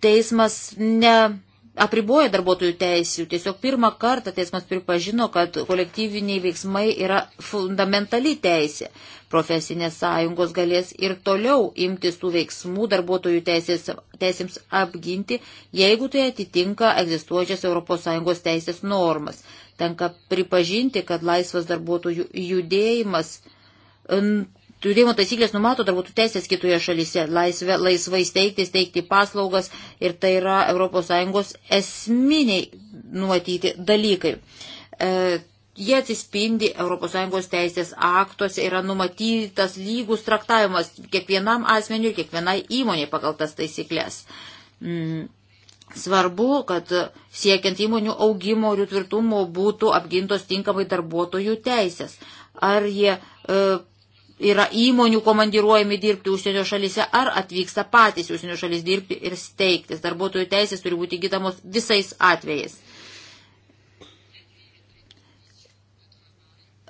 teismas ne apriboja darbuotojų teisių. Tiesiog pirmą kartą teismas pripažino, kad kolektyviniai veiksmai yra fundamentali teisė. Profesinės sąjungos galės ir toliau imtis tų veiksmų darbuotojų teisės, teisėms apginti, jeigu tai atitinka egzistuojančias ES teisės normas. Tenka pripažinti, kad laisvas darbuotojų judėjimas Judėjimo taisyklės numato darbuotojų teisės kitoje šalyse, laisvė, laisvai steigtis, teikti paslaugas ir tai yra ES esminiai numatyti dalykai. E, jie atsispindi ES teisės aktuose, yra numatytas lygus traktavimas kiekvienam asmeniu, kiekvienai įmonė pagal tas taisyklės. Mm. Svarbu, kad siekiant įmonių augimo ir tvirtumo būtų apgintos tinkamai darbuotojų teisės. Ar jie e, yra įmonių komandiruojami dirbti užsienio šalyse ar atvyksta patys užsienio šalis dirbti ir steigtis. Darbuotojų teisės turi būti gydamos visais atvejais.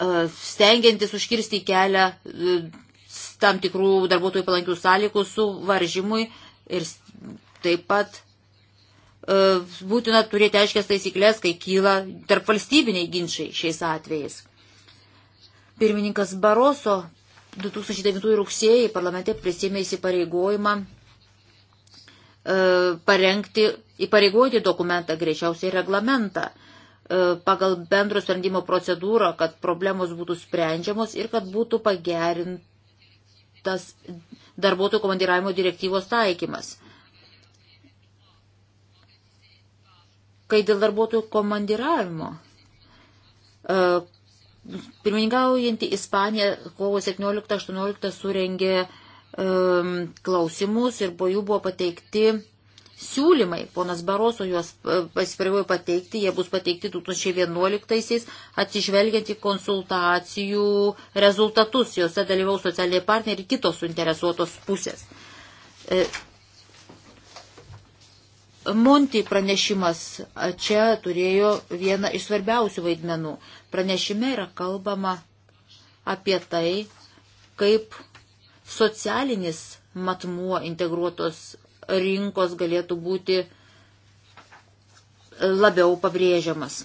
E, stengiantis užkirsti kelią e, tam tikrų darbuotojų palankių sąlygų suvaržymui ir taip pat e, būtina turėti aiškias taisyklės, kai kyla tarp valstybiniai ginčiai šiais atvejais. Pirmininkas Baroso 2009 rugsėjai parlamente prisėmė įsipareigojimą e, parengti, įpareigoti dokumentą, greičiausiai reglamentą e, pagal bendro sprendimo procedūrą, kad problemos būtų sprendžiamos ir kad būtų pagerintas darbuotojų komandiravimo direktyvos taikymas. Kai dėl darbuotojų komandiravimo e, Pirmininkaujantį Ispaniją kovo 17-18 surengė um, klausimus ir po jų buvo pateikti siūlymai. Ponas Baroso juos pasipareigojo e, pateikti, jie bus pateikti 2011-aisiais, atsižvelgiant į konsultacijų rezultatus, juose dalyvaus socialiniai partneriai ir kitos suinteresuotos pusės. E, Monti pranešimas čia turėjo vieną iš svarbiausių vaidmenų. Pranešime yra kalbama apie tai, kaip socialinis matmuo integruotos rinkos galėtų būti labiau pabrėžiamas.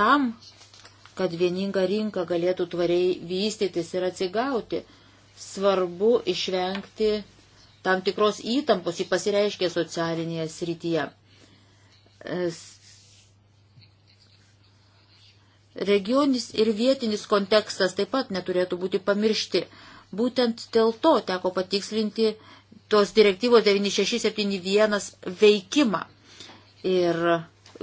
Tam, kad vieninga rinka galėtų tvariai vystytis ir atsigauti, svarbu išvengti tam tikros įtampos, jį pasireiškia socialinėje srityje. Regionis ir vietinis kontekstas taip pat neturėtų būti pamiršti. Būtent dėl to teko patikslinti tos direktyvos 9671 veikimą ir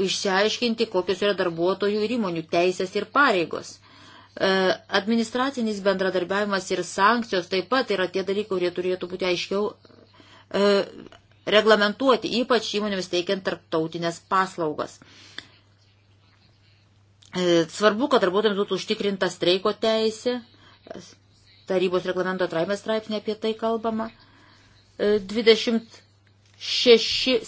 išsiaiškinti, kokios yra darbuotojų ir įmonių teisės ir pareigos. E, administracinis bendradarbiavimas ir sankcijos taip pat yra tie dalykai, kurie turėtų būti aiškiau e, reglamentuoti, ypač įmonėms teikiant tarptautinės paslaugas. E, E, svarbu, kad darbuotojams būtų užtikrinta streiko teisė. Tarybos reglamento traimės straipsnė apie tai kalbama. 2671, e,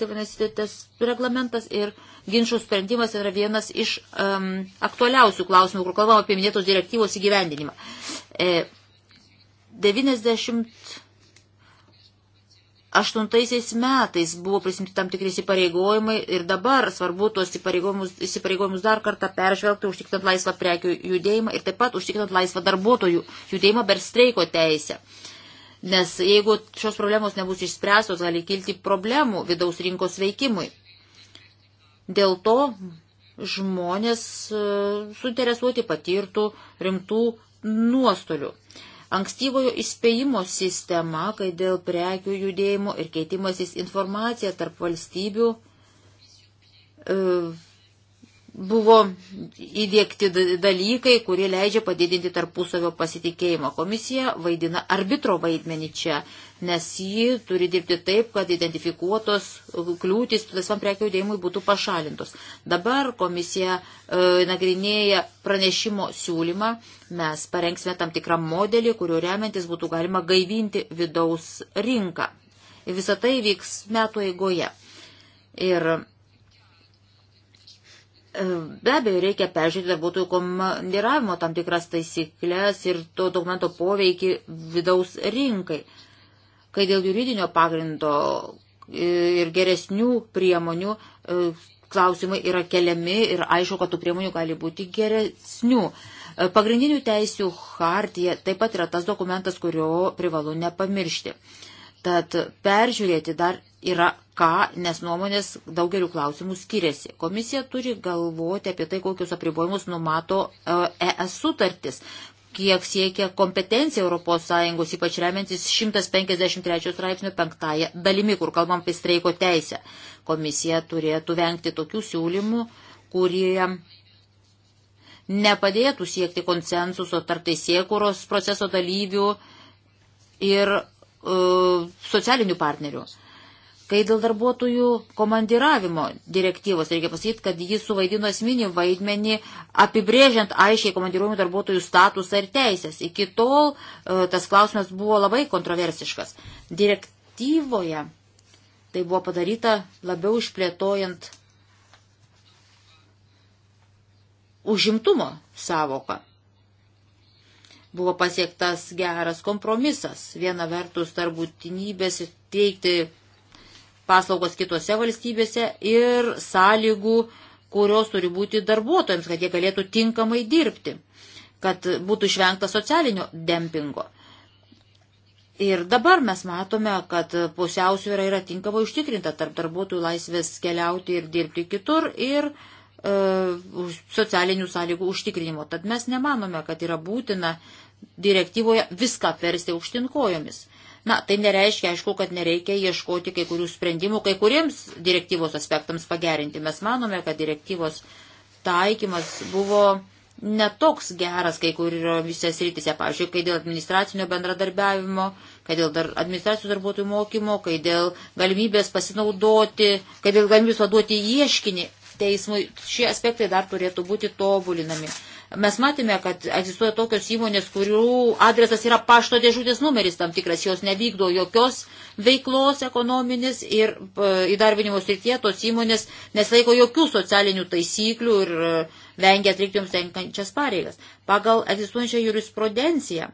tai vadinasi, tai tas reglamentas ir ginčių sprendimas yra vienas iš um, aktualiausių klausimų, kur kalbama apie minėtos direktyvos įgyvendinimą. E, 90 Aštuntaisiais metais buvo prisimti tam tikri įsipareigojimai ir dabar svarbu tuos įsipareigojimus, įsipareigojimus dar kartą peržvelgti, užtikrinant laisvą prekių judėjimą ir taip pat užtikrinant laisvą darbuotojų judėjimą per streiko teisę. Nes jeigu šios problemos nebus išspręstos, gali kilti problemų vidaus rinkos veikimui. Dėl to žmonės e, suinteresuoti patirtų rimtų nuostolių. Ankstyvojo įspėjimo sistema, kai dėl prekių judėjimo ir keitimasis informacija tarp valstybių e, buvo įdėkti dalykai, kurie leidžia padidinti tarpusavio pasitikėjimą. Komisija vaidina arbitro vaidmenį čia, nes ji turi dirbti taip, kad identifikuotos kliūtis laisvam prekių judėjimui būtų pašalintos. Dabar komisija e, nagrinėja pranešimo siūlymą, mes parengsime tam tikrą modelį, kuriuo remiantis būtų galima gaivinti vidaus rinką. Ir visa tai vyks metų eigoje. Ir e, Be abejo, reikia peržiūrėti darbuotojų komandiravimo tam tikras taisyklės ir to dokumento poveikį vidaus rinkai kai dėl juridinio pagrindo ir geresnių priemonių e, klausimai yra keliami ir aišku, kad tų priemonių gali būti geresnių. E, pagrindinių teisių hartija taip pat yra tas dokumentas, kurio privalu nepamiršti. Tad peržiūrėti dar yra ką, nes nuomonės daugeliu klausimų skiriasi. Komisija turi galvoti apie tai, kokius apribojimus numato ES e sutartis, kiek siekia kompetencija ES, ypač remiantis 153 straipsnio penktąją dalimi, kur kalbam apie streiko teisę. Komisija turėtų vengti tokių siūlymų, kurie nepadėtų siekti konsensuso tarp teisėkuros proceso dalyvių ir e, socialinių partnerių. E, Kai dėl darbuotojų komandiravimo direktyvos, reikia pasakyti, kad jis suvaidino asmeninį vaidmenį, apibrėžiant aiškiai komandiruojamų darbuotojų statusą ir teisės. Iki tol e, tas klausimas buvo labai kontroversiškas. Direktyvoje tai buvo padaryta labiau išplėtojant užimtumo savoką buvo pasiektas geras kompromisas. Viena vertus tarp būtinybės teikti paslaugos kitose valstybėse ir sąlygų, kurios turi būti darbuotojams, kad jie galėtų tinkamai dirbti, kad būtų išvengta socialinio dempingo. Ir dabar mes matome, kad pusiausvėra yra tinkama užtikrinta tarp darbuotojų laisvės keliauti ir dirbti kitur ir e, socialinių sąlygų užtikrinimo. Tad mes nemanome, kad yra būtina direktyvoje viską persti aukštinkojomis. Na, tai nereiškia, aišku, kad nereikia ieškoti kai kurių sprendimų, kai kuriems direktyvos aspektams pagerinti. Mes manome, kad direktyvos taikymas buvo netoks geras kai kuriomis srityse, pavyzdžiui, kai dėl administracinio bendradarbiavimo, kai dėl dar administracijos darbuotojų mokymo, kai dėl galimybės pasinaudoti, kai dėl galimybės vaduoti ieškinį teismui, šie aspektai dar turėtų būti tobulinami. Mes matėme, kad egzistuoja tokios įmonės, kurių adresas yra pašto dėžutės numeris tam tikras, jos nevykdo jokios veiklos ekonominis ir e, įdarbinimo srityje tos įmonės neslaiko jokių socialinių taisyklių ir e, vengia atlikti joms tenkančias pareigas. Pagal egzistuojančią jurisprudenciją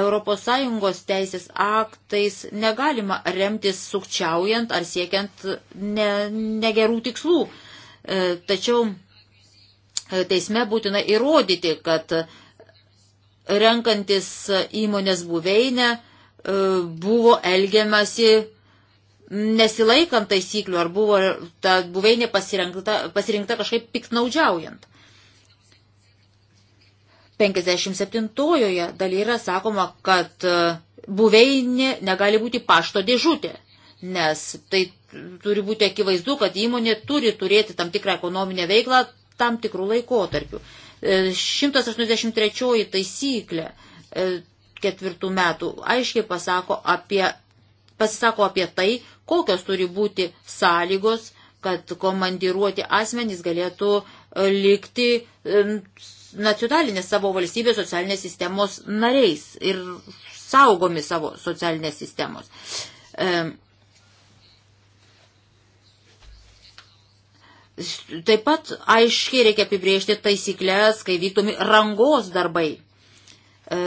ES teisės aktais negalima remtis sukčiaujant ar siekiant ne, negerų tikslų. E, tačiau E, teisme būtina įrodyti, kad renkantis įmonės buveinę e, buvo elgiamasi nesilaikant taisyklių, ar buvo ta buveinė pasirinkta, pasirinkta kažkaip piknaudžiaujant. 57 dalyje yra sakoma, kad e, buveinė negali būti pašto dėžutė, nes tai turi būti akivaizdu, kad įmonė turi turėti tam tikrą ekonominę veiklą, tam tikrų laikotarpių. 183 e, taisyklė e, ketvirtų metų aiškiai pasako apie, pasisako apie tai, kokios turi būti sąlygos, kad komandiruoti asmenys galėtų e, likti nacionalinės savo valstybės socialinės sistemos nariais ir saugomi savo socialinės sistemos. E, Taip pat aiškiai reikia apibriežti taisyklės, kai vykdomi rangos darbai. E,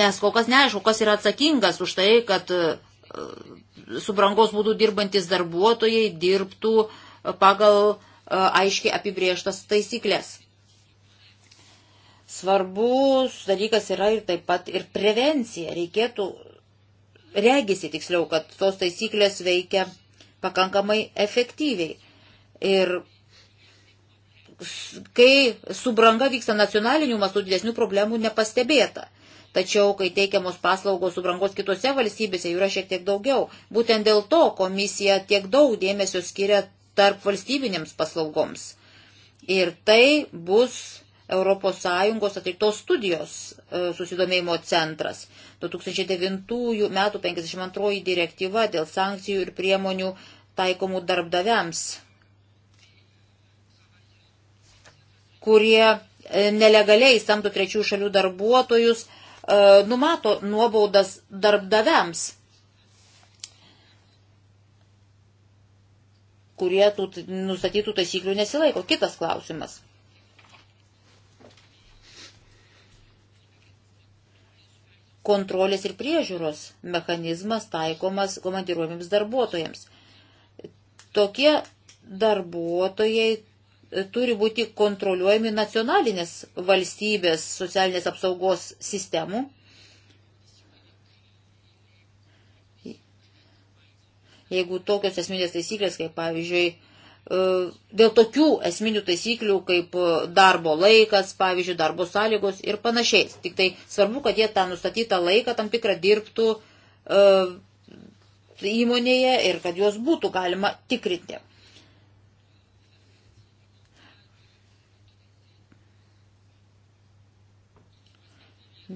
nes kol kas neaišku, kas yra atsakingas už tai, kad e, su brangos būdų dirbantis darbuotojai dirbtų e, pagal aiškiai apibriežtas taisyklės. Svarbus dalykas yra ir taip pat ir prevencija. Reikėtų, regisi tiksliau, kad tos taisyklės veikia pakankamai efektyviai. Ir kai subranga vyksta nacionalinių mastų, didesnių problemų nepastebėta. Tačiau, kai teikiamos paslaugos subrangos kitose valstybėse, jų yra šiek tiek daugiau. Būtent dėl to komisija tiek daug dėmesio skiria tarp valstybinėms paslaugoms. Ir tai bus ES atliktos studijos e, susidomėjimo centras. 2009 m. 52 direktyva dėl sankcijų ir priemonių taikomų darbdaviams kurie e, nelegaliai samdo trečių šalių darbuotojus, e, numato nuobaudas darbdaviams, kurie tų nustatytų taisyklių nesilaiko. Kitas klausimas. Kontrolės ir priežiūros mechanizmas taikomas komandiruojamiems darbuotojams. Tokie darbuotojai turi būti kontroliuojami nacionalinės valstybės socialinės apsaugos sistemų. Jeigu tokios esminės taisyklės, kaip pavyzdžiui, e, dėl tokių esminių taisyklių, kaip e, darbo laikas, pavyzdžiui, darbo sąlygos ir panašiai. Tik tai svarbu, kad jie tą nustatytą laiką tam tikrą dirbtų e, įmonėje ir kad juos būtų galima tikrinti.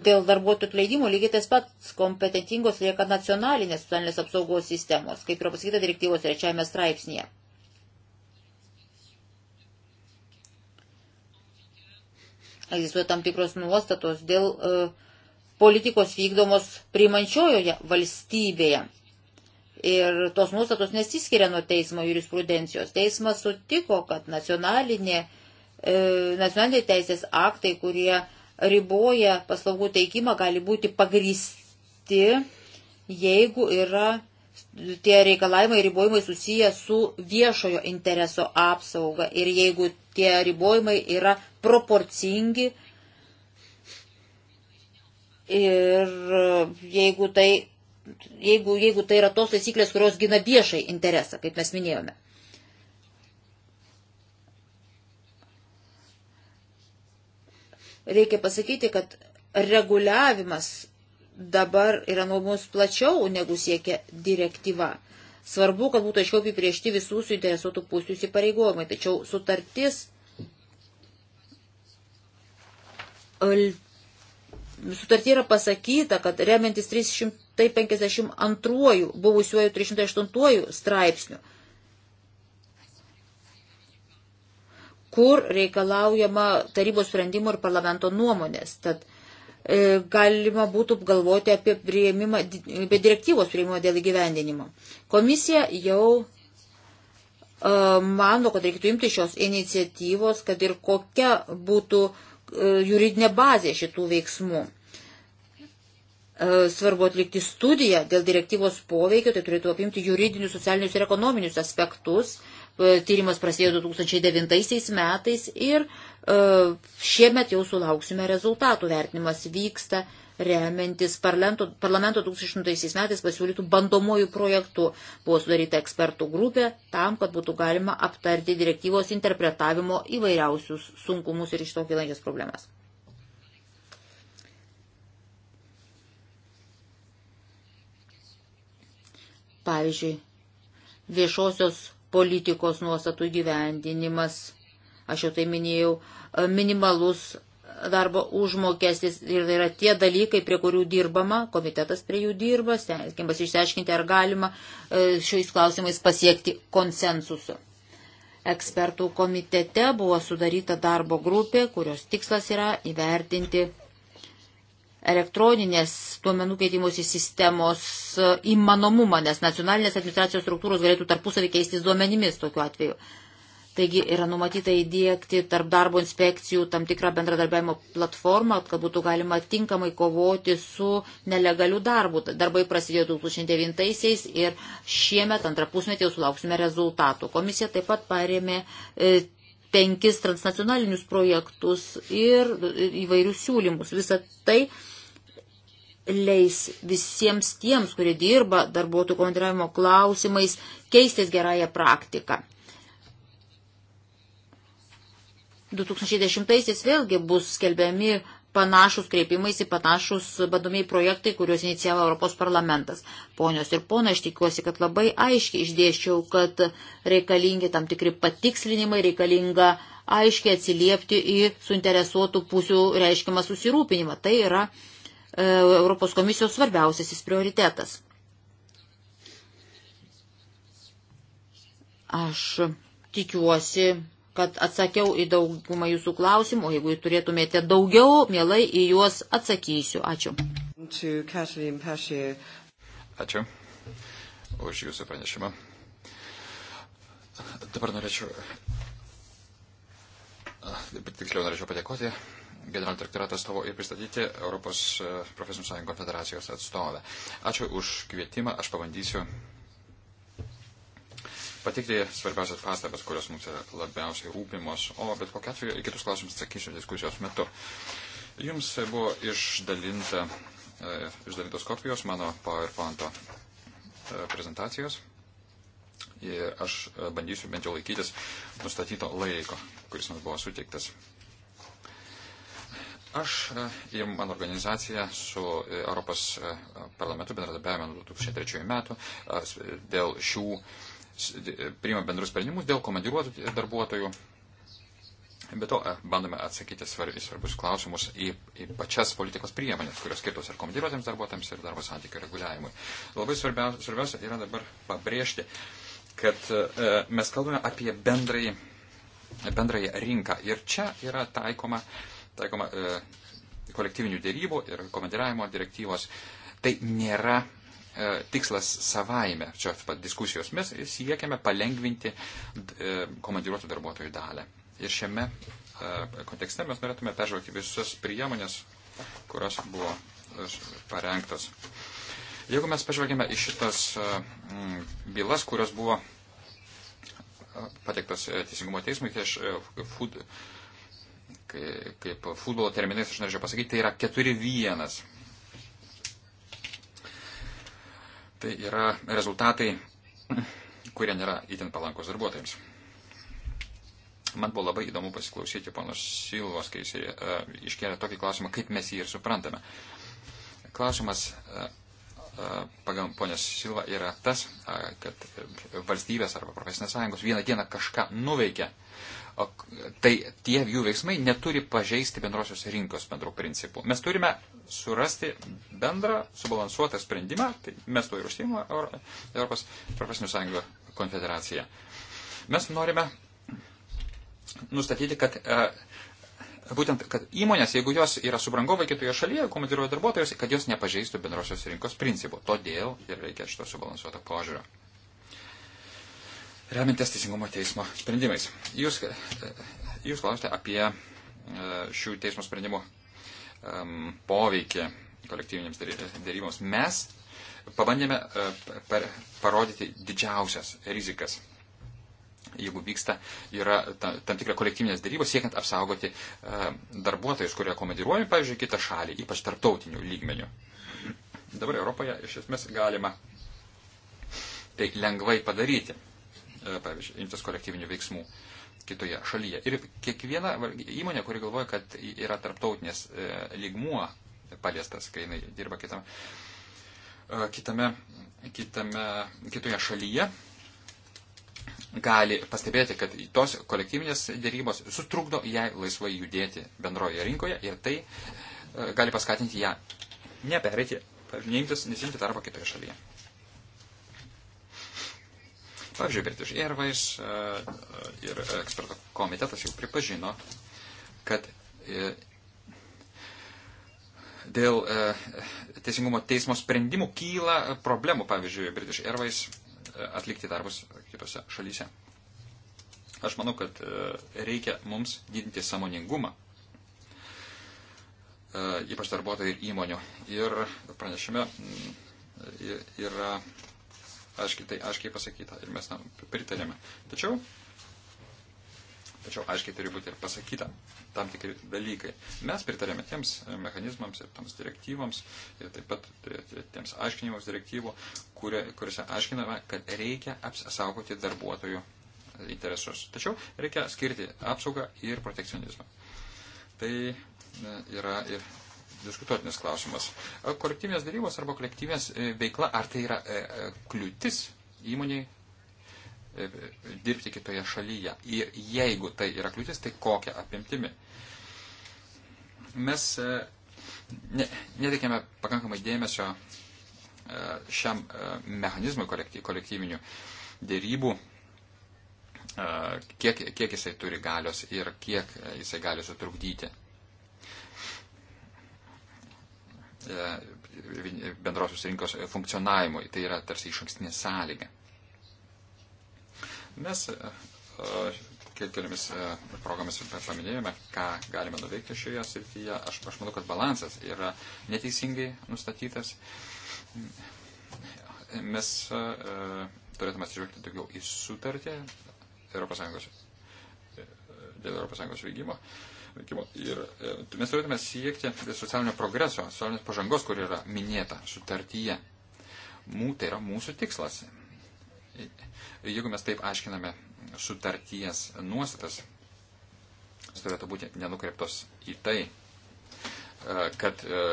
Dėl darbuotojų atleidimų lygiai tas pats kompetentingos lieka nacionalinės socialinės apsaugos sistemos, kaip yra pasakyta direktyvos trečiajame straipsnėje. Egzistuoja tam tikros nuostatos dėl uh, politikos vykdomos priimančiojoje valstybėje. Ir tos nuostatos nesiskiria nuo teismo jurisprudencijos. Teismas sutiko, kad nacionalinė, e, nacionaliniai teisės aktai, kurie riboja paslaugų teikimą, gali būti pagristi, jeigu yra tie reikalavimai ribojimai susiję su viešojo intereso apsauga ir jeigu tie ribojimai yra proporcingi ir jeigu tai, jeigu, jeigu tai yra tos taisyklės, kurios gina viešai interesą, kaip mes minėjome. reikia pasakyti, kad reguliavimas dabar yra nuomus plačiau, negu siekia direktyva. Svarbu, kad būtų aiškiau apipriešti visų suinteresuotų pusių įsipareigojimai, tačiau sutartis sutartį yra pasakyta, kad remiantis 352 buvusiuoju 308 straipsniu kur reikalaujama tarybos sprendimo ir parlamento nuomonės. Tad e, galima būtų galvoti apie, priėmimą, apie direktyvos priėmimą dėl įgyvendinimo. Komisija jau e, mano, kad reikėtų imti šios iniciatyvos, kad ir kokia būtų e, juridinė bazė šitų veiksmų. E, svarbu atlikti studiją dėl direktyvos poveikio, tai turėtų apimti juridinius, socialinius ir ekonominius aspektus, E, tyrimas prasidėjo 2009 metais ir e, šiemet jau sulauksime rezultatų. Vertinimas vyksta remiantis parlamento, parlamento 2008 metais pasiūlytų bandomojų projektų. Buvo sudaryta ekspertų grupė tam, kad būtų galima aptarti direktyvos interpretavimo įvairiausius sunkumus ir iš to kilančias problemas. Pavyzdžiui, viešosios politikos nuostatų gyvendinimas, aš jau tai minėjau, e, minimalus darbo užmokestis ir tai yra tie dalykai, prie kurių dirbama, komitetas prie jų dirba, stengiamas išsiaiškinti, ar galima e, šiais klausimais pasiekti konsensusu. Ekspertų komitete buvo sudaryta darbo grupė, kurios tikslas yra įvertinti elektroninės duomenų keitimosi sistemos e, įmanomumą, nes nacionalinės administracijos struktūros galėtų tarpusavį keistis duomenimis tokiu atveju. Taigi yra numatyta įdėkti tarp darbo inspekcijų tam tikrą bendradarbiavimo platformą, kad būtų galima tinkamai kovoti su nelegaliu darbu. Darbai prasidėjo 2009-aisiais ir šiemet antrą pusmetį jau sulauksime rezultatų. Komisija taip pat parėmė e, penkis transnacionalinius projektus ir įvairius siūlymus. Visą tai leis visiems tiems, kurie dirba darbuotojų komandiravimo klausimais, keistis gerąją praktiką. 2010-aisiais vėlgi bus skelbiami panašus kreipimais į panašus badomiai projektai, kuriuos inicijavo Europos parlamentas. Ponios ir ponai, aš tikiuosi, kad labai aiškiai išdėščiau, kad reikalingi tam tikri patikslinimai, reikalinga aiškiai atsiliepti į suinteresuotų pusių reiškiamą susirūpinimą. Tai yra uh, E, Europos komisijos svarbiausiasis prioritetas. Aš tikiuosi, kad atsakiau į daugumą jūsų klausimų. Jeigu turėtumėte daugiau, mielai į juos atsakysiu. Ačiū. Ačiū už jūsų pranešimą. Dabar norėčiau, tiksliau norėčiau padėkoti generalinio direktorato atstovo ir pristatyti Europos e, profesinių sąjungų konfederacijos atstovę. Ačiū už kvietimą, aš pabandysiu patikti svarbiausias pastabas, kurios mums yra labiausiai rūpimos, o bet kokia atveju į kitus klausimus atsakysiu diskusijos metu. Jums buvo išdalinta, e, išdalintos kopijos mano PowerPoint'o e, prezentacijos ir aš e, bandysiu bent jau laikytis nustatyto laiko, kuris mums buvo suteiktas. Aš ir e, mano organizacija su e, Europos e, parlamentu bendradarbiavime nuo 2003 metų dėl šių priima bendrus sprendimus dėl komandiruotų darbuotojų. Be to, bandome atsakyti svarbius klausimus į, į pačias politikos priemonės, kurios skirtos ir komandiruotėms darbuotojams, ir darbo santykių reguliavimui. Labai svarbiausia, svarbiausia yra dabar pabrėžti, kad e, mes kalbame apie bendrai, bendrąją rinką. Ir čia yra taikoma e, taikoma e, kolektyvinių dėrybų ir komandiravimo direktyvos. Tai nėra e, tikslas savaime šios diskusijos. Mes siekiame palengvinti e, komandiruotų darbuotojų dalę. Ir šiame e, kontekste mes norėtume peržvelgti visas priemonės, kurios buvo e, parengtos. Jeigu mes pažvelgėme į šitas e, bylas, kurios buvo e, pateiktas Teisingumo teismui, tai aš food kai, kaip futbolo terminais aš norėčiau pasakyti, tai yra 4-1. Tai yra rezultatai, kurie nėra itin palankus darbuotojams. Man buvo labai įdomu pasiklausyti panos Silvos, kai jis e, iškėlė tokį klausimą, kaip mes jį ir suprantame. Klausimas e, e pagal ponės Silva yra tas, kad valstybės arba profesinės sąjungos vieną dieną kažką nuveikia, tai tie jų veiksmai neturi pažeisti bendrosios rinkos bendrų principų. Mes turime surasti bendrą, subalansuotą sprendimą, tai mes to ir užsiimame Europos profesinių sąjungų konfederacija. Mes norime nustatyti, kad e, būtent, kad įmonės, jeigu jos yra subrangovai kitoje šalyje, komandiruoja darbuotojus, kad jos nepažeistų bendrosios rinkos principų. Todėl ir reikia šito subalansuoto požiūrio remintis Teisingumo teismo sprendimais. Jūs, e, jūs klausite apie e, šių teismo sprendimų poveikį kolektyvinėms dėryboms. Mes pabandėme e, per, parodyti didžiausias rizikas, jeigu vyksta, yra tam, tam tikra kolektyvinės dėrybos, siekiant apsaugoti darbuotojus, kurie komandiruojami, pavyzdžiui, kitą šalį, ypač tarptautinių lygmenių. Dabar Europoje iš esmės galima tai lengvai padaryti. E, pavyzdžiui, imtis kolektyvinių veiksmų kitoje šalyje. Ir kiekviena įmonė, kuri galvoja, kad yra tarptautinės e, lygmuo paliestas, kai jinai dirba kitame, kitame, kitame, kitoje šalyje, gali pastebėti, kad tos kolektyvinės dėrybos sutrukdo jai laisvai judėti bendroje rinkoje ir tai e, gali paskatinti ją neperėti, neimtis, nesimti darbo kitoje šalyje. Pavyzdžiui, British Airways e, e, ir ekspertų komitetas jau pripažino, kad e, dėl teisingumo teismo sprendimų kyla problemų, pavyzdžiui, British Airways atlikti darbus kitose šalyse. Aš manau, kad reikia mums didinti samoningumą, ypač darbuotojų ir įmonių. Ir pranešime yra aiškiai tai aiškiai pasakyta ir mes tam pritarėme. Tačiau, tačiau aiškiai turi būti ir pasakyta tam tikri dalykai. Mes pritarėme tiems mechanizmams ir toms direktyvams ir taip pat tiems aiškinimams direktyvų, kuriuose aiškiname, kad reikia apsaugoti darbuotojų interesus. Tačiau reikia skirti apsaugą ir protekcionizmą. Tai e, yra ir diskutuotinis klausimas. E, kolektyvinės darybos arba kolektyvinės e, veikla, ar tai yra e, kliūtis įmoniai dirbti kitoje šalyje? Ir jeigu tai yra kliūtis, tai kokia apimtimi? Mes ne, netikėme pakankamai dėmesio šiam mechanizmui kolektyvinių dėrybų kiek, kiek jisai turi galios ir kiek jisai gali sutrukdyti E, bendrosios rinkos funkcionavimui. Tai yra tarsi iš ankstinė sąlyga. Mes e, keliomis e, progomis paminėjome, ką galime nuveikti šioje srityje. Aš, aš manau, kad balansas yra neteisingai nustatytas. Mes turėtume atsižvelgti daugiau į sutartį ES, dėl ES veikimo. Uh, veikimo. Ir e, mes turėtume siekti socialinio progreso, socialinės pažangos, kur yra minėta sutartyje. Mū, tai yra mūsų tikslas. Jeigu mes taip aiškiname sutarties nuostatas, jos turėtų būti nenukreiptos į tai, e, kad e,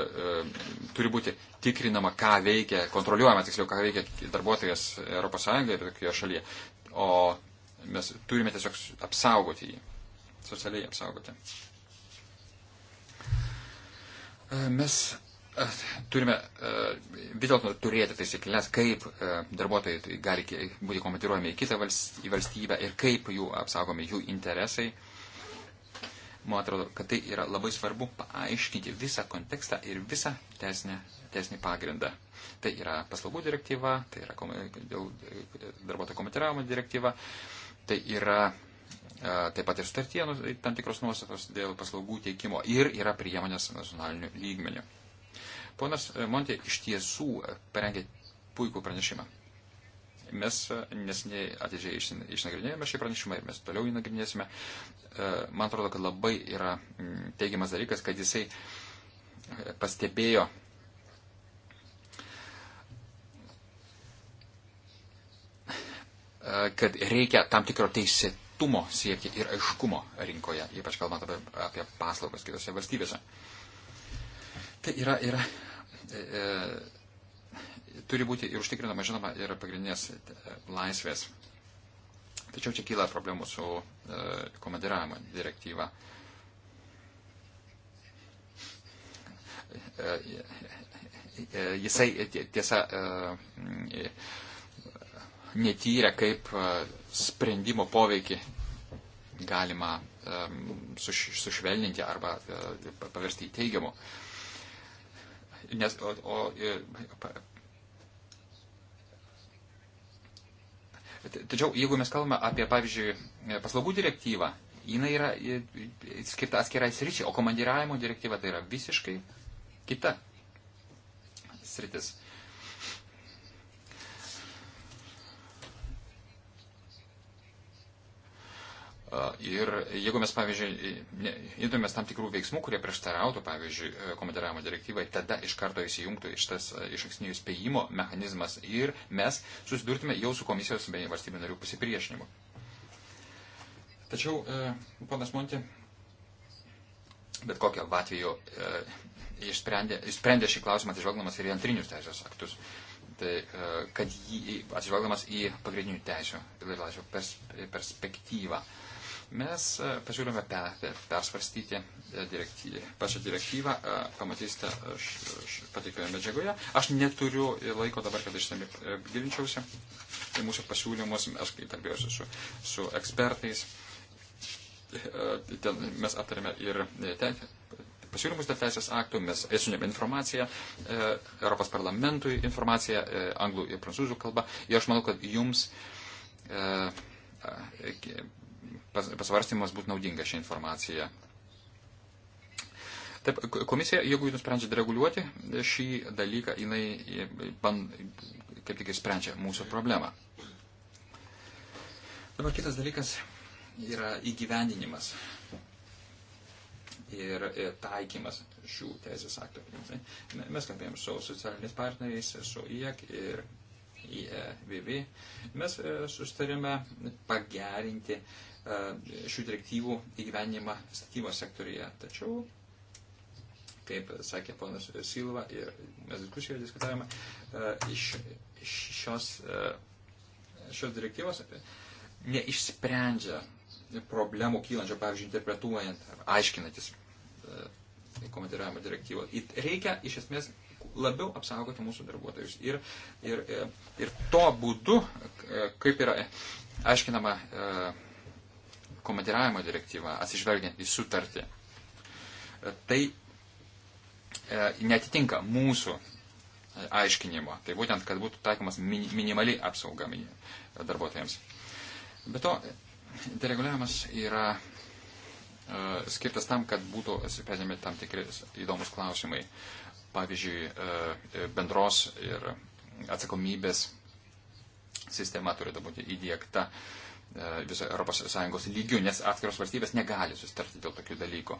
turi būti tikrinama, ką veikia, kontroliuojama tiksliau, ką veikia darbuotojas ES ir tokioje šalyje. O mes turime tiesiog apsaugoti jį, socialiai apsaugoti. E, mes e, turime e, vis dėlto turėti taisyklės, kaip darbuotojai tai gali būti komandiruojami į kitą valstybę ir kaip jų apsaugomi jų interesai. Man atrodo, kad tai yra labai svarbu paaiškinti visą kontekstą ir visą teisinę, teisinį pagrindą. Tai yra paslaugų direktyva, tai yra darbuotojų komandiravimo direktyva, tai yra taip pat ir startie nu, tam tikros nuostatos dėl paslaugų teikimo ir yra priemonės nacionaliniu lygmeniu. Ponas Montė iš tiesų parengė puikų pranešimą. Mes nesiniai atidžiai išnagrinėjome šį pranešimą ir mes toliau jį nagrinėsime. Man atrodo, kad labai yra mm, teigiamas dalykas, kad jisai e, pastebėjo kad reikia tam tikro teisėtumo privatumo siekį ir aiškumo rinkoje, ypač kalbant apie, apie paslaugas kitose valstybėse. Tai yra, yra e, e, turi būti ir užtikrinama, žinoma, ir pagrindinės e, laisvės. Tačiau čia kyla problemų su e, komandiravimo direktyva. E, e, e, e, e jisai tiesa. E, e, netyrę, kaip e, sprendimo poveikį galima e, sušvelninti arba e, paversti į teigiamų. Nes, o, o, tačiau, jeigu mes kalbame apie, pavyzdžiui, paslaugų direktyvą, jinai yra skirta atskirai sričiai, o komandiravimo direktyva tai yra visiškai kita sritis. E, ir jeigu mes, pavyzdžiui, imtumės tam tikrų veiksmų, kurie prieštarautų, pavyzdžiui, e, komandiravimo direktyvai, tada iš karto įsijungtų iš tas e, iš anksninių spėjimo mechanizmas ir mes susidurtume jau su komisijos bei valstybių narių pasipriešinimu. Tačiau, ponas Monti, bet kokio atveju išsprendė, išsprendė šį klausimą atsižvelgdamas ir į antrinius teisės aktus. Tai, kad jį atsižvelgdamas į pagrindinių teisų ir laisvių perspektyvą. Uh, Mes e, pasiūlėme per, persvarstyti e, direktyvą, pačią direktyvą, e, pamatysite pateiktoje medžiagoje. Aš neturiu laiko dabar, kad išsami gilinčiausi į mūsų pasiūlymus, aš kalbėjausi su, su ekspertais, ten mes aptarėme ir te, pasiūlymus dėl teisės aktų, mes esinėme informaciją, Europos parlamentui informaciją, anglų ir prancūzų kalba. Ir aš manau, kad jums pasvarstymas būtų naudinga šią informaciją. Taip, komisija, jeigu jūs nusprendžiate reguliuoti šį dalyką, jinai band, kaip tik ir sprendžia mūsų problemą. Dabar kitas dalykas yra įgyvendinimas ir taikymas šių teisės aktų. Mes kalbėjom su socialiniais partneriais, su IEC ir IEVV. Mes e, sustarėme pagerinti uh, E, šių direktyvų įgyvenimą statybos sektorija. Tačiau, kaip sakė ponas Silva ir mes diskusijoje diskutavome, e, iš šios, e, šios direktyvos neišsprendžia problemų kylančio, pavyzdžiui, interpretuojant ar aiškinantis komandiravimo direktyvą. Reikia iš esmės labiau apsaugoti mūsų darbuotojus. Ir, ir, ir to būdu, kaip yra aiškinama komandiravimo direktyvą, atsižvelgiant į sutartį, tai e, netitinka mūsų aiškinimo. Tai būtent, kad būtų taikomas minimali apsauga darbuotojams. Be to, dereguliavimas yra e, skirtas tam, kad būtų sprendžiami tam tikri įdomus klausimai. Pavyzdžiui, e, bendros ir atsakomybės sistema turėtų būti įdėkta E, viso ES lygių, nes atskiros valstybės negali sustarti dėl tokių dalykų.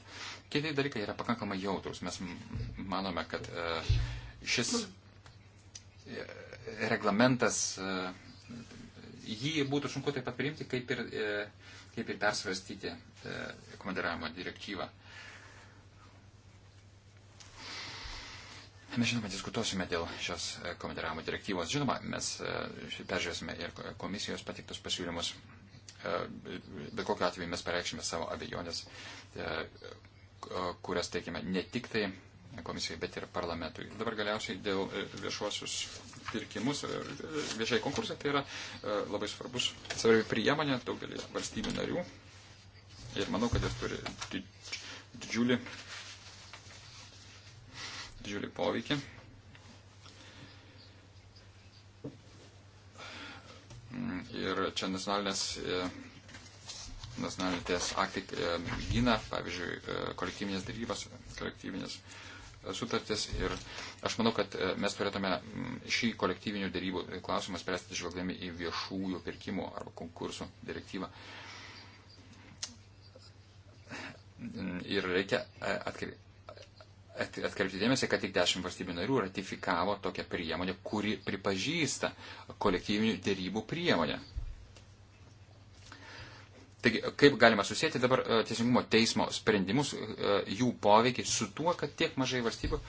Kiti dalykai yra pakankamai jautrus. Mes manome, kad e, šis e, reglamentas, jį būtų sunku taip pat priimti, kaip ir, kaip ir persvarstyti komandiravimo direktyvą. Mes žinoma diskutuosime dėl šios komandiravimo direktyvos. Žinoma, mes peržiūrėsime ir komisijos patiktus pasiūlymus E, bet kokiu atveju mes pareikšime savo abejonės, e, kurias teikime ne tik tai komisijai, bet ir parlamentui. Dabar galiausiai dėl e, viešuosius pirkimus, viešai konkursai tai yra labai svarbus, svarbi priemonė daugelį valstybių narių. Ir manau, kad jis turi didžiulį, didžiulį poveikį. Ir čia nacionalinės, e, nacionalinės ties aktai e, gina, pavyzdžiui, e, kolektyvinės darybas, kolektyvinės sutartis. Ir aš manau, kad mes turėtume šį kolektyvinių darybų klausimą spręsti žvelgdami į viešųjų pirkimų arba konkursų direktyvą. Ir reikia atkreipti atkreipti dėmesį, kad tik 10 valstybių narių ratifikavo tokią priemonę, kuri pripažįsta kolektyvinių dėrybų priemonę. Taigi, kaip galima susijęti dabar e, Teisingumo teismo sprendimus, e, jų poveikį su tuo, kad tiek mažai valstybių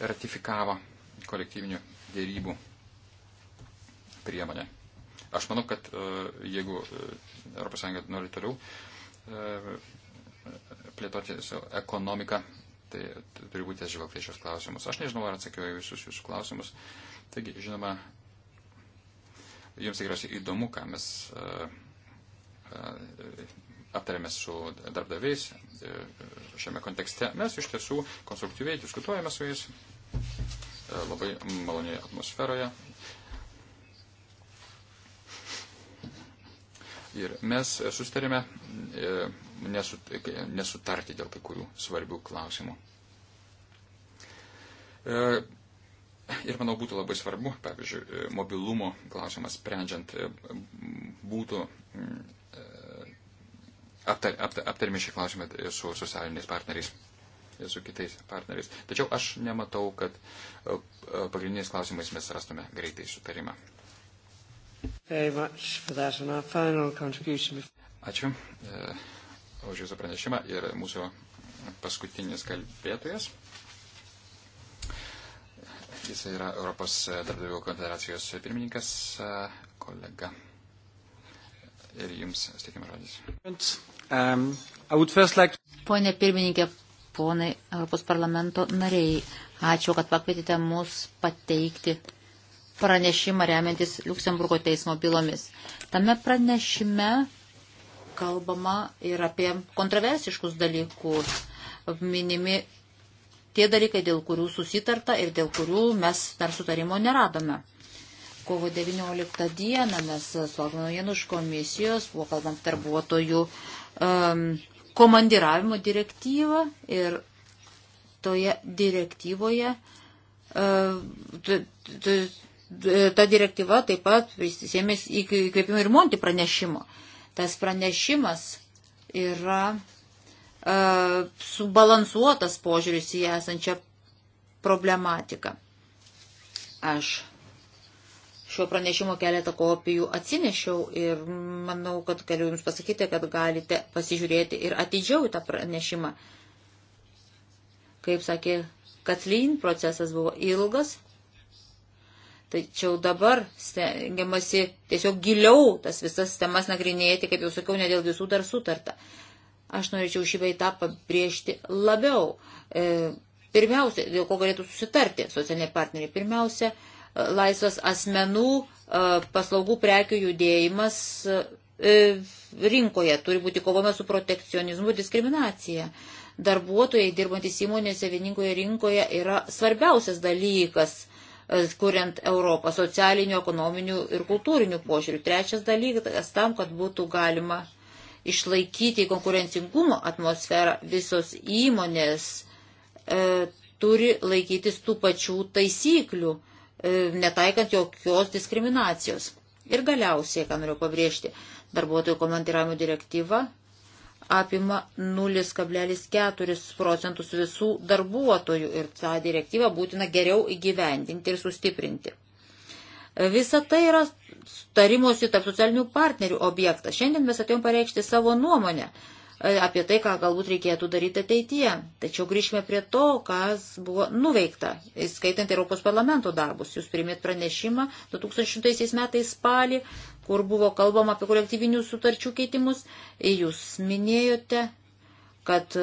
ratifikavo kolektyvinių dėrybų priemonę. Aš manau, kad e, jeigu ES nori toliau plėtoti savo ekonomiką, Tai turi būti atsižvelgta šios klausimus. Aš nežinau, ar atsakiau į visus jūsų klausimus. Taigi, žinoma, jums tikriausiai įdomu, ką mes e, e, aptarėme su darbdaviais e, šiame kontekste. Mes iš tiesų konstruktyviai diskutuojame su jais labai malonioje atmosferoje. Ir mes sustarėme nesut, nesutarti dėl kai kurių svarbių klausimų. E, ir manau būtų labai svarbu, pavyzdžiui, e, mobilumo klausimas sprendžiant e, būtų mm, aptar, aptar, aptarimi šį klausimą su socialiniais partneriais, su kitais partneriais. Tačiau aš nematau, kad pagrindiniais klausimais mes rastume greitai sutarimą. Ačiū už Jūsų pranešimą ir mūsų paskutinis kalbėtojas. Jis yra Europos darbdavių konfederacijos pirmininkas, kolega. Ir jums steikime žodis. Um, like... Pone pirmininkė, ponai Europos parlamento nariai, ačiū, kad pakvietėte mus pateikti pranešimą remiantis Luksemburgo teismo bylomis. Tame pranešime kalbama ir apie kontroversiškus dalykus. Minimi tie dalykai, dėl kurių susitarta ir dėl kurių mes dar sutarimo neradome. Kovo 19 dieną mes sulaukėme naujienų iš komisijos, buvo kalbant darbuotojų um, komandiravimo direktyvą ir toje direktyvoje uh, ta direktyva taip pat prisėmės įkvėpimą ir Monti pranešimo. Tas pranešimas yra e, subalansuotas požiūris į esančią problematiką. Aš šio pranešimo keletą kopijų atsinešiau ir manau, kad galiu Jums pasakyti, kad galite pasižiūrėti ir atidžiau tą pranešimą. Kaip sakė Katlin, procesas buvo ilgas, Tačiau dabar stengiamasi tiesiog giliau tas visas sistemas nagrinėti, kaip jau sakiau, ne dėl visų dar sutarta. Aš norėčiau šį veitą pabrėžti labiau. E, pirmiausia, dėl ko galėtų susitarti socialiniai partneriai. Pirmiausia, e, laisvas asmenų e, paslaugų prekių judėjimas e, rinkoje turi būti kovome su protekcionizmu, diskriminacija. Darbuotojai dirbantis įmonėse vieningoje rinkoje yra svarbiausias dalykas E, kuriant Europą socialinių, ekonominių ir kultūrinių požiūrių. Trečias dalykas tam, kad būtų galima išlaikyti konkurencingumo atmosferą, visos įmonės e, turi laikytis tų pačių taisyklių, e, netaikant jokios diskriminacijos. Ir galiausiai, ką noriu pabrėžti, darbuotojų komandiravimo direktyva apima 0,4 procentus visų darbuotojų ir tą direktyvą būtina geriau įgyvendinti ir sustiprinti. Visa tai yra tarimosi tarp socialinių partnerių objektas. Šiandien mes atėjom pareikšti savo nuomonę. E, apie tai, ką galbūt reikėtų daryti ateityje. Tačiau grįžkime prie to, kas buvo nuveikta, skaitant Europos parlamento darbus. Jūs primėt pranešimą 2000 metais spalį, kur buvo kalbama apie kolektyvinių sutarčių keitimus. Jūs minėjote, kad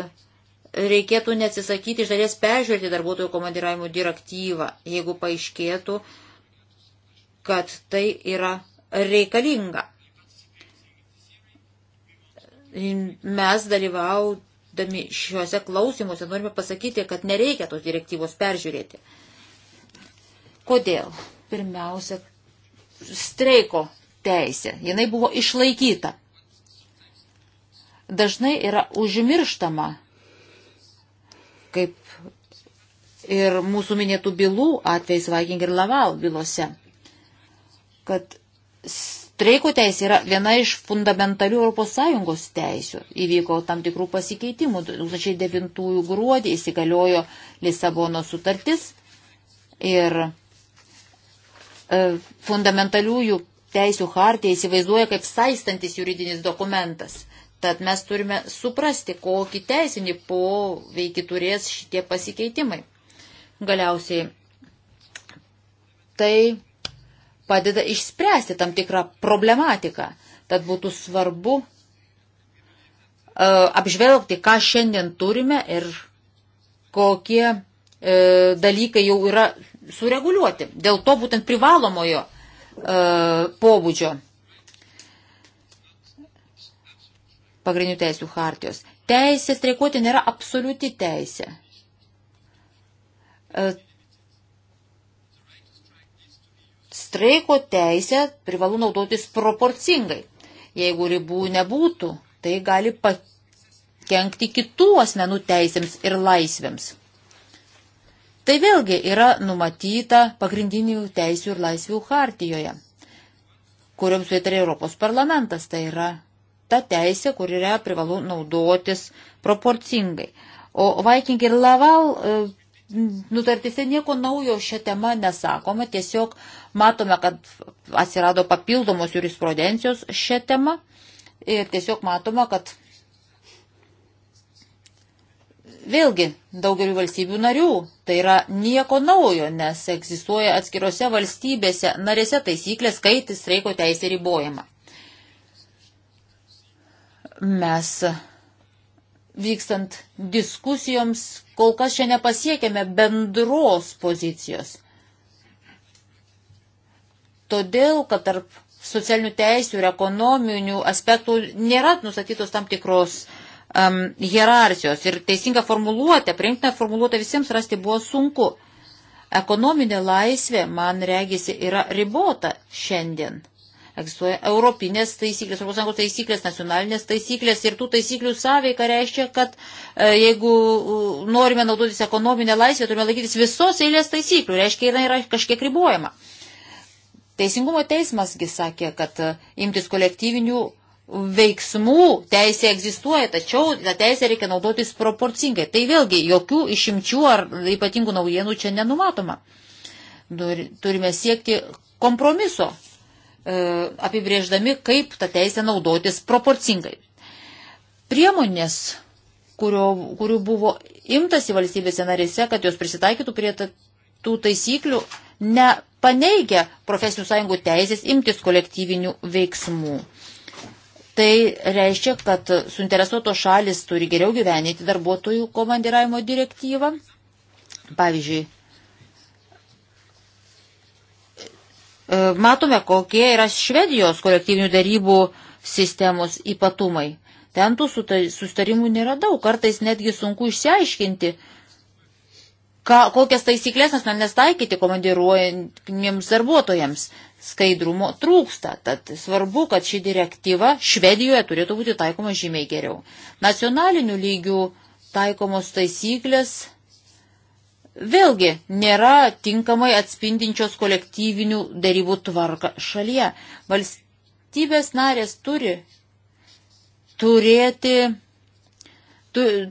reikėtų neatsisakyti iš dalies peržiūrėti darbuotojų komandiravimo direktyvą, jeigu paaiškėtų, kad tai yra reikalinga mes dalyvaudami šiuose klausimuose norime pasakyti, kad nereikia tos direktyvos peržiūrėti. Kodėl? Pirmiausia, streiko teisė. Jinai buvo išlaikyta. Dažnai yra užmirštama, kaip ir mūsų minėtų bylų atvejais Viking ir Laval bylose, kad Streiko teisė yra viena iš fundamentalių ES teisių. Įvyko tam tikrų pasikeitimų. 2009 gruodį įsigaliojo Lisabono sutartis ir e, fundamentaliųjų teisių hartija įsivaizduoja kaip saistantis juridinis dokumentas. Tad mes turime suprasti, kokį teisinį poveikį turės šitie pasikeitimai. Galiausiai tai padeda išspręsti tam tikrą problematiką. Tad būtų svarbu e, apžvelgti, ką šiandien turime ir kokie e, dalykai jau yra sureguliuoti. Dėl to būtent privalomojo e, pobūdžio pagrindinių teisų hartijos. Teisė streikuoti nėra absoliuti teisė. E, streiko teisę privalu naudotis proporcingai. Jeigu ribų nebūtų, tai gali pakengti kitų asmenų teisėms ir laisvėms. Tai vėlgi yra numatyta pagrindinių teisių ir laisvių hartijoje, kuriuoms pritarė Europos parlamentas. Tai yra ta teisė, kur yra privalu naudotis proporcingai. O Viking ir Laval e, nutartise nieko naujo šią temą nesakoma, tiesiog Matome, kad atsirado papildomos jurisprudencijos šią temą ir tiesiog matome, kad vėlgi daugeliu valstybių narių tai yra nieko naujo, nes egzistuoja atskirose valstybėse narėse taisyklės, kaip streiko teisė ribojama. Mes vykstant diskusijoms kol kas čia nepasiekėme bendros pozicijos todėl, kad tarp socialinių teisių ir ekonominių aspektų nėra nustatytos tam tikros um, hierarchijos. Ir teisinga formuluotė, priimtina formuluotė visiems rasti buvo sunku. Ekonominė laisvė, man regisi, yra ribota šiandien. Egzistuoja europinės taisyklės, Europos Sąjungos taisyklės, nacionalinės taisyklės ir tų taisyklių sąveika reiškia, kad e, jeigu norime naudotis ekonominę laisvę, turime laikytis visos eilės taisyklių, reiškia, jinai yra kažkiek ribojama. E, Teisingumo teismasgi sakė, kad e, imtis kolektyvinių veiksmų teisė egzistuoja, tačiau tą teisę reikia naudotis proporcingai. Tai vėlgi jokių išimčių ar ypatingų naujienų čia nenumatoma. Turime siekti kompromiso, e, apibrėždami, kaip tą teisę naudotis proporcingai. Priemonės, kurio, kurių buvo imtasi valstybėse narėse, kad jos prisitaikytų prie tų taisyklių, nepaneigia profesinių sąjungų teisės imtis kolektyvinių veiksmų. Tai reiškia, kad suinteresuotos šalis turi geriau gyveninti darbuotojų komandiravimo direktyvą. Pavyzdžiui, e, matome, kokie yra Švedijos kolektyvinių darybų sistemos ypatumai. Ten tų sustarimų nėra daug, kartais netgi sunku išsiaiškinti, ka, kokias taisyklės asmenės taikyti komandiruojantiems darbuotojams. Skaidrumo trūksta, tad svarbu, kad ši direktyva Švedijoje turėtų būti taikoma žymiai geriau. Nacionalinių lygių taikomos taisyklės vėlgi nėra tinkamai atspindinčios kolektyvinių darybų tvarką šalyje. Valstybės narės turi turėti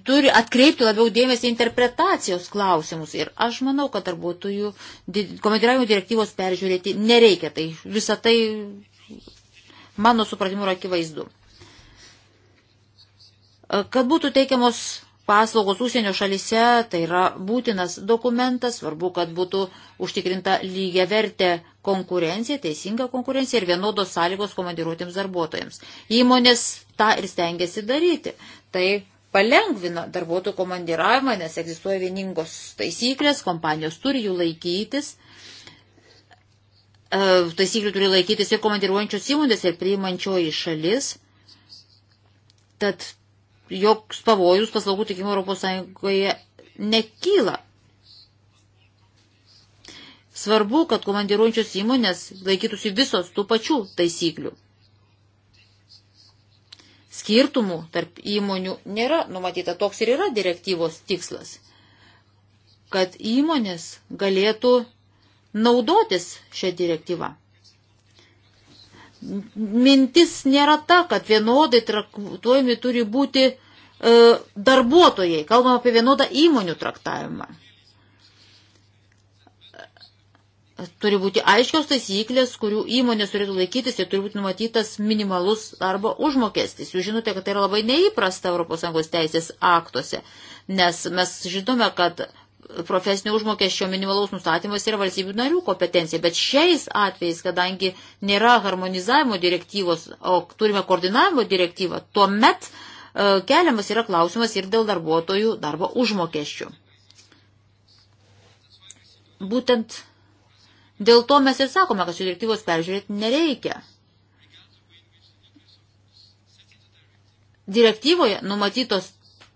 turi atkreipti labiau dėmesį interpretacijos klausimus. Ir aš manau, kad darbuotojų komandiravimo direktyvos peržiūrėti nereikia. Tai visą tai mano supratimu yra akivaizdu. Kad būtų teikiamos paslaugos užsienio šalise, tai yra būtinas dokumentas, svarbu, kad būtų užtikrinta lygia vertė konkurencija, teisinga konkurencija ir vienodos sąlygos komandiruotėms darbuotojams. Įmonės tą ir stengiasi daryti. Tai palengvina darbuotojų komandiravimą, nes egzistuoja vieningos taisyklės, kompanijos turi jų laikytis. E, taisyklių turi laikytis ir komandiruojančios įmonės, ir priimančioji šalis. Tad joks pavojus paslaugų tikimo ES nekyla. Svarbu, kad komandiruojančios įmonės laikytųsi visos tų pačių taisyklių skirtumų tarp įmonių nėra numatyta. Toks ir yra direktyvos tikslas, kad įmonės galėtų naudotis šią direktyvą. Mintis nėra ta, kad vienodai traktuojami turi būti e, darbuotojai. Kalbam apie vienodą įmonių traktavimą. Turi būti aiškios taisyklės, kurių įmonės turėtų laikytis ir turi būti numatytas minimalus darbo užmokestis. Jūs žinote, kad tai yra labai neįprasta ES teisės aktuose, nes mes žinome, kad profesinio užmokesčio minimalaus nustatymas yra valstybių narių kompetencija, bet šiais atvejais, kadangi nėra harmonizavimo direktyvos, o turime koordinavimo direktyvą, tuomet e, keliamas yra klausimas ir dėl darbuotojų darbo užmokesčių. Būtent Dėl to mes ir sakome, kad šios direktyvos peržiūrėti nereikia. Direktyvoje numatytos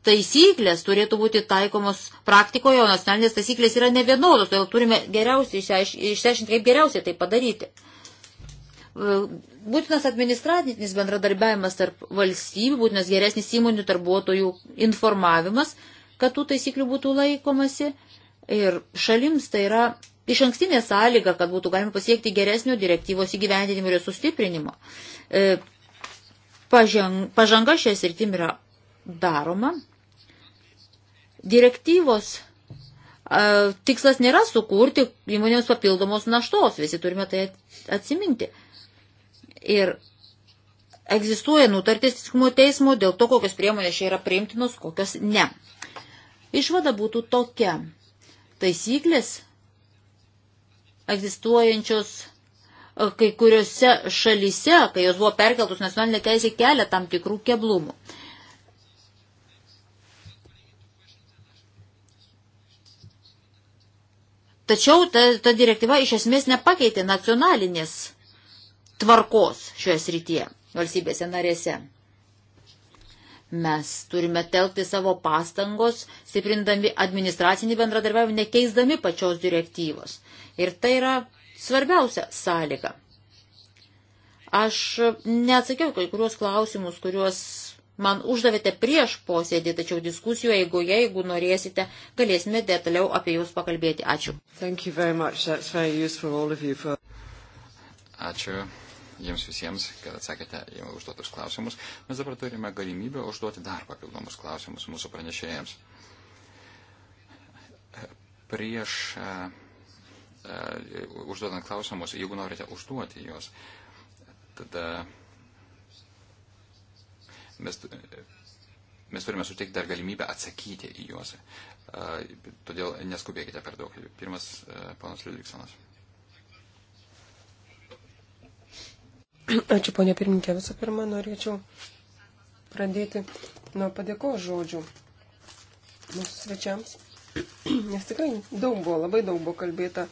taisyklės turėtų būti taikomos praktikoje, o nacionalinės taisyklės yra nevienodos, todėl turime geriausiai išsiaiškinti, kaip geriausiai tai padaryti. Būtinas administratinis bendradarbiavimas tarp valstybių, būtinas geresnis įmonių darbuotojų informavimas, kad tų taisyklių būtų laikomasi ir šalims tai yra iš ankstinė sąlyga, kad būtų galima pasiekti geresnio direktyvos įgyvendinimo ir sustiprinimo. E, pažanga šią sritim yra daroma. Direktyvos e, tikslas nėra sukurti įmonėms papildomos naštos, visi turime tai atsiminti. Ir egzistuoja nutartis teisingumo teismo dėl to, kokios priemonės čia yra priimtinos, kokios ne. Išvada būtų tokia. Taisyklės egzistuojančios e, kai kuriuose šalyse, kai jos buvo perkeltos nacionalinė teisė, kelia tam tikrų keblumų. Tačiau ta, ta direktyva iš esmės nepakeitė nacionalinės tvarkos šioje srityje valstybėse narėse. Mes turime telkti savo pastangos, stiprindami administracinį bendradarbiavimą, nekeisdami pačios direktyvos. Ir tai yra svarbiausia sąlyga. Aš neatsakiau kai kuriuos klausimus, kuriuos man uždavėte prieš posėdį, tačiau diskusijų eigoje, jeigu, jeigu norėsite, galėsime detaliau apie jūs pakalbėti. Ačiū. For... Ačiū jiems visiems, kad atsakėte į užduotus klausimus. Mes dabar turime galimybę užduoti dar papildomus klausimus mūsų pranešėjams. Prieš. Uh, E, užduodant klausimus, jeigu norite užduoti juos, tada mes, mes turime suteikti dar galimybę atsakyti į juos. E, todėl neskubėkite per daug. Pirmas, e, panas Liudviksonas. Ačiū, ponė pirmininkė. Visų pirma, norėčiau pradėti nuo padėkos žodžių mūsų svečiams, nes tikrai daug buvo, labai daug buvo kalbėta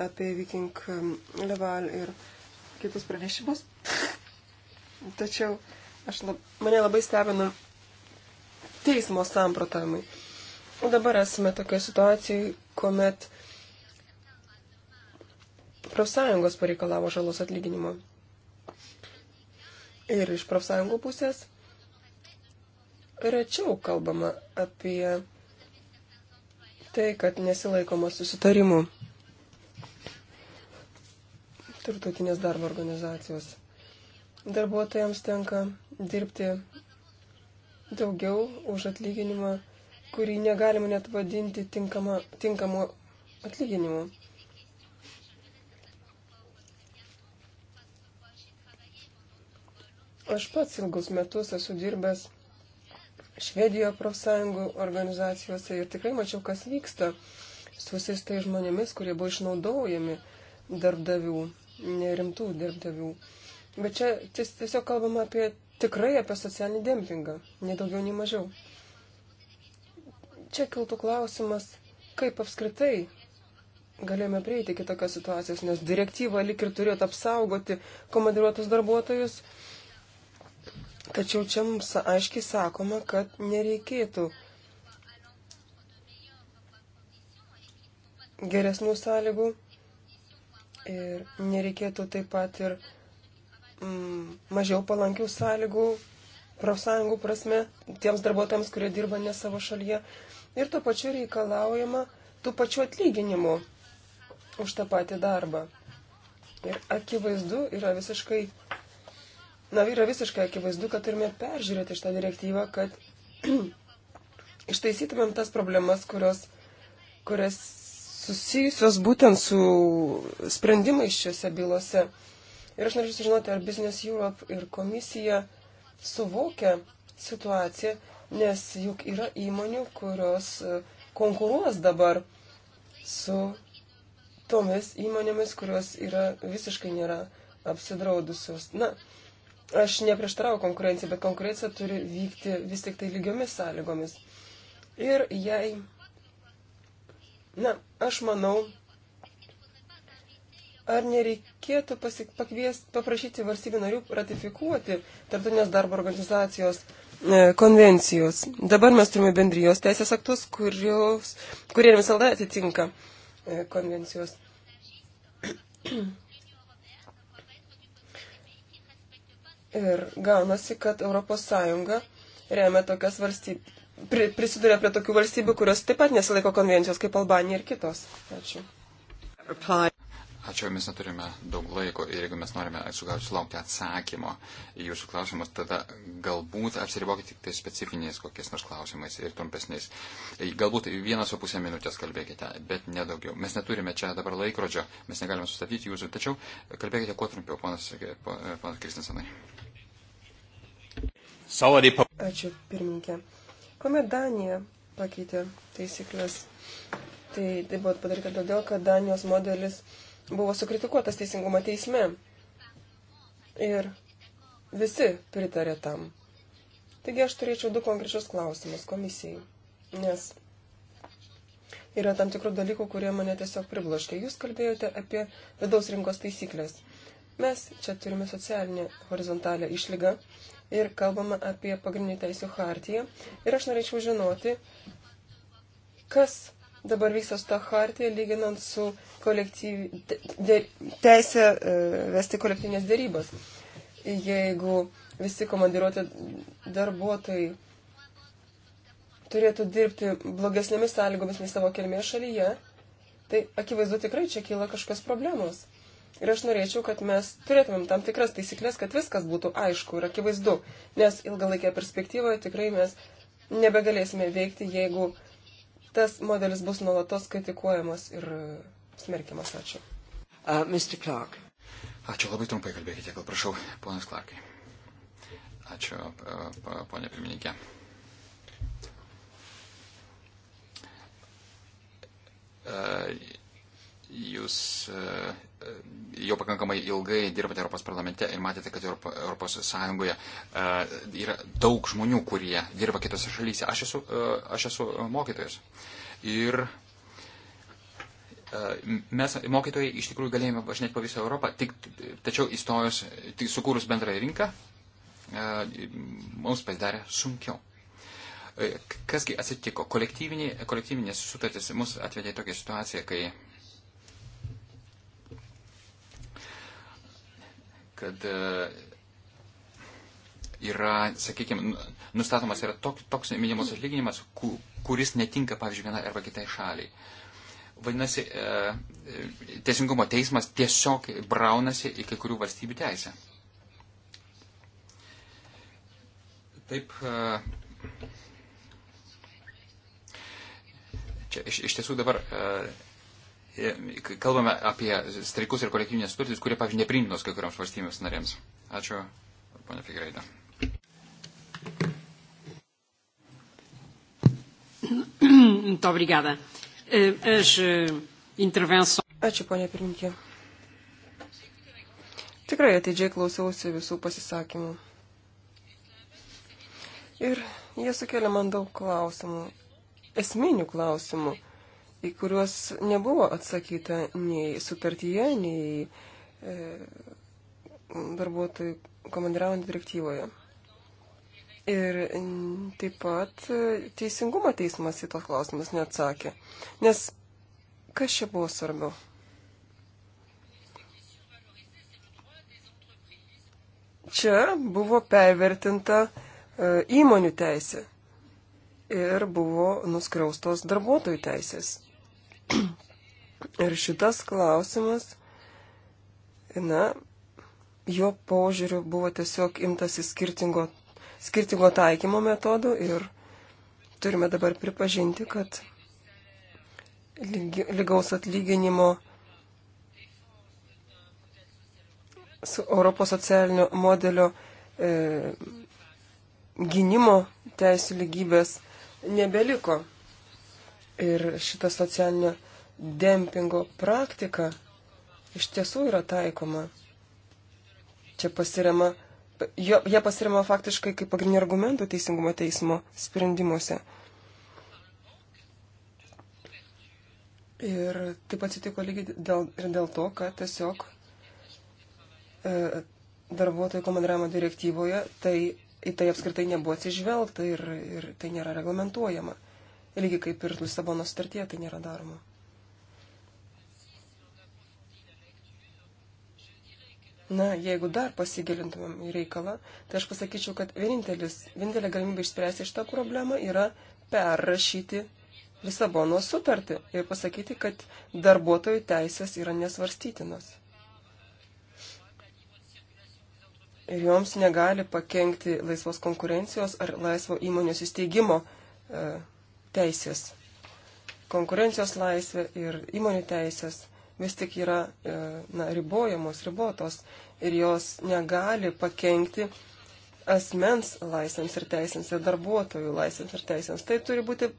apie Viking um, Leval ir kitus pranešimus. Tačiau aš lab, mane labai stebina teismo samprotavimai. Dabar esame tokioje situacijoje, kuomet profsąjungos pareikalavo žalos atlyginimo. Ir iš profsąjungų pusės rečiau kalbama apie tai, kad nesilaikoma susitarimų tarptautinės darbo organizacijos. Darbuotojams tenka dirbti daugiau už atlyginimą, kurį negalima net vadinti tinkama, tinkamu atlyginimu. Aš pats ilgus metus esu dirbęs Švedijoje profsąjungų organizacijose ir tikrai mačiau, kas vyksta su visais tai žmonėmis, kurie buvo išnaudojami darbdavių rimtų darbdavių. Bet čia tiesiog kalbama apie tikrai apie socialinį dempingą, ne daugiau, nei mažiau. Čia kiltų klausimas, kaip apskritai galėjome prieiti iki tokios situacijos, nes direktyva lik ir turėtų apsaugoti komandiruotus darbuotojus, tačiau čia mums aiškiai sakoma, kad nereikėtų geresnių sąlygų Ir nereikėtų taip pat ir mm, mažiau palankių sąlygų profsąjungų prasme tiems darbuotojams, kurie dirba ne savo šalyje. Ir tuo pačiu reikalaujama tų pačių atlyginimų už tą patį darbą. Ir akivaizdu yra visiškai, na, yra visiškai akivaizdu, kad turime peržiūrėti šitą direktyvą, kad ištaisytumėm tas problemas, kurios, kurias susijusios būtent su sprendimais šiuose bylose. Ir aš norėčiau sužinoti, ar Business Europe ir komisija suvokia situaciją, nes juk yra įmonių, kurios e, konkuruos dabar su tomis įmonėmis, kurios yra visiškai nėra apsidraudusios. Na, aš neprieštarauju konkurenciją, bet konkurencija turi vykti vis tik tai lygiomis sąlygomis. Ir jei Na, aš manau, ar nereikėtų pasik, pakviest, paprašyti valstybių narių ratifikuoti Tartunės darbo organizacijos e, konvencijos. Dabar mes turime bendrijos teisės aktus, kurios, kurie visada atitinka e, konvencijos. Ir gaunasi, kad ES remia tokias valstybės pri, prisiduria prie tokių valstybių, kurios taip pat nesilaiko konvencijos kaip Albanija ir kitos. Ačiū. Ačiū, mes neturime daug laiko ir jeigu mes norime sulaukti atsakymo į jūsų klausimus, tada galbūt apsiribokite tik tai specifiniais kokiais nors klausimais ir trumpesniais. Galbūt vieną su pusę minutės kalbėkite, bet nedaugiau. Mes neturime čia dabar laikrodžio, mes negalime sustabdyti jūsų, tačiau kalbėkite kuo trumpiau, ponas, ponas Kristinsenai. Ačiū, pirmininkė. Kuomet Danija pakeitė taisyklės, tai tai buvo padaryta todėl, kad Danijos modelis buvo sukritikuotas teisingumo teisme. Ir visi pritarė tam. Taigi aš turėčiau du konkrečius klausimus komisijai, nes yra tam tikrų dalykų, kurie mane tiesiog pribloškė. Jūs kalbėjote apie vidaus rinkos taisyklės. Mes čia turime socialinę horizontalę išlygą, ir kalbama apie pagrindinių teisų hartiją. Ir aš norėčiau žinoti, kas dabar vyksta su ta hartija, lyginant su teisė e, vesti kolektyvinės dėrybas. Jeigu visi komandiruoti darbuotojai turėtų dirbti blogesnėmis sąlygomis nei savo kilmės šalyje, tai akivaizdu tikrai čia kyla kažkokios problemos. Ir aš norėčiau, kad mes turėtumėm tam tikras taisyklės, kad viskas būtų aišku ir akivaizdu, nes ilgalaikėje perspektyvoje tikrai mes nebegalėsime veikti, jeigu tas modelis bus nuolatos kritikuojamas ir e, smerkiamas. Ačiū. Uh, Mr. Clark. Ačiū labai trumpai kalbėkite, gal prašau, ponas Clarkai. Ačiū, ponė pirmininkė. Uh, Jūs e, e, jau pakankamai ilgai dirbate Europos parlamente ir matėte, kad Europos Sąjungoje e, yra daug žmonių, kurie dirba kitose šalyse. Aš esu, aš esu mokytojas. Ir mes, mokytojai, iš tikrųjų galėjome važinėti po visą Europą, tik, tačiau įstojus, tik sukūrus bendrąją rinką, mums pasidarė sunkiau. Kasgi atsitiko? Kolektyvinės sutartys mus atvedė į tokią situaciją, kai kad e, yra, sakykime, nustatomas yra toks, toks minimus atlyginimas, kuris netinka, pavyzdžiui, vienai arba kitai šaliai. Vadinasi, e, e, teisingumo teismas tiesiog braunasi į kai kurių valstybių teisę. Taip. Čia iš, iš tiesų dabar E, kalbame apie streikus ir kolektyvinės sutartys, kurie, pavyzdžiui, neprimtinos kai kuriams valstybėms narėms. Ačiū, ponia Figraida. Muito obrigada. Eh, as eh, intervenções. Ačiū, ponia pirmininkė. Tikrai ateidžiai klausiausi visų pasisakymų. Ir jie sukelia man daug klausimų, esminių klausimų į kuriuos nebuvo atsakyta nei sutartyje, nei e, darbuotojų komandiraujant direktyvoje. Ir taip pat e, teisingumo teismas į tos klausimus neatsakė. Nes kas čia buvo svarbiau? Čia buvo pervertinta e, įmonių teisė ir buvo nuskriaustos darbuotojų teisės. Ir šitas klausimas, na, jo požiūriu buvo tiesiog imtasi skirtingo, skirtingo taikymo metodų ir turime dabar pripažinti, kad lygi, lygaus atlyginimo su Europos socialinio modelio e, gynimo teisų lygybės nebeliko. Ir šita socialinio dempingo praktika iš tiesų yra taikoma. Čia pasirema, jo, jie pasirema faktiškai kaip pagrindinių argumentų teisingumo teismo sprendimuose. Ir taip atsitiko lygiai dėl, ir dėl to, kad tiesiog e, darbuotojų komandravimo direktyvoje tai, į tai apskritai nebuvo atsižvelgta ir, ir tai nėra reglamentuojama. Lygiai kaip ir Lisabono sutartyje tai nėra daroma. Na, jeigu dar pasigilintumėm į reikalą, tai aš pasakyčiau, kad vienintelė galimybė išspręsti šitą problemą yra perrašyti Lisabono sutartį ir pasakyti, kad darbuotojų teisės yra nesvarstytinos. Ir joms negali pakengti laisvos konkurencijos ar laisvo įmonės įsteigimo e, teisės, konkurencijos laisvė ir įmonių teisės vis tik yra e, na, ribojamos, ribotos ir jos negali pakengti asmens laisvėms ir teisėms ir darbuotojų laisvėms ir teisėms. Tai turi būti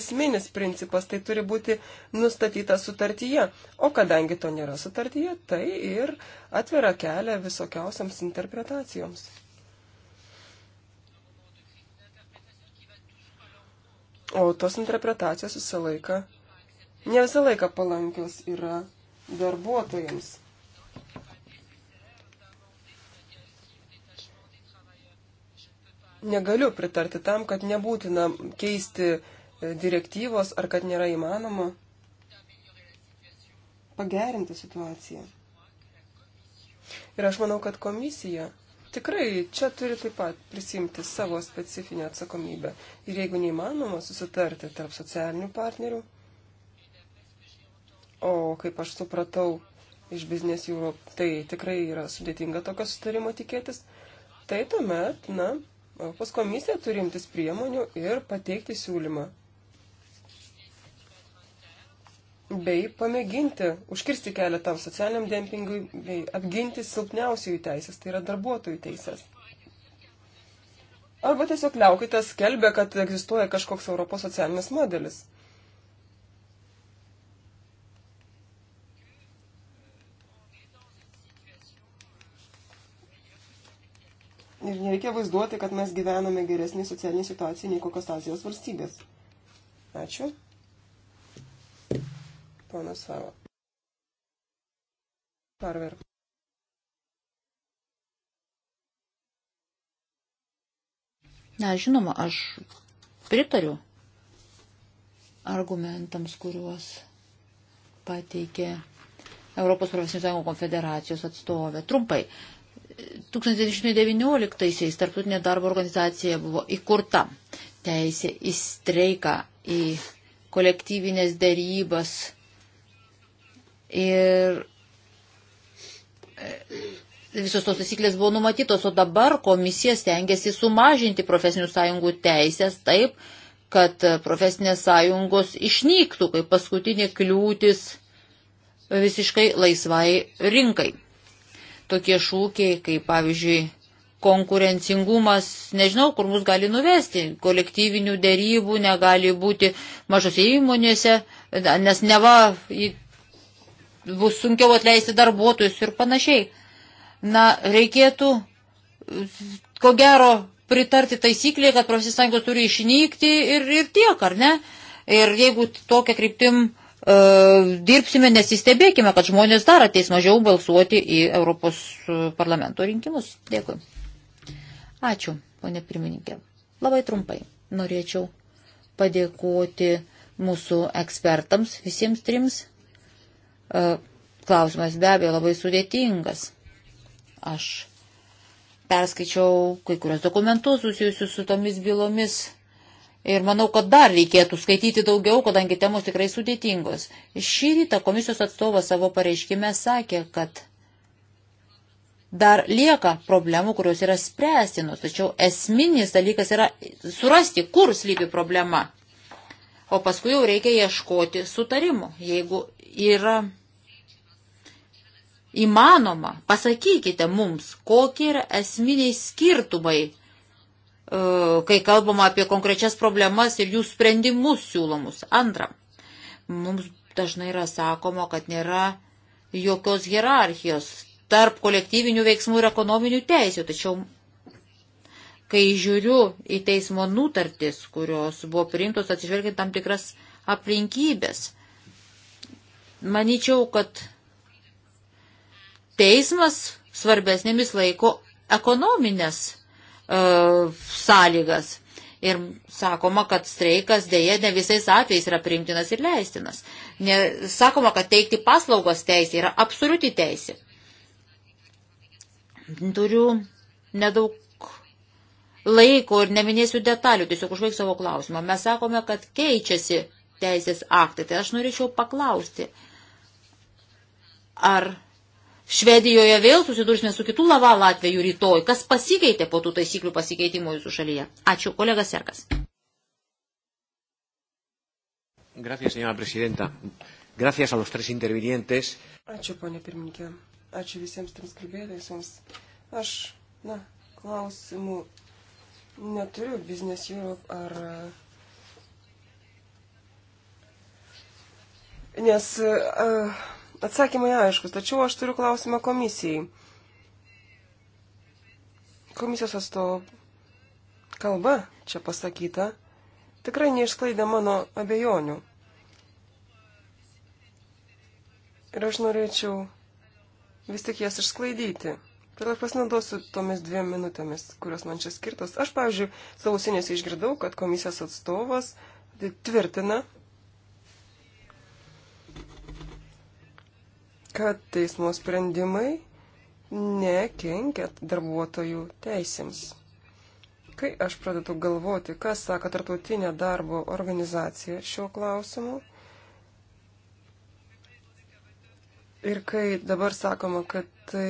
esminis principas, tai turi būti nustatyta sutartyje. O kadangi to nėra sutartyje, tai ir atvira kelią visokiausiams interpretacijoms. O tos interpretacijos visą laiką, ne visą laiką palankios yra darbuotojams. Negaliu pritarti tam, kad nebūtina keisti e, direktyvos ar kad nėra įmanoma pagerinti situaciją. Ir aš manau, kad komisija Tikrai čia turi taip pat prisimti savo specifinę atsakomybę. Ir jeigu neįmanoma susitarti tarp socialinių partnerių, o kaip aš supratau iš Business Europe, tai tikrai yra sudėtinga tokio sutarimo tikėtis, tai tuomet, na, Europos komisija turi imtis priemonių ir pateikti siūlymą bei pamėginti užkirsti kelią tam socialiniam dempingui, bei apginti silpniausiųjų teisės, tai yra darbuotojų teisės. Arba tiesiog liaukite skelbę, kad egzistuoja kažkoks Europos socialinis modelis. Ir nereikia vaizduoti, kad mes gyvename geresnį socialinį situaciją nei kokios Azijos valstybės. Ačiū ponas Farver. Na, žinoma, aš pritariu argumentams, kuriuos pateikė Europos profesinių sąjungų konfederacijos atstovė. Trumpai, 1919-aisiais tarptautinė darbo organizacija buvo įkurta. Teisė į streiką, į kolektyvinės dėrybas Ir e, visos tos taisyklės buvo numatytos, o dabar komisija stengiasi sumažinti profesinių sąjungų teisės taip, kad profesinės sąjungos išnyktų kaip paskutinė kliūtis visiškai laisvai rinkai. Tokie šūkiai, kaip pavyzdžiui, konkurencingumas, nežinau, kur mus gali nuvesti, kolektyvinių dėrybų negali būti mažose įmonėse, nes neva bus sunkiau atleisti darbuotojus ir panašiai. Na, reikėtų, ko gero, pritarti taisyklė, kad profsisąjungos turi išnykti ir, ir tiek, ar ne? Ir jeigu tokia kryptim uh, e, dirbsime, nesistebėkime, kad žmonės dar ateis mažiau balsuoti į Europos e, parlamento rinkimus. Dėkui. Ačiū, ponė pirmininkė. Labai trumpai norėčiau padėkoti mūsų ekspertams visiems trims E, klausimas be abejo labai sudėtingas. Aš perskaičiau kai kurios dokumentus susijusius su tomis bylomis ir manau, kad dar reikėtų skaityti daugiau, kadangi temos tikrai sudėtingos. Šį rytą komisijos atstovas savo pareiškime sakė, kad dar lieka problemų, kurios yra spręstinos, tačiau esminis dalykas yra surasti, kur slypi problema. O paskui jau reikia ieškoti sutarimų. Jeigu yra įmanoma? Pasakykite mums, kokie yra esminiai skirtumai, e, kai kalbama apie konkrečias problemas ir jų sprendimus siūlomus. Antra, mums dažnai yra sakoma, kad nėra jokios hierarchijos tarp kolektyvinių veiksmų ir ekonominių teisių. Tačiau, kai žiūriu į teismo nutartis, kurios buvo priimtos atsižvelgiant tam tikras aplinkybės, manyčiau, kad teismas svarbesnėmis laiko ekonominės e, sąlygas. Ir sakoma, kad streikas dėje ne visais atvejais yra priimtinas ir leistinas. Ne, sakoma, kad teikti paslaugos teisė yra absoliuti teisė. Turiu nedaug laiko ir neminėsiu detalių, tiesiog užvaig savo klausimą. Mes sakome, kad keičiasi teisės aktai. Tai aš norėčiau paklausti, ar Švedijoje vėl susidursime su kitų laval atveju rytoj. Kas pasikeitė po tų taisyklių pasikeitimo jūsų šalyje? Ačiū, kolega Serkas. Gracias, señora presidenta. Gracias a los tres intervinientes. Ačiū, ponė pirmininkė. Ačiū visiems trims kalbėtojams. Aš, na, klausimų neturiu Business Europe ar nes uh, Atsakymai aiškus, tačiau aš turiu klausimą komisijai. Komisijos atstovų kalba čia pasakyta tikrai neišsklaidė mano abejonių. Ir aš norėčiau vis tik jas išsklaidyti. Todėl pasinaudosiu tomis dviem minutėmis, kurios man čia skirtos. Aš, pavyzdžiui, sausinės išgirdau, kad komisijos atstovas tvirtina, kad teismo sprendimai nekenkia darbuotojų teisėms. Kai aš pradedu galvoti, kas sako tarptautinė darbo organizacija šiuo klausimu, ir kai dabar sakoma, kad tai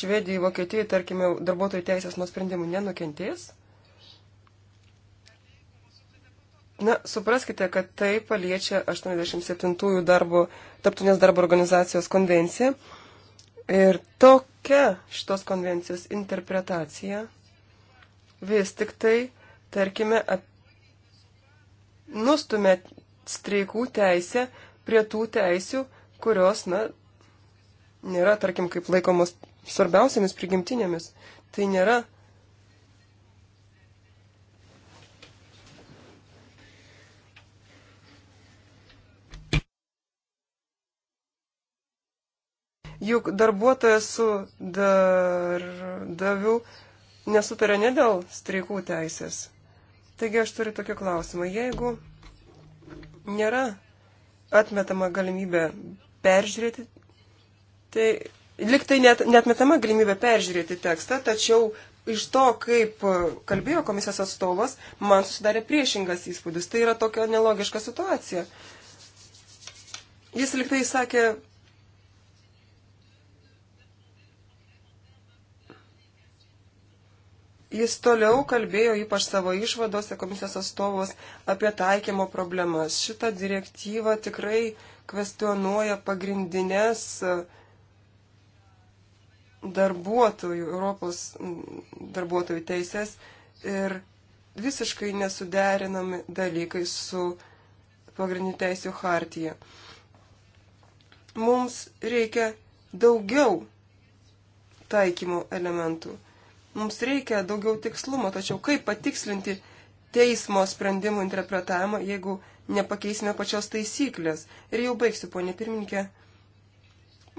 Švedijai, Vokietijai, tarkime, darbuotojų teisės nuo sprendimų nenukentės, Na, supraskite, kad tai paliečia 87-ųjų darbo, taptunės darbo organizacijos konvenciją. Ir tokia šitos konvencijos interpretacija vis tik tai, tarkime, ap... nustumė streikų teisę prie tų teisių, kurios, na, nėra, tarkim, kaip laikomos svarbiausiamis prigimtinėmis. Tai nėra Juk darbuotojas su darbdaviu nesutarė ne dėl streikų teisės. Taigi aš turiu tokį klausimą. Jeigu nėra atmetama galimybė peržiūrėti, tai liktai net, netmetama galimybė peržiūrėti tekstą, tačiau iš to, kaip kalbėjo komisijos atstovas, man susidarė priešingas įspūdis. Tai yra tokia nelogiška situacija. Jis liktai sakė Jis toliau kalbėjo, ypač savo išvadose komisijos atstovos, apie taikymo problemas. Šita direktyva tikrai kvestionuoja pagrindinės e, darbuotojų, Europos darbuotojų teisės ir visiškai nesuderinami dalykai su pagrindinių teisų hartija. Mums reikia daugiau taikymo elementų. Mums reikia daugiau tikslumo, tačiau kaip patikslinti teismo sprendimų interpretavimą, jeigu nepakeisime pačios taisyklės. Ir jau baigsiu, ponė pirmininkė.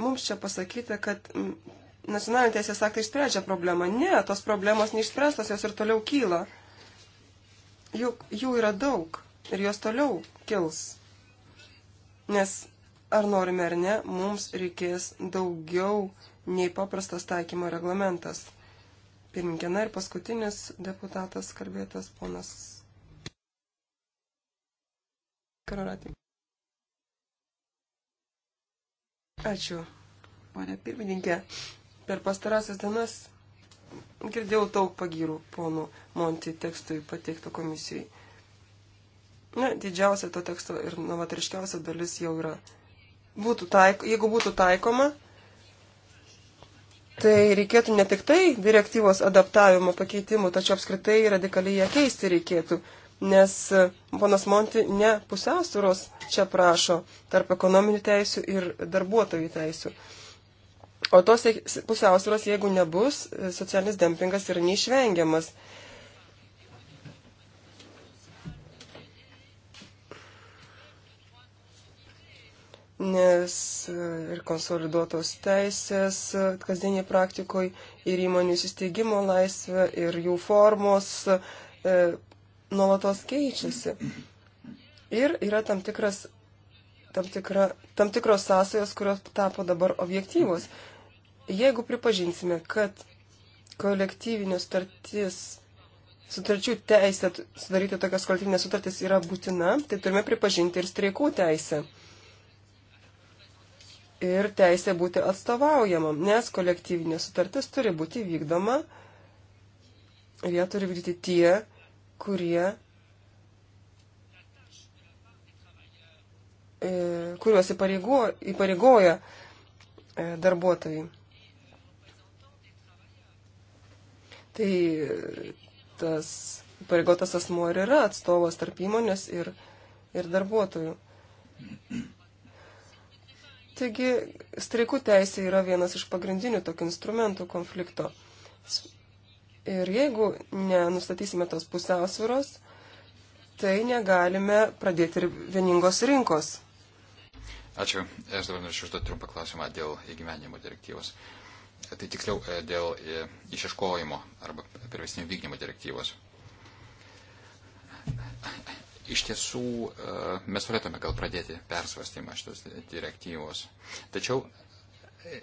Mums čia pasakyta, kad nacionalinė teisės aktai išsprendžia problemą. Ne, tos problemos neišspręstos, jos ir toliau kyla. Juk jų yra daug ir jos toliau kils. Nes ar norime ar ne, mums reikės daugiau nei paprastas taikymo reglamentas pirmininkė. Na ir paskutinis deputatas kalbėtas ponas Karoratė. Ačiū, ponė pirmininkė. Per pastarąsias dienas girdėjau daug pagyrų ponų Monti tekstui pateikto komisijai. Na, didžiausia to teksto ir novatoriškiausia dalis jau yra. Būtų taik, jeigu būtų taikoma, Tai reikėtų ne tik tai direktyvos adaptavimo pakeitimų, tačiau apskritai radikaliai ją keisti reikėtų, nes e, ponas Monti ne pusiausvėros čia prašo tarp ekonominių teisių ir darbuotojų teisių. O tos pusiausvėros, jeigu nebus, e, socialinis dempingas yra neišvengiamas. nes e, ir konsoliduotos teisės e, kasdieniai praktikoje, ir įmonių įsisteigimo laisvė, ir jų formos e, nuolatos keičiasi. Ir yra tam, tikras, tam, tikra, tam tikros sąsajos, kurios tapo dabar objektyvos. Jeigu pripažinsime, kad kolektyvinės sutartys, sutarčių teisė sudaryti tokias kolektyvinės sutartys yra būtina, tai turime pripažinti ir streikų teisę ir teisė būti atstovaujamam, nes kolektyvinė sutartis turi būti vykdoma ir ją turi vykdyti tie, kurie e, kuriuos įpareigoja, įpareigoja darbuotojai. Tai tas įpareigotas asmuo ir yra atstovas tarp įmonės ir, ir darbuotojų. Taigi, streikų teisė yra vienas iš pagrindinių tokių instrumentų konflikto. Ir jeigu nenustatysime tos pusiausviros, tai negalime pradėti ir vieningos rinkos. Ačiū. Aš dabar norėčiau užduoti trumpą klausimą dėl įgyvenimo direktyvos. Tai tiksliau e, dėl e, išieškojimo arba priversnių vykdymo direktyvos iš tiesų e, mes turėtume gal pradėti persvarstymą šitos direktyvos. Tačiau e,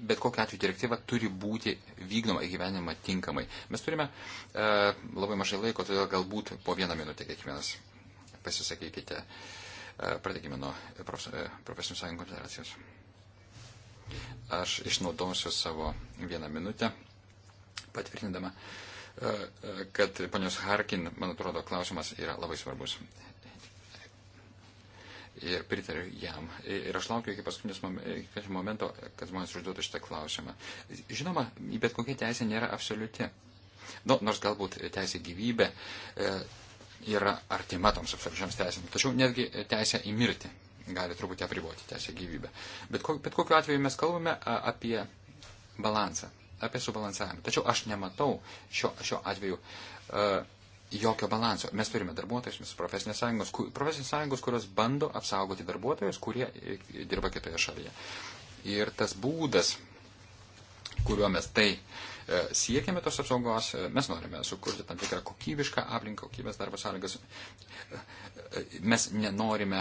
bet kokia atveju direktyva turi būti vykdoma įgyvenima tinkamai. Mes turime e, labai mažai laiko, todėl galbūt po vieną minutę kiekvienas pasisakykite. Pradėkime nuo profesinių sąjungų konfederacijos. Aš išnaudosiu savo vieną minutę patvirtindama uh, kad ponios Harkin, man atrodo, klausimas yra labai svarbus. Ir pritariu jam. Ir aš laukiu iki paskutinės momento, kad žmonės užduotų šitą klausimą. Žinoma, bet kokia teisė nėra absoliuti. Nu, nors galbūt teisė gyvybė e, yra artima toms absoliučiams teisėms. Tačiau netgi teisė į mirtį gali truputį apriboti teisę gyvybę. Bet, ko, bet kokiu atveju mes kalbame apie balansą apie subalansavimą. Tačiau aš nematau šio, šio atveju uh, jokio balanso. Mes turime darbuotojus, mes profesinės sąjungos, ku, profesinės sąjungos, kurios bando apsaugoti darbuotojus, kurie e, dirba kitoje šalyje. Ir tas būdas, kuriuo mes tai uh, E, siekiame tos apsaugos, e, mes norime sukurti tam tikrą kokybišką aplinką, kokybės darbo sąlygas. E, mes nenorime,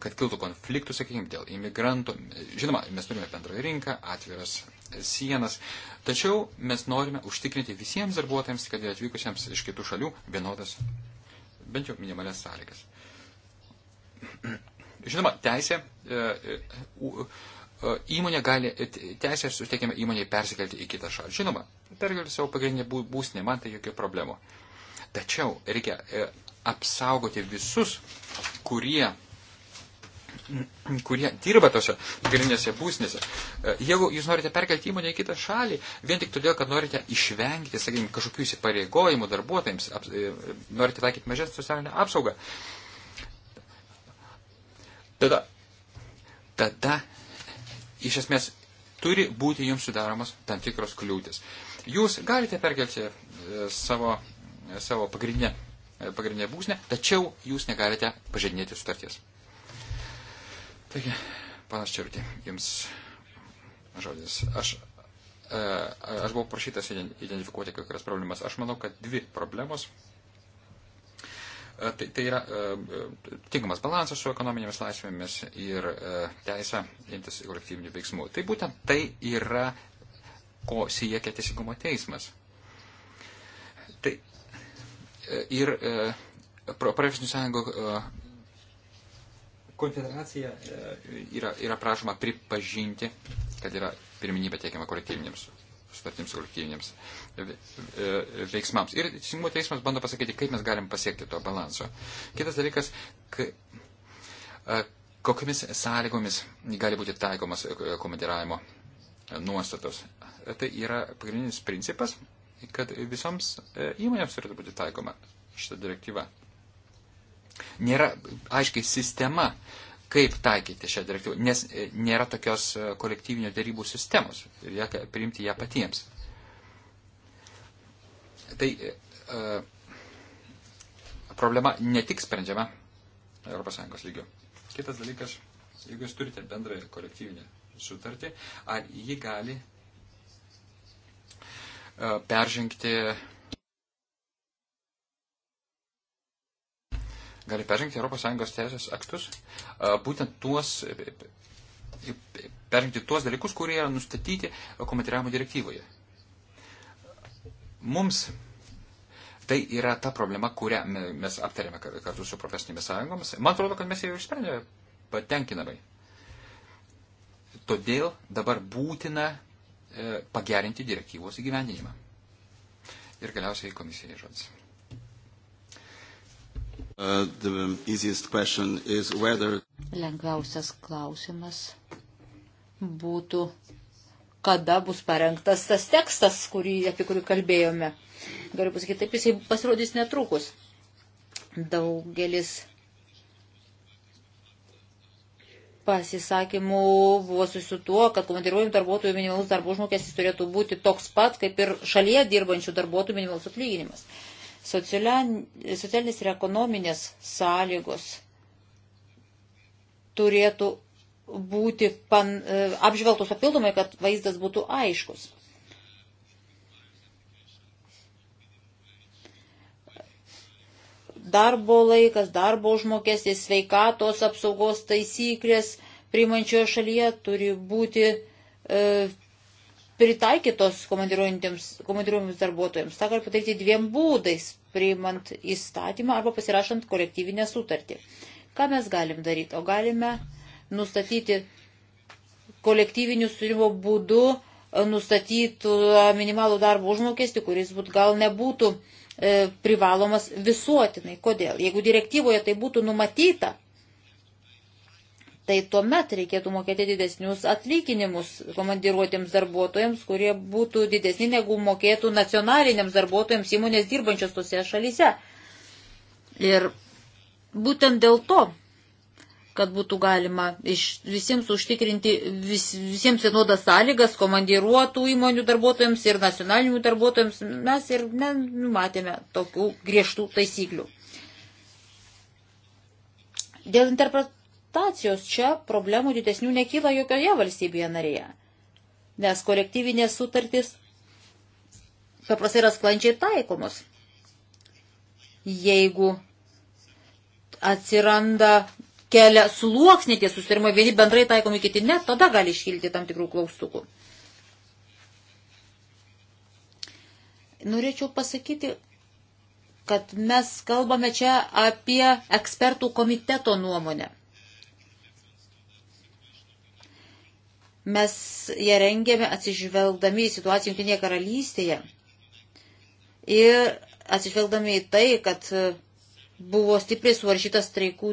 kad kiltų konfliktų, sakykime, dėl imigrantų. Žinoma, mes turime bendrą rinką, atviras sienas, tačiau mes norime užtikrinti visiems darbuotojams, kad jie atvykusiems iš kitų šalių vienodas, bent jau minimalias sąlygas. Žinoma, teisė. E, e, u, E, įmonė gali, e, teisės suteikiame įmonėje persikelti į kitą šalį. Žinoma, perkelti savo pagrindinę būstinę, man tai jokių problemų. Tačiau reikia e, apsaugoti visus, kurie kurie dirba tose pagrindinėse būsnėse. Jeigu jūs norite perkelti įmonę į kitą šalį, vien tik todėl, kad norite išvengti, sakykime, kažkokių įsipareigojimų darbuotojams, ap, norite taikyti mažesnį socialinę apsaugą, tada, tada iš esmės turi būti jums sudaromos tam tikros kliūtis. Jūs galite perkelti e, savo, e, savo pagrindinę, e, pagrindinę būsnę, tačiau jūs negalite pažeidinėti sutarties. Taigi, panas Čerutė, jums žodis. Aš, aš buvau prašytas identifikuoti kai kurias problemas. Aš manau, kad dvi problemos E, tai, tai yra e, e, tinkamas balansas su ekonominėmis laisvėmis ir teisė imtis kolektyvinių veiksmų. Tai būtent tai yra, ko siekia teisingumo teismas. Tai ir profesinių sąjungų konfederacija yra, yra prašoma pripažinti, kad yra pirminybė teikiama kolektyvinėms sutartims kolektyviniams e, e, veiksmams. Ir teisingumo teismas bando pasakyti, kaip mes galim pasiekti to balanso. Kitas dalykas, e, kokiamis sąlygomis gali būti taikomas komandiravimo nuostatos. Tai yra pagrindinis principas, kad visoms įmonėms turėtų būti taikoma šita direktyva. Nėra aiškiai sistema, uh, kaip taikyti šią direktyvą, nes e, nėra tokios e, kolektyvinio dėrybų sistemos ir reikia priimti ją patiems. Tai e, problema ne tik sprendžiama ES lygiu. Kitas dalykas, jeigu jūs turite bendrąją kolektyvinę sutartį, ar ji gali peržengti gali peržengti ES teisės aktus, būtent tuos, e, e, e, peržengti tuos dalykus, kurie yra nustatyti komitariamo direktyvoje. Mums tai yra ta problema, kurią mes aptarėme kartu su profesinėmis sąjungomis. Man atrodo, kad mes jau išsprendėme patenkinamai. Todėl dabar būtina pagerinti direktyvos įgyvendinimą. Ir galiausiai komisijai žodis. Uh, whether... Lengviausias klausimas būtų, kada bus parengtas tas tekstas, kurį, apie kurį kalbėjome. Galiu pasakyti, taip jisai pasirodys netrukus. Daugelis pasisakymų buvo su tuo, kad komandiruojim darbuotojų minimalus darbo užmokestis turėtų būti toks pat, kaip ir šalyje dirbančių darbuotojų minimalus atlyginimas. Uh, Socialinės ir ekonominės sąlygos turėtų būti pan, e, apžvelgtos papildomai, kad vaizdas būtų aiškus. Darbo laikas, darbo užmokestis, sveikatos apsaugos taisyklės priimančioje šalyje turi būti e, pritaikytos komandiruojams darbuotojams. Ta gali padaryti dviem būdais - priimant įstatymą arba pasirašant kolektyvinę sutartį. Ką mes galim daryti? O galime nustatyti kolektyvinių surimo būdų, e, nustatytų e, minimalų darbo užmokestį, kuris būt, gal nebūtų e, privalomas visuotinai. Kodėl? Jeigu direktyvoje tai būtų numatyta, tai tuomet reikėtų mokėti didesnius atlyginimus komandiruotėms darbuotojams, kurie būtų didesni negu mokėtų nacionaliniams darbuotojams įmonės dirbančios tose šalyse. Ir būtent dėl to, kad būtų galima iš, visiems užtikrinti vis, visiems vienodas sąlygas komandiruotų įmonių darbuotojams ir nacionalinių darbuotojams, mes ir nenumatėme tokių griežtų taisyklių. Dėl interpretacijos adaptacijos čia problemų didesnių nekyla jokioje valstybėje narėje, nes kolektyvinės sutartys paprastai yra sklandžiai taikomos. Jeigu atsiranda kelia sluoksnė tie susitarimai, vieni bendrai taikomi, kiti ne, tada gali iškilti tam tikrų klaustukų. Norėčiau pasakyti, kad mes kalbame čia apie ekspertų komiteto nuomonę. Mes ją rengėme atsižvelgdami į situaciją Junktinėje karalystėje ir atsižvelgdami į tai, kad buvo stipriai suvaržytas streikų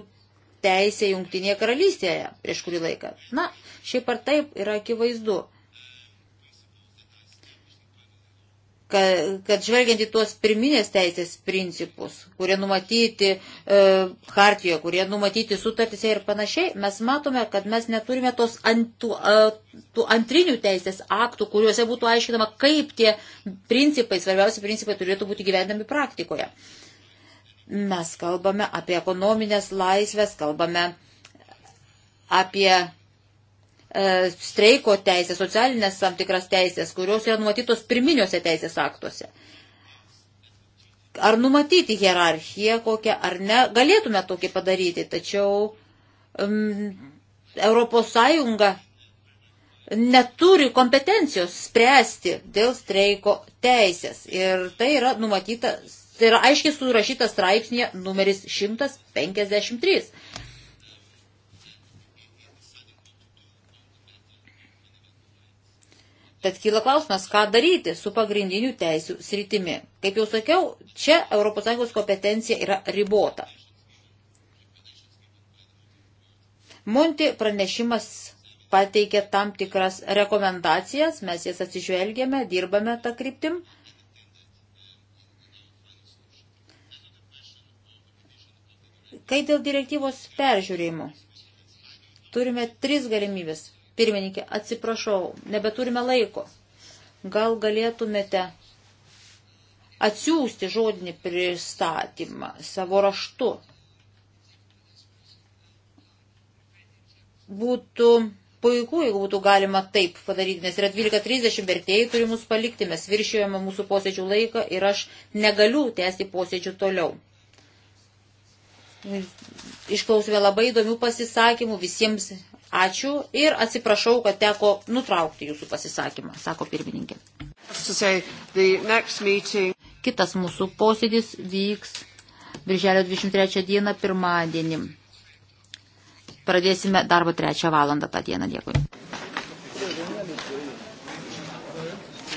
teisė Junktinėje karalystėje prieš kurį laiką. Na, šiaip ar taip yra akivaizdu, kad, kad žvelgiant į tuos pirminės teisės principus, kurie numatyti e, hartijoje, kurie numatyti sutartise ir panašiai, mes matome, kad mes neturime tos antų, a, tų antrinių teisės aktų, kuriuose būtų aiškinama, kaip tie principai, svarbiausi principai turėtų būti gyvendami praktikoje. Mes kalbame apie ekonominės laisvės, kalbame apie E, streiko teisės, socialinės tam tikras teisės, kurios yra numatytos pirminiuose teisės aktuose. Ar numatyti hierarchiją kokią, ar ne, galėtume tokį padaryti, tačiau um, Europos Sąjunga neturi kompetencijos spręsti dėl streiko teisės. Ir tai yra numatyta, tai yra aiškiai surašyta straipsnėje numeris 153. Tad kyla klausimas, ką daryti su pagrindinių teisių sritimi. Kaip jau sakiau, čia ES kompetencija yra ribota. Monti pranešimas pateikė tam tikras rekomendacijas, mes jas atsižvelgėme, dirbame tą kryptim. Kai dėl direktyvos peržiūrėjimų turime tris galimybės. Pirmininkė, atsiprašau, nebeturime laiko. Gal galėtumėte atsiųsti žodinį pristatymą savo raštu. Būtų puiku, jeigu būtų galima taip padaryti, nes yra 12.30 vertėjai turi mus palikti, mes viršijojame mūsų posėdžių laiką ir aš negaliu tęsti posėdžių toliau. Išklausime labai įdomių pasisakymų, visiems Ačiū ir atsiprašau, kad teko nutraukti jūsų pasisakymą, sako pirmininkė. Kitas mūsų posėdis vyks Birželio 23 dieną pirmadienį. Pradėsime darbą 3 valandą tą dieną. Dėkui.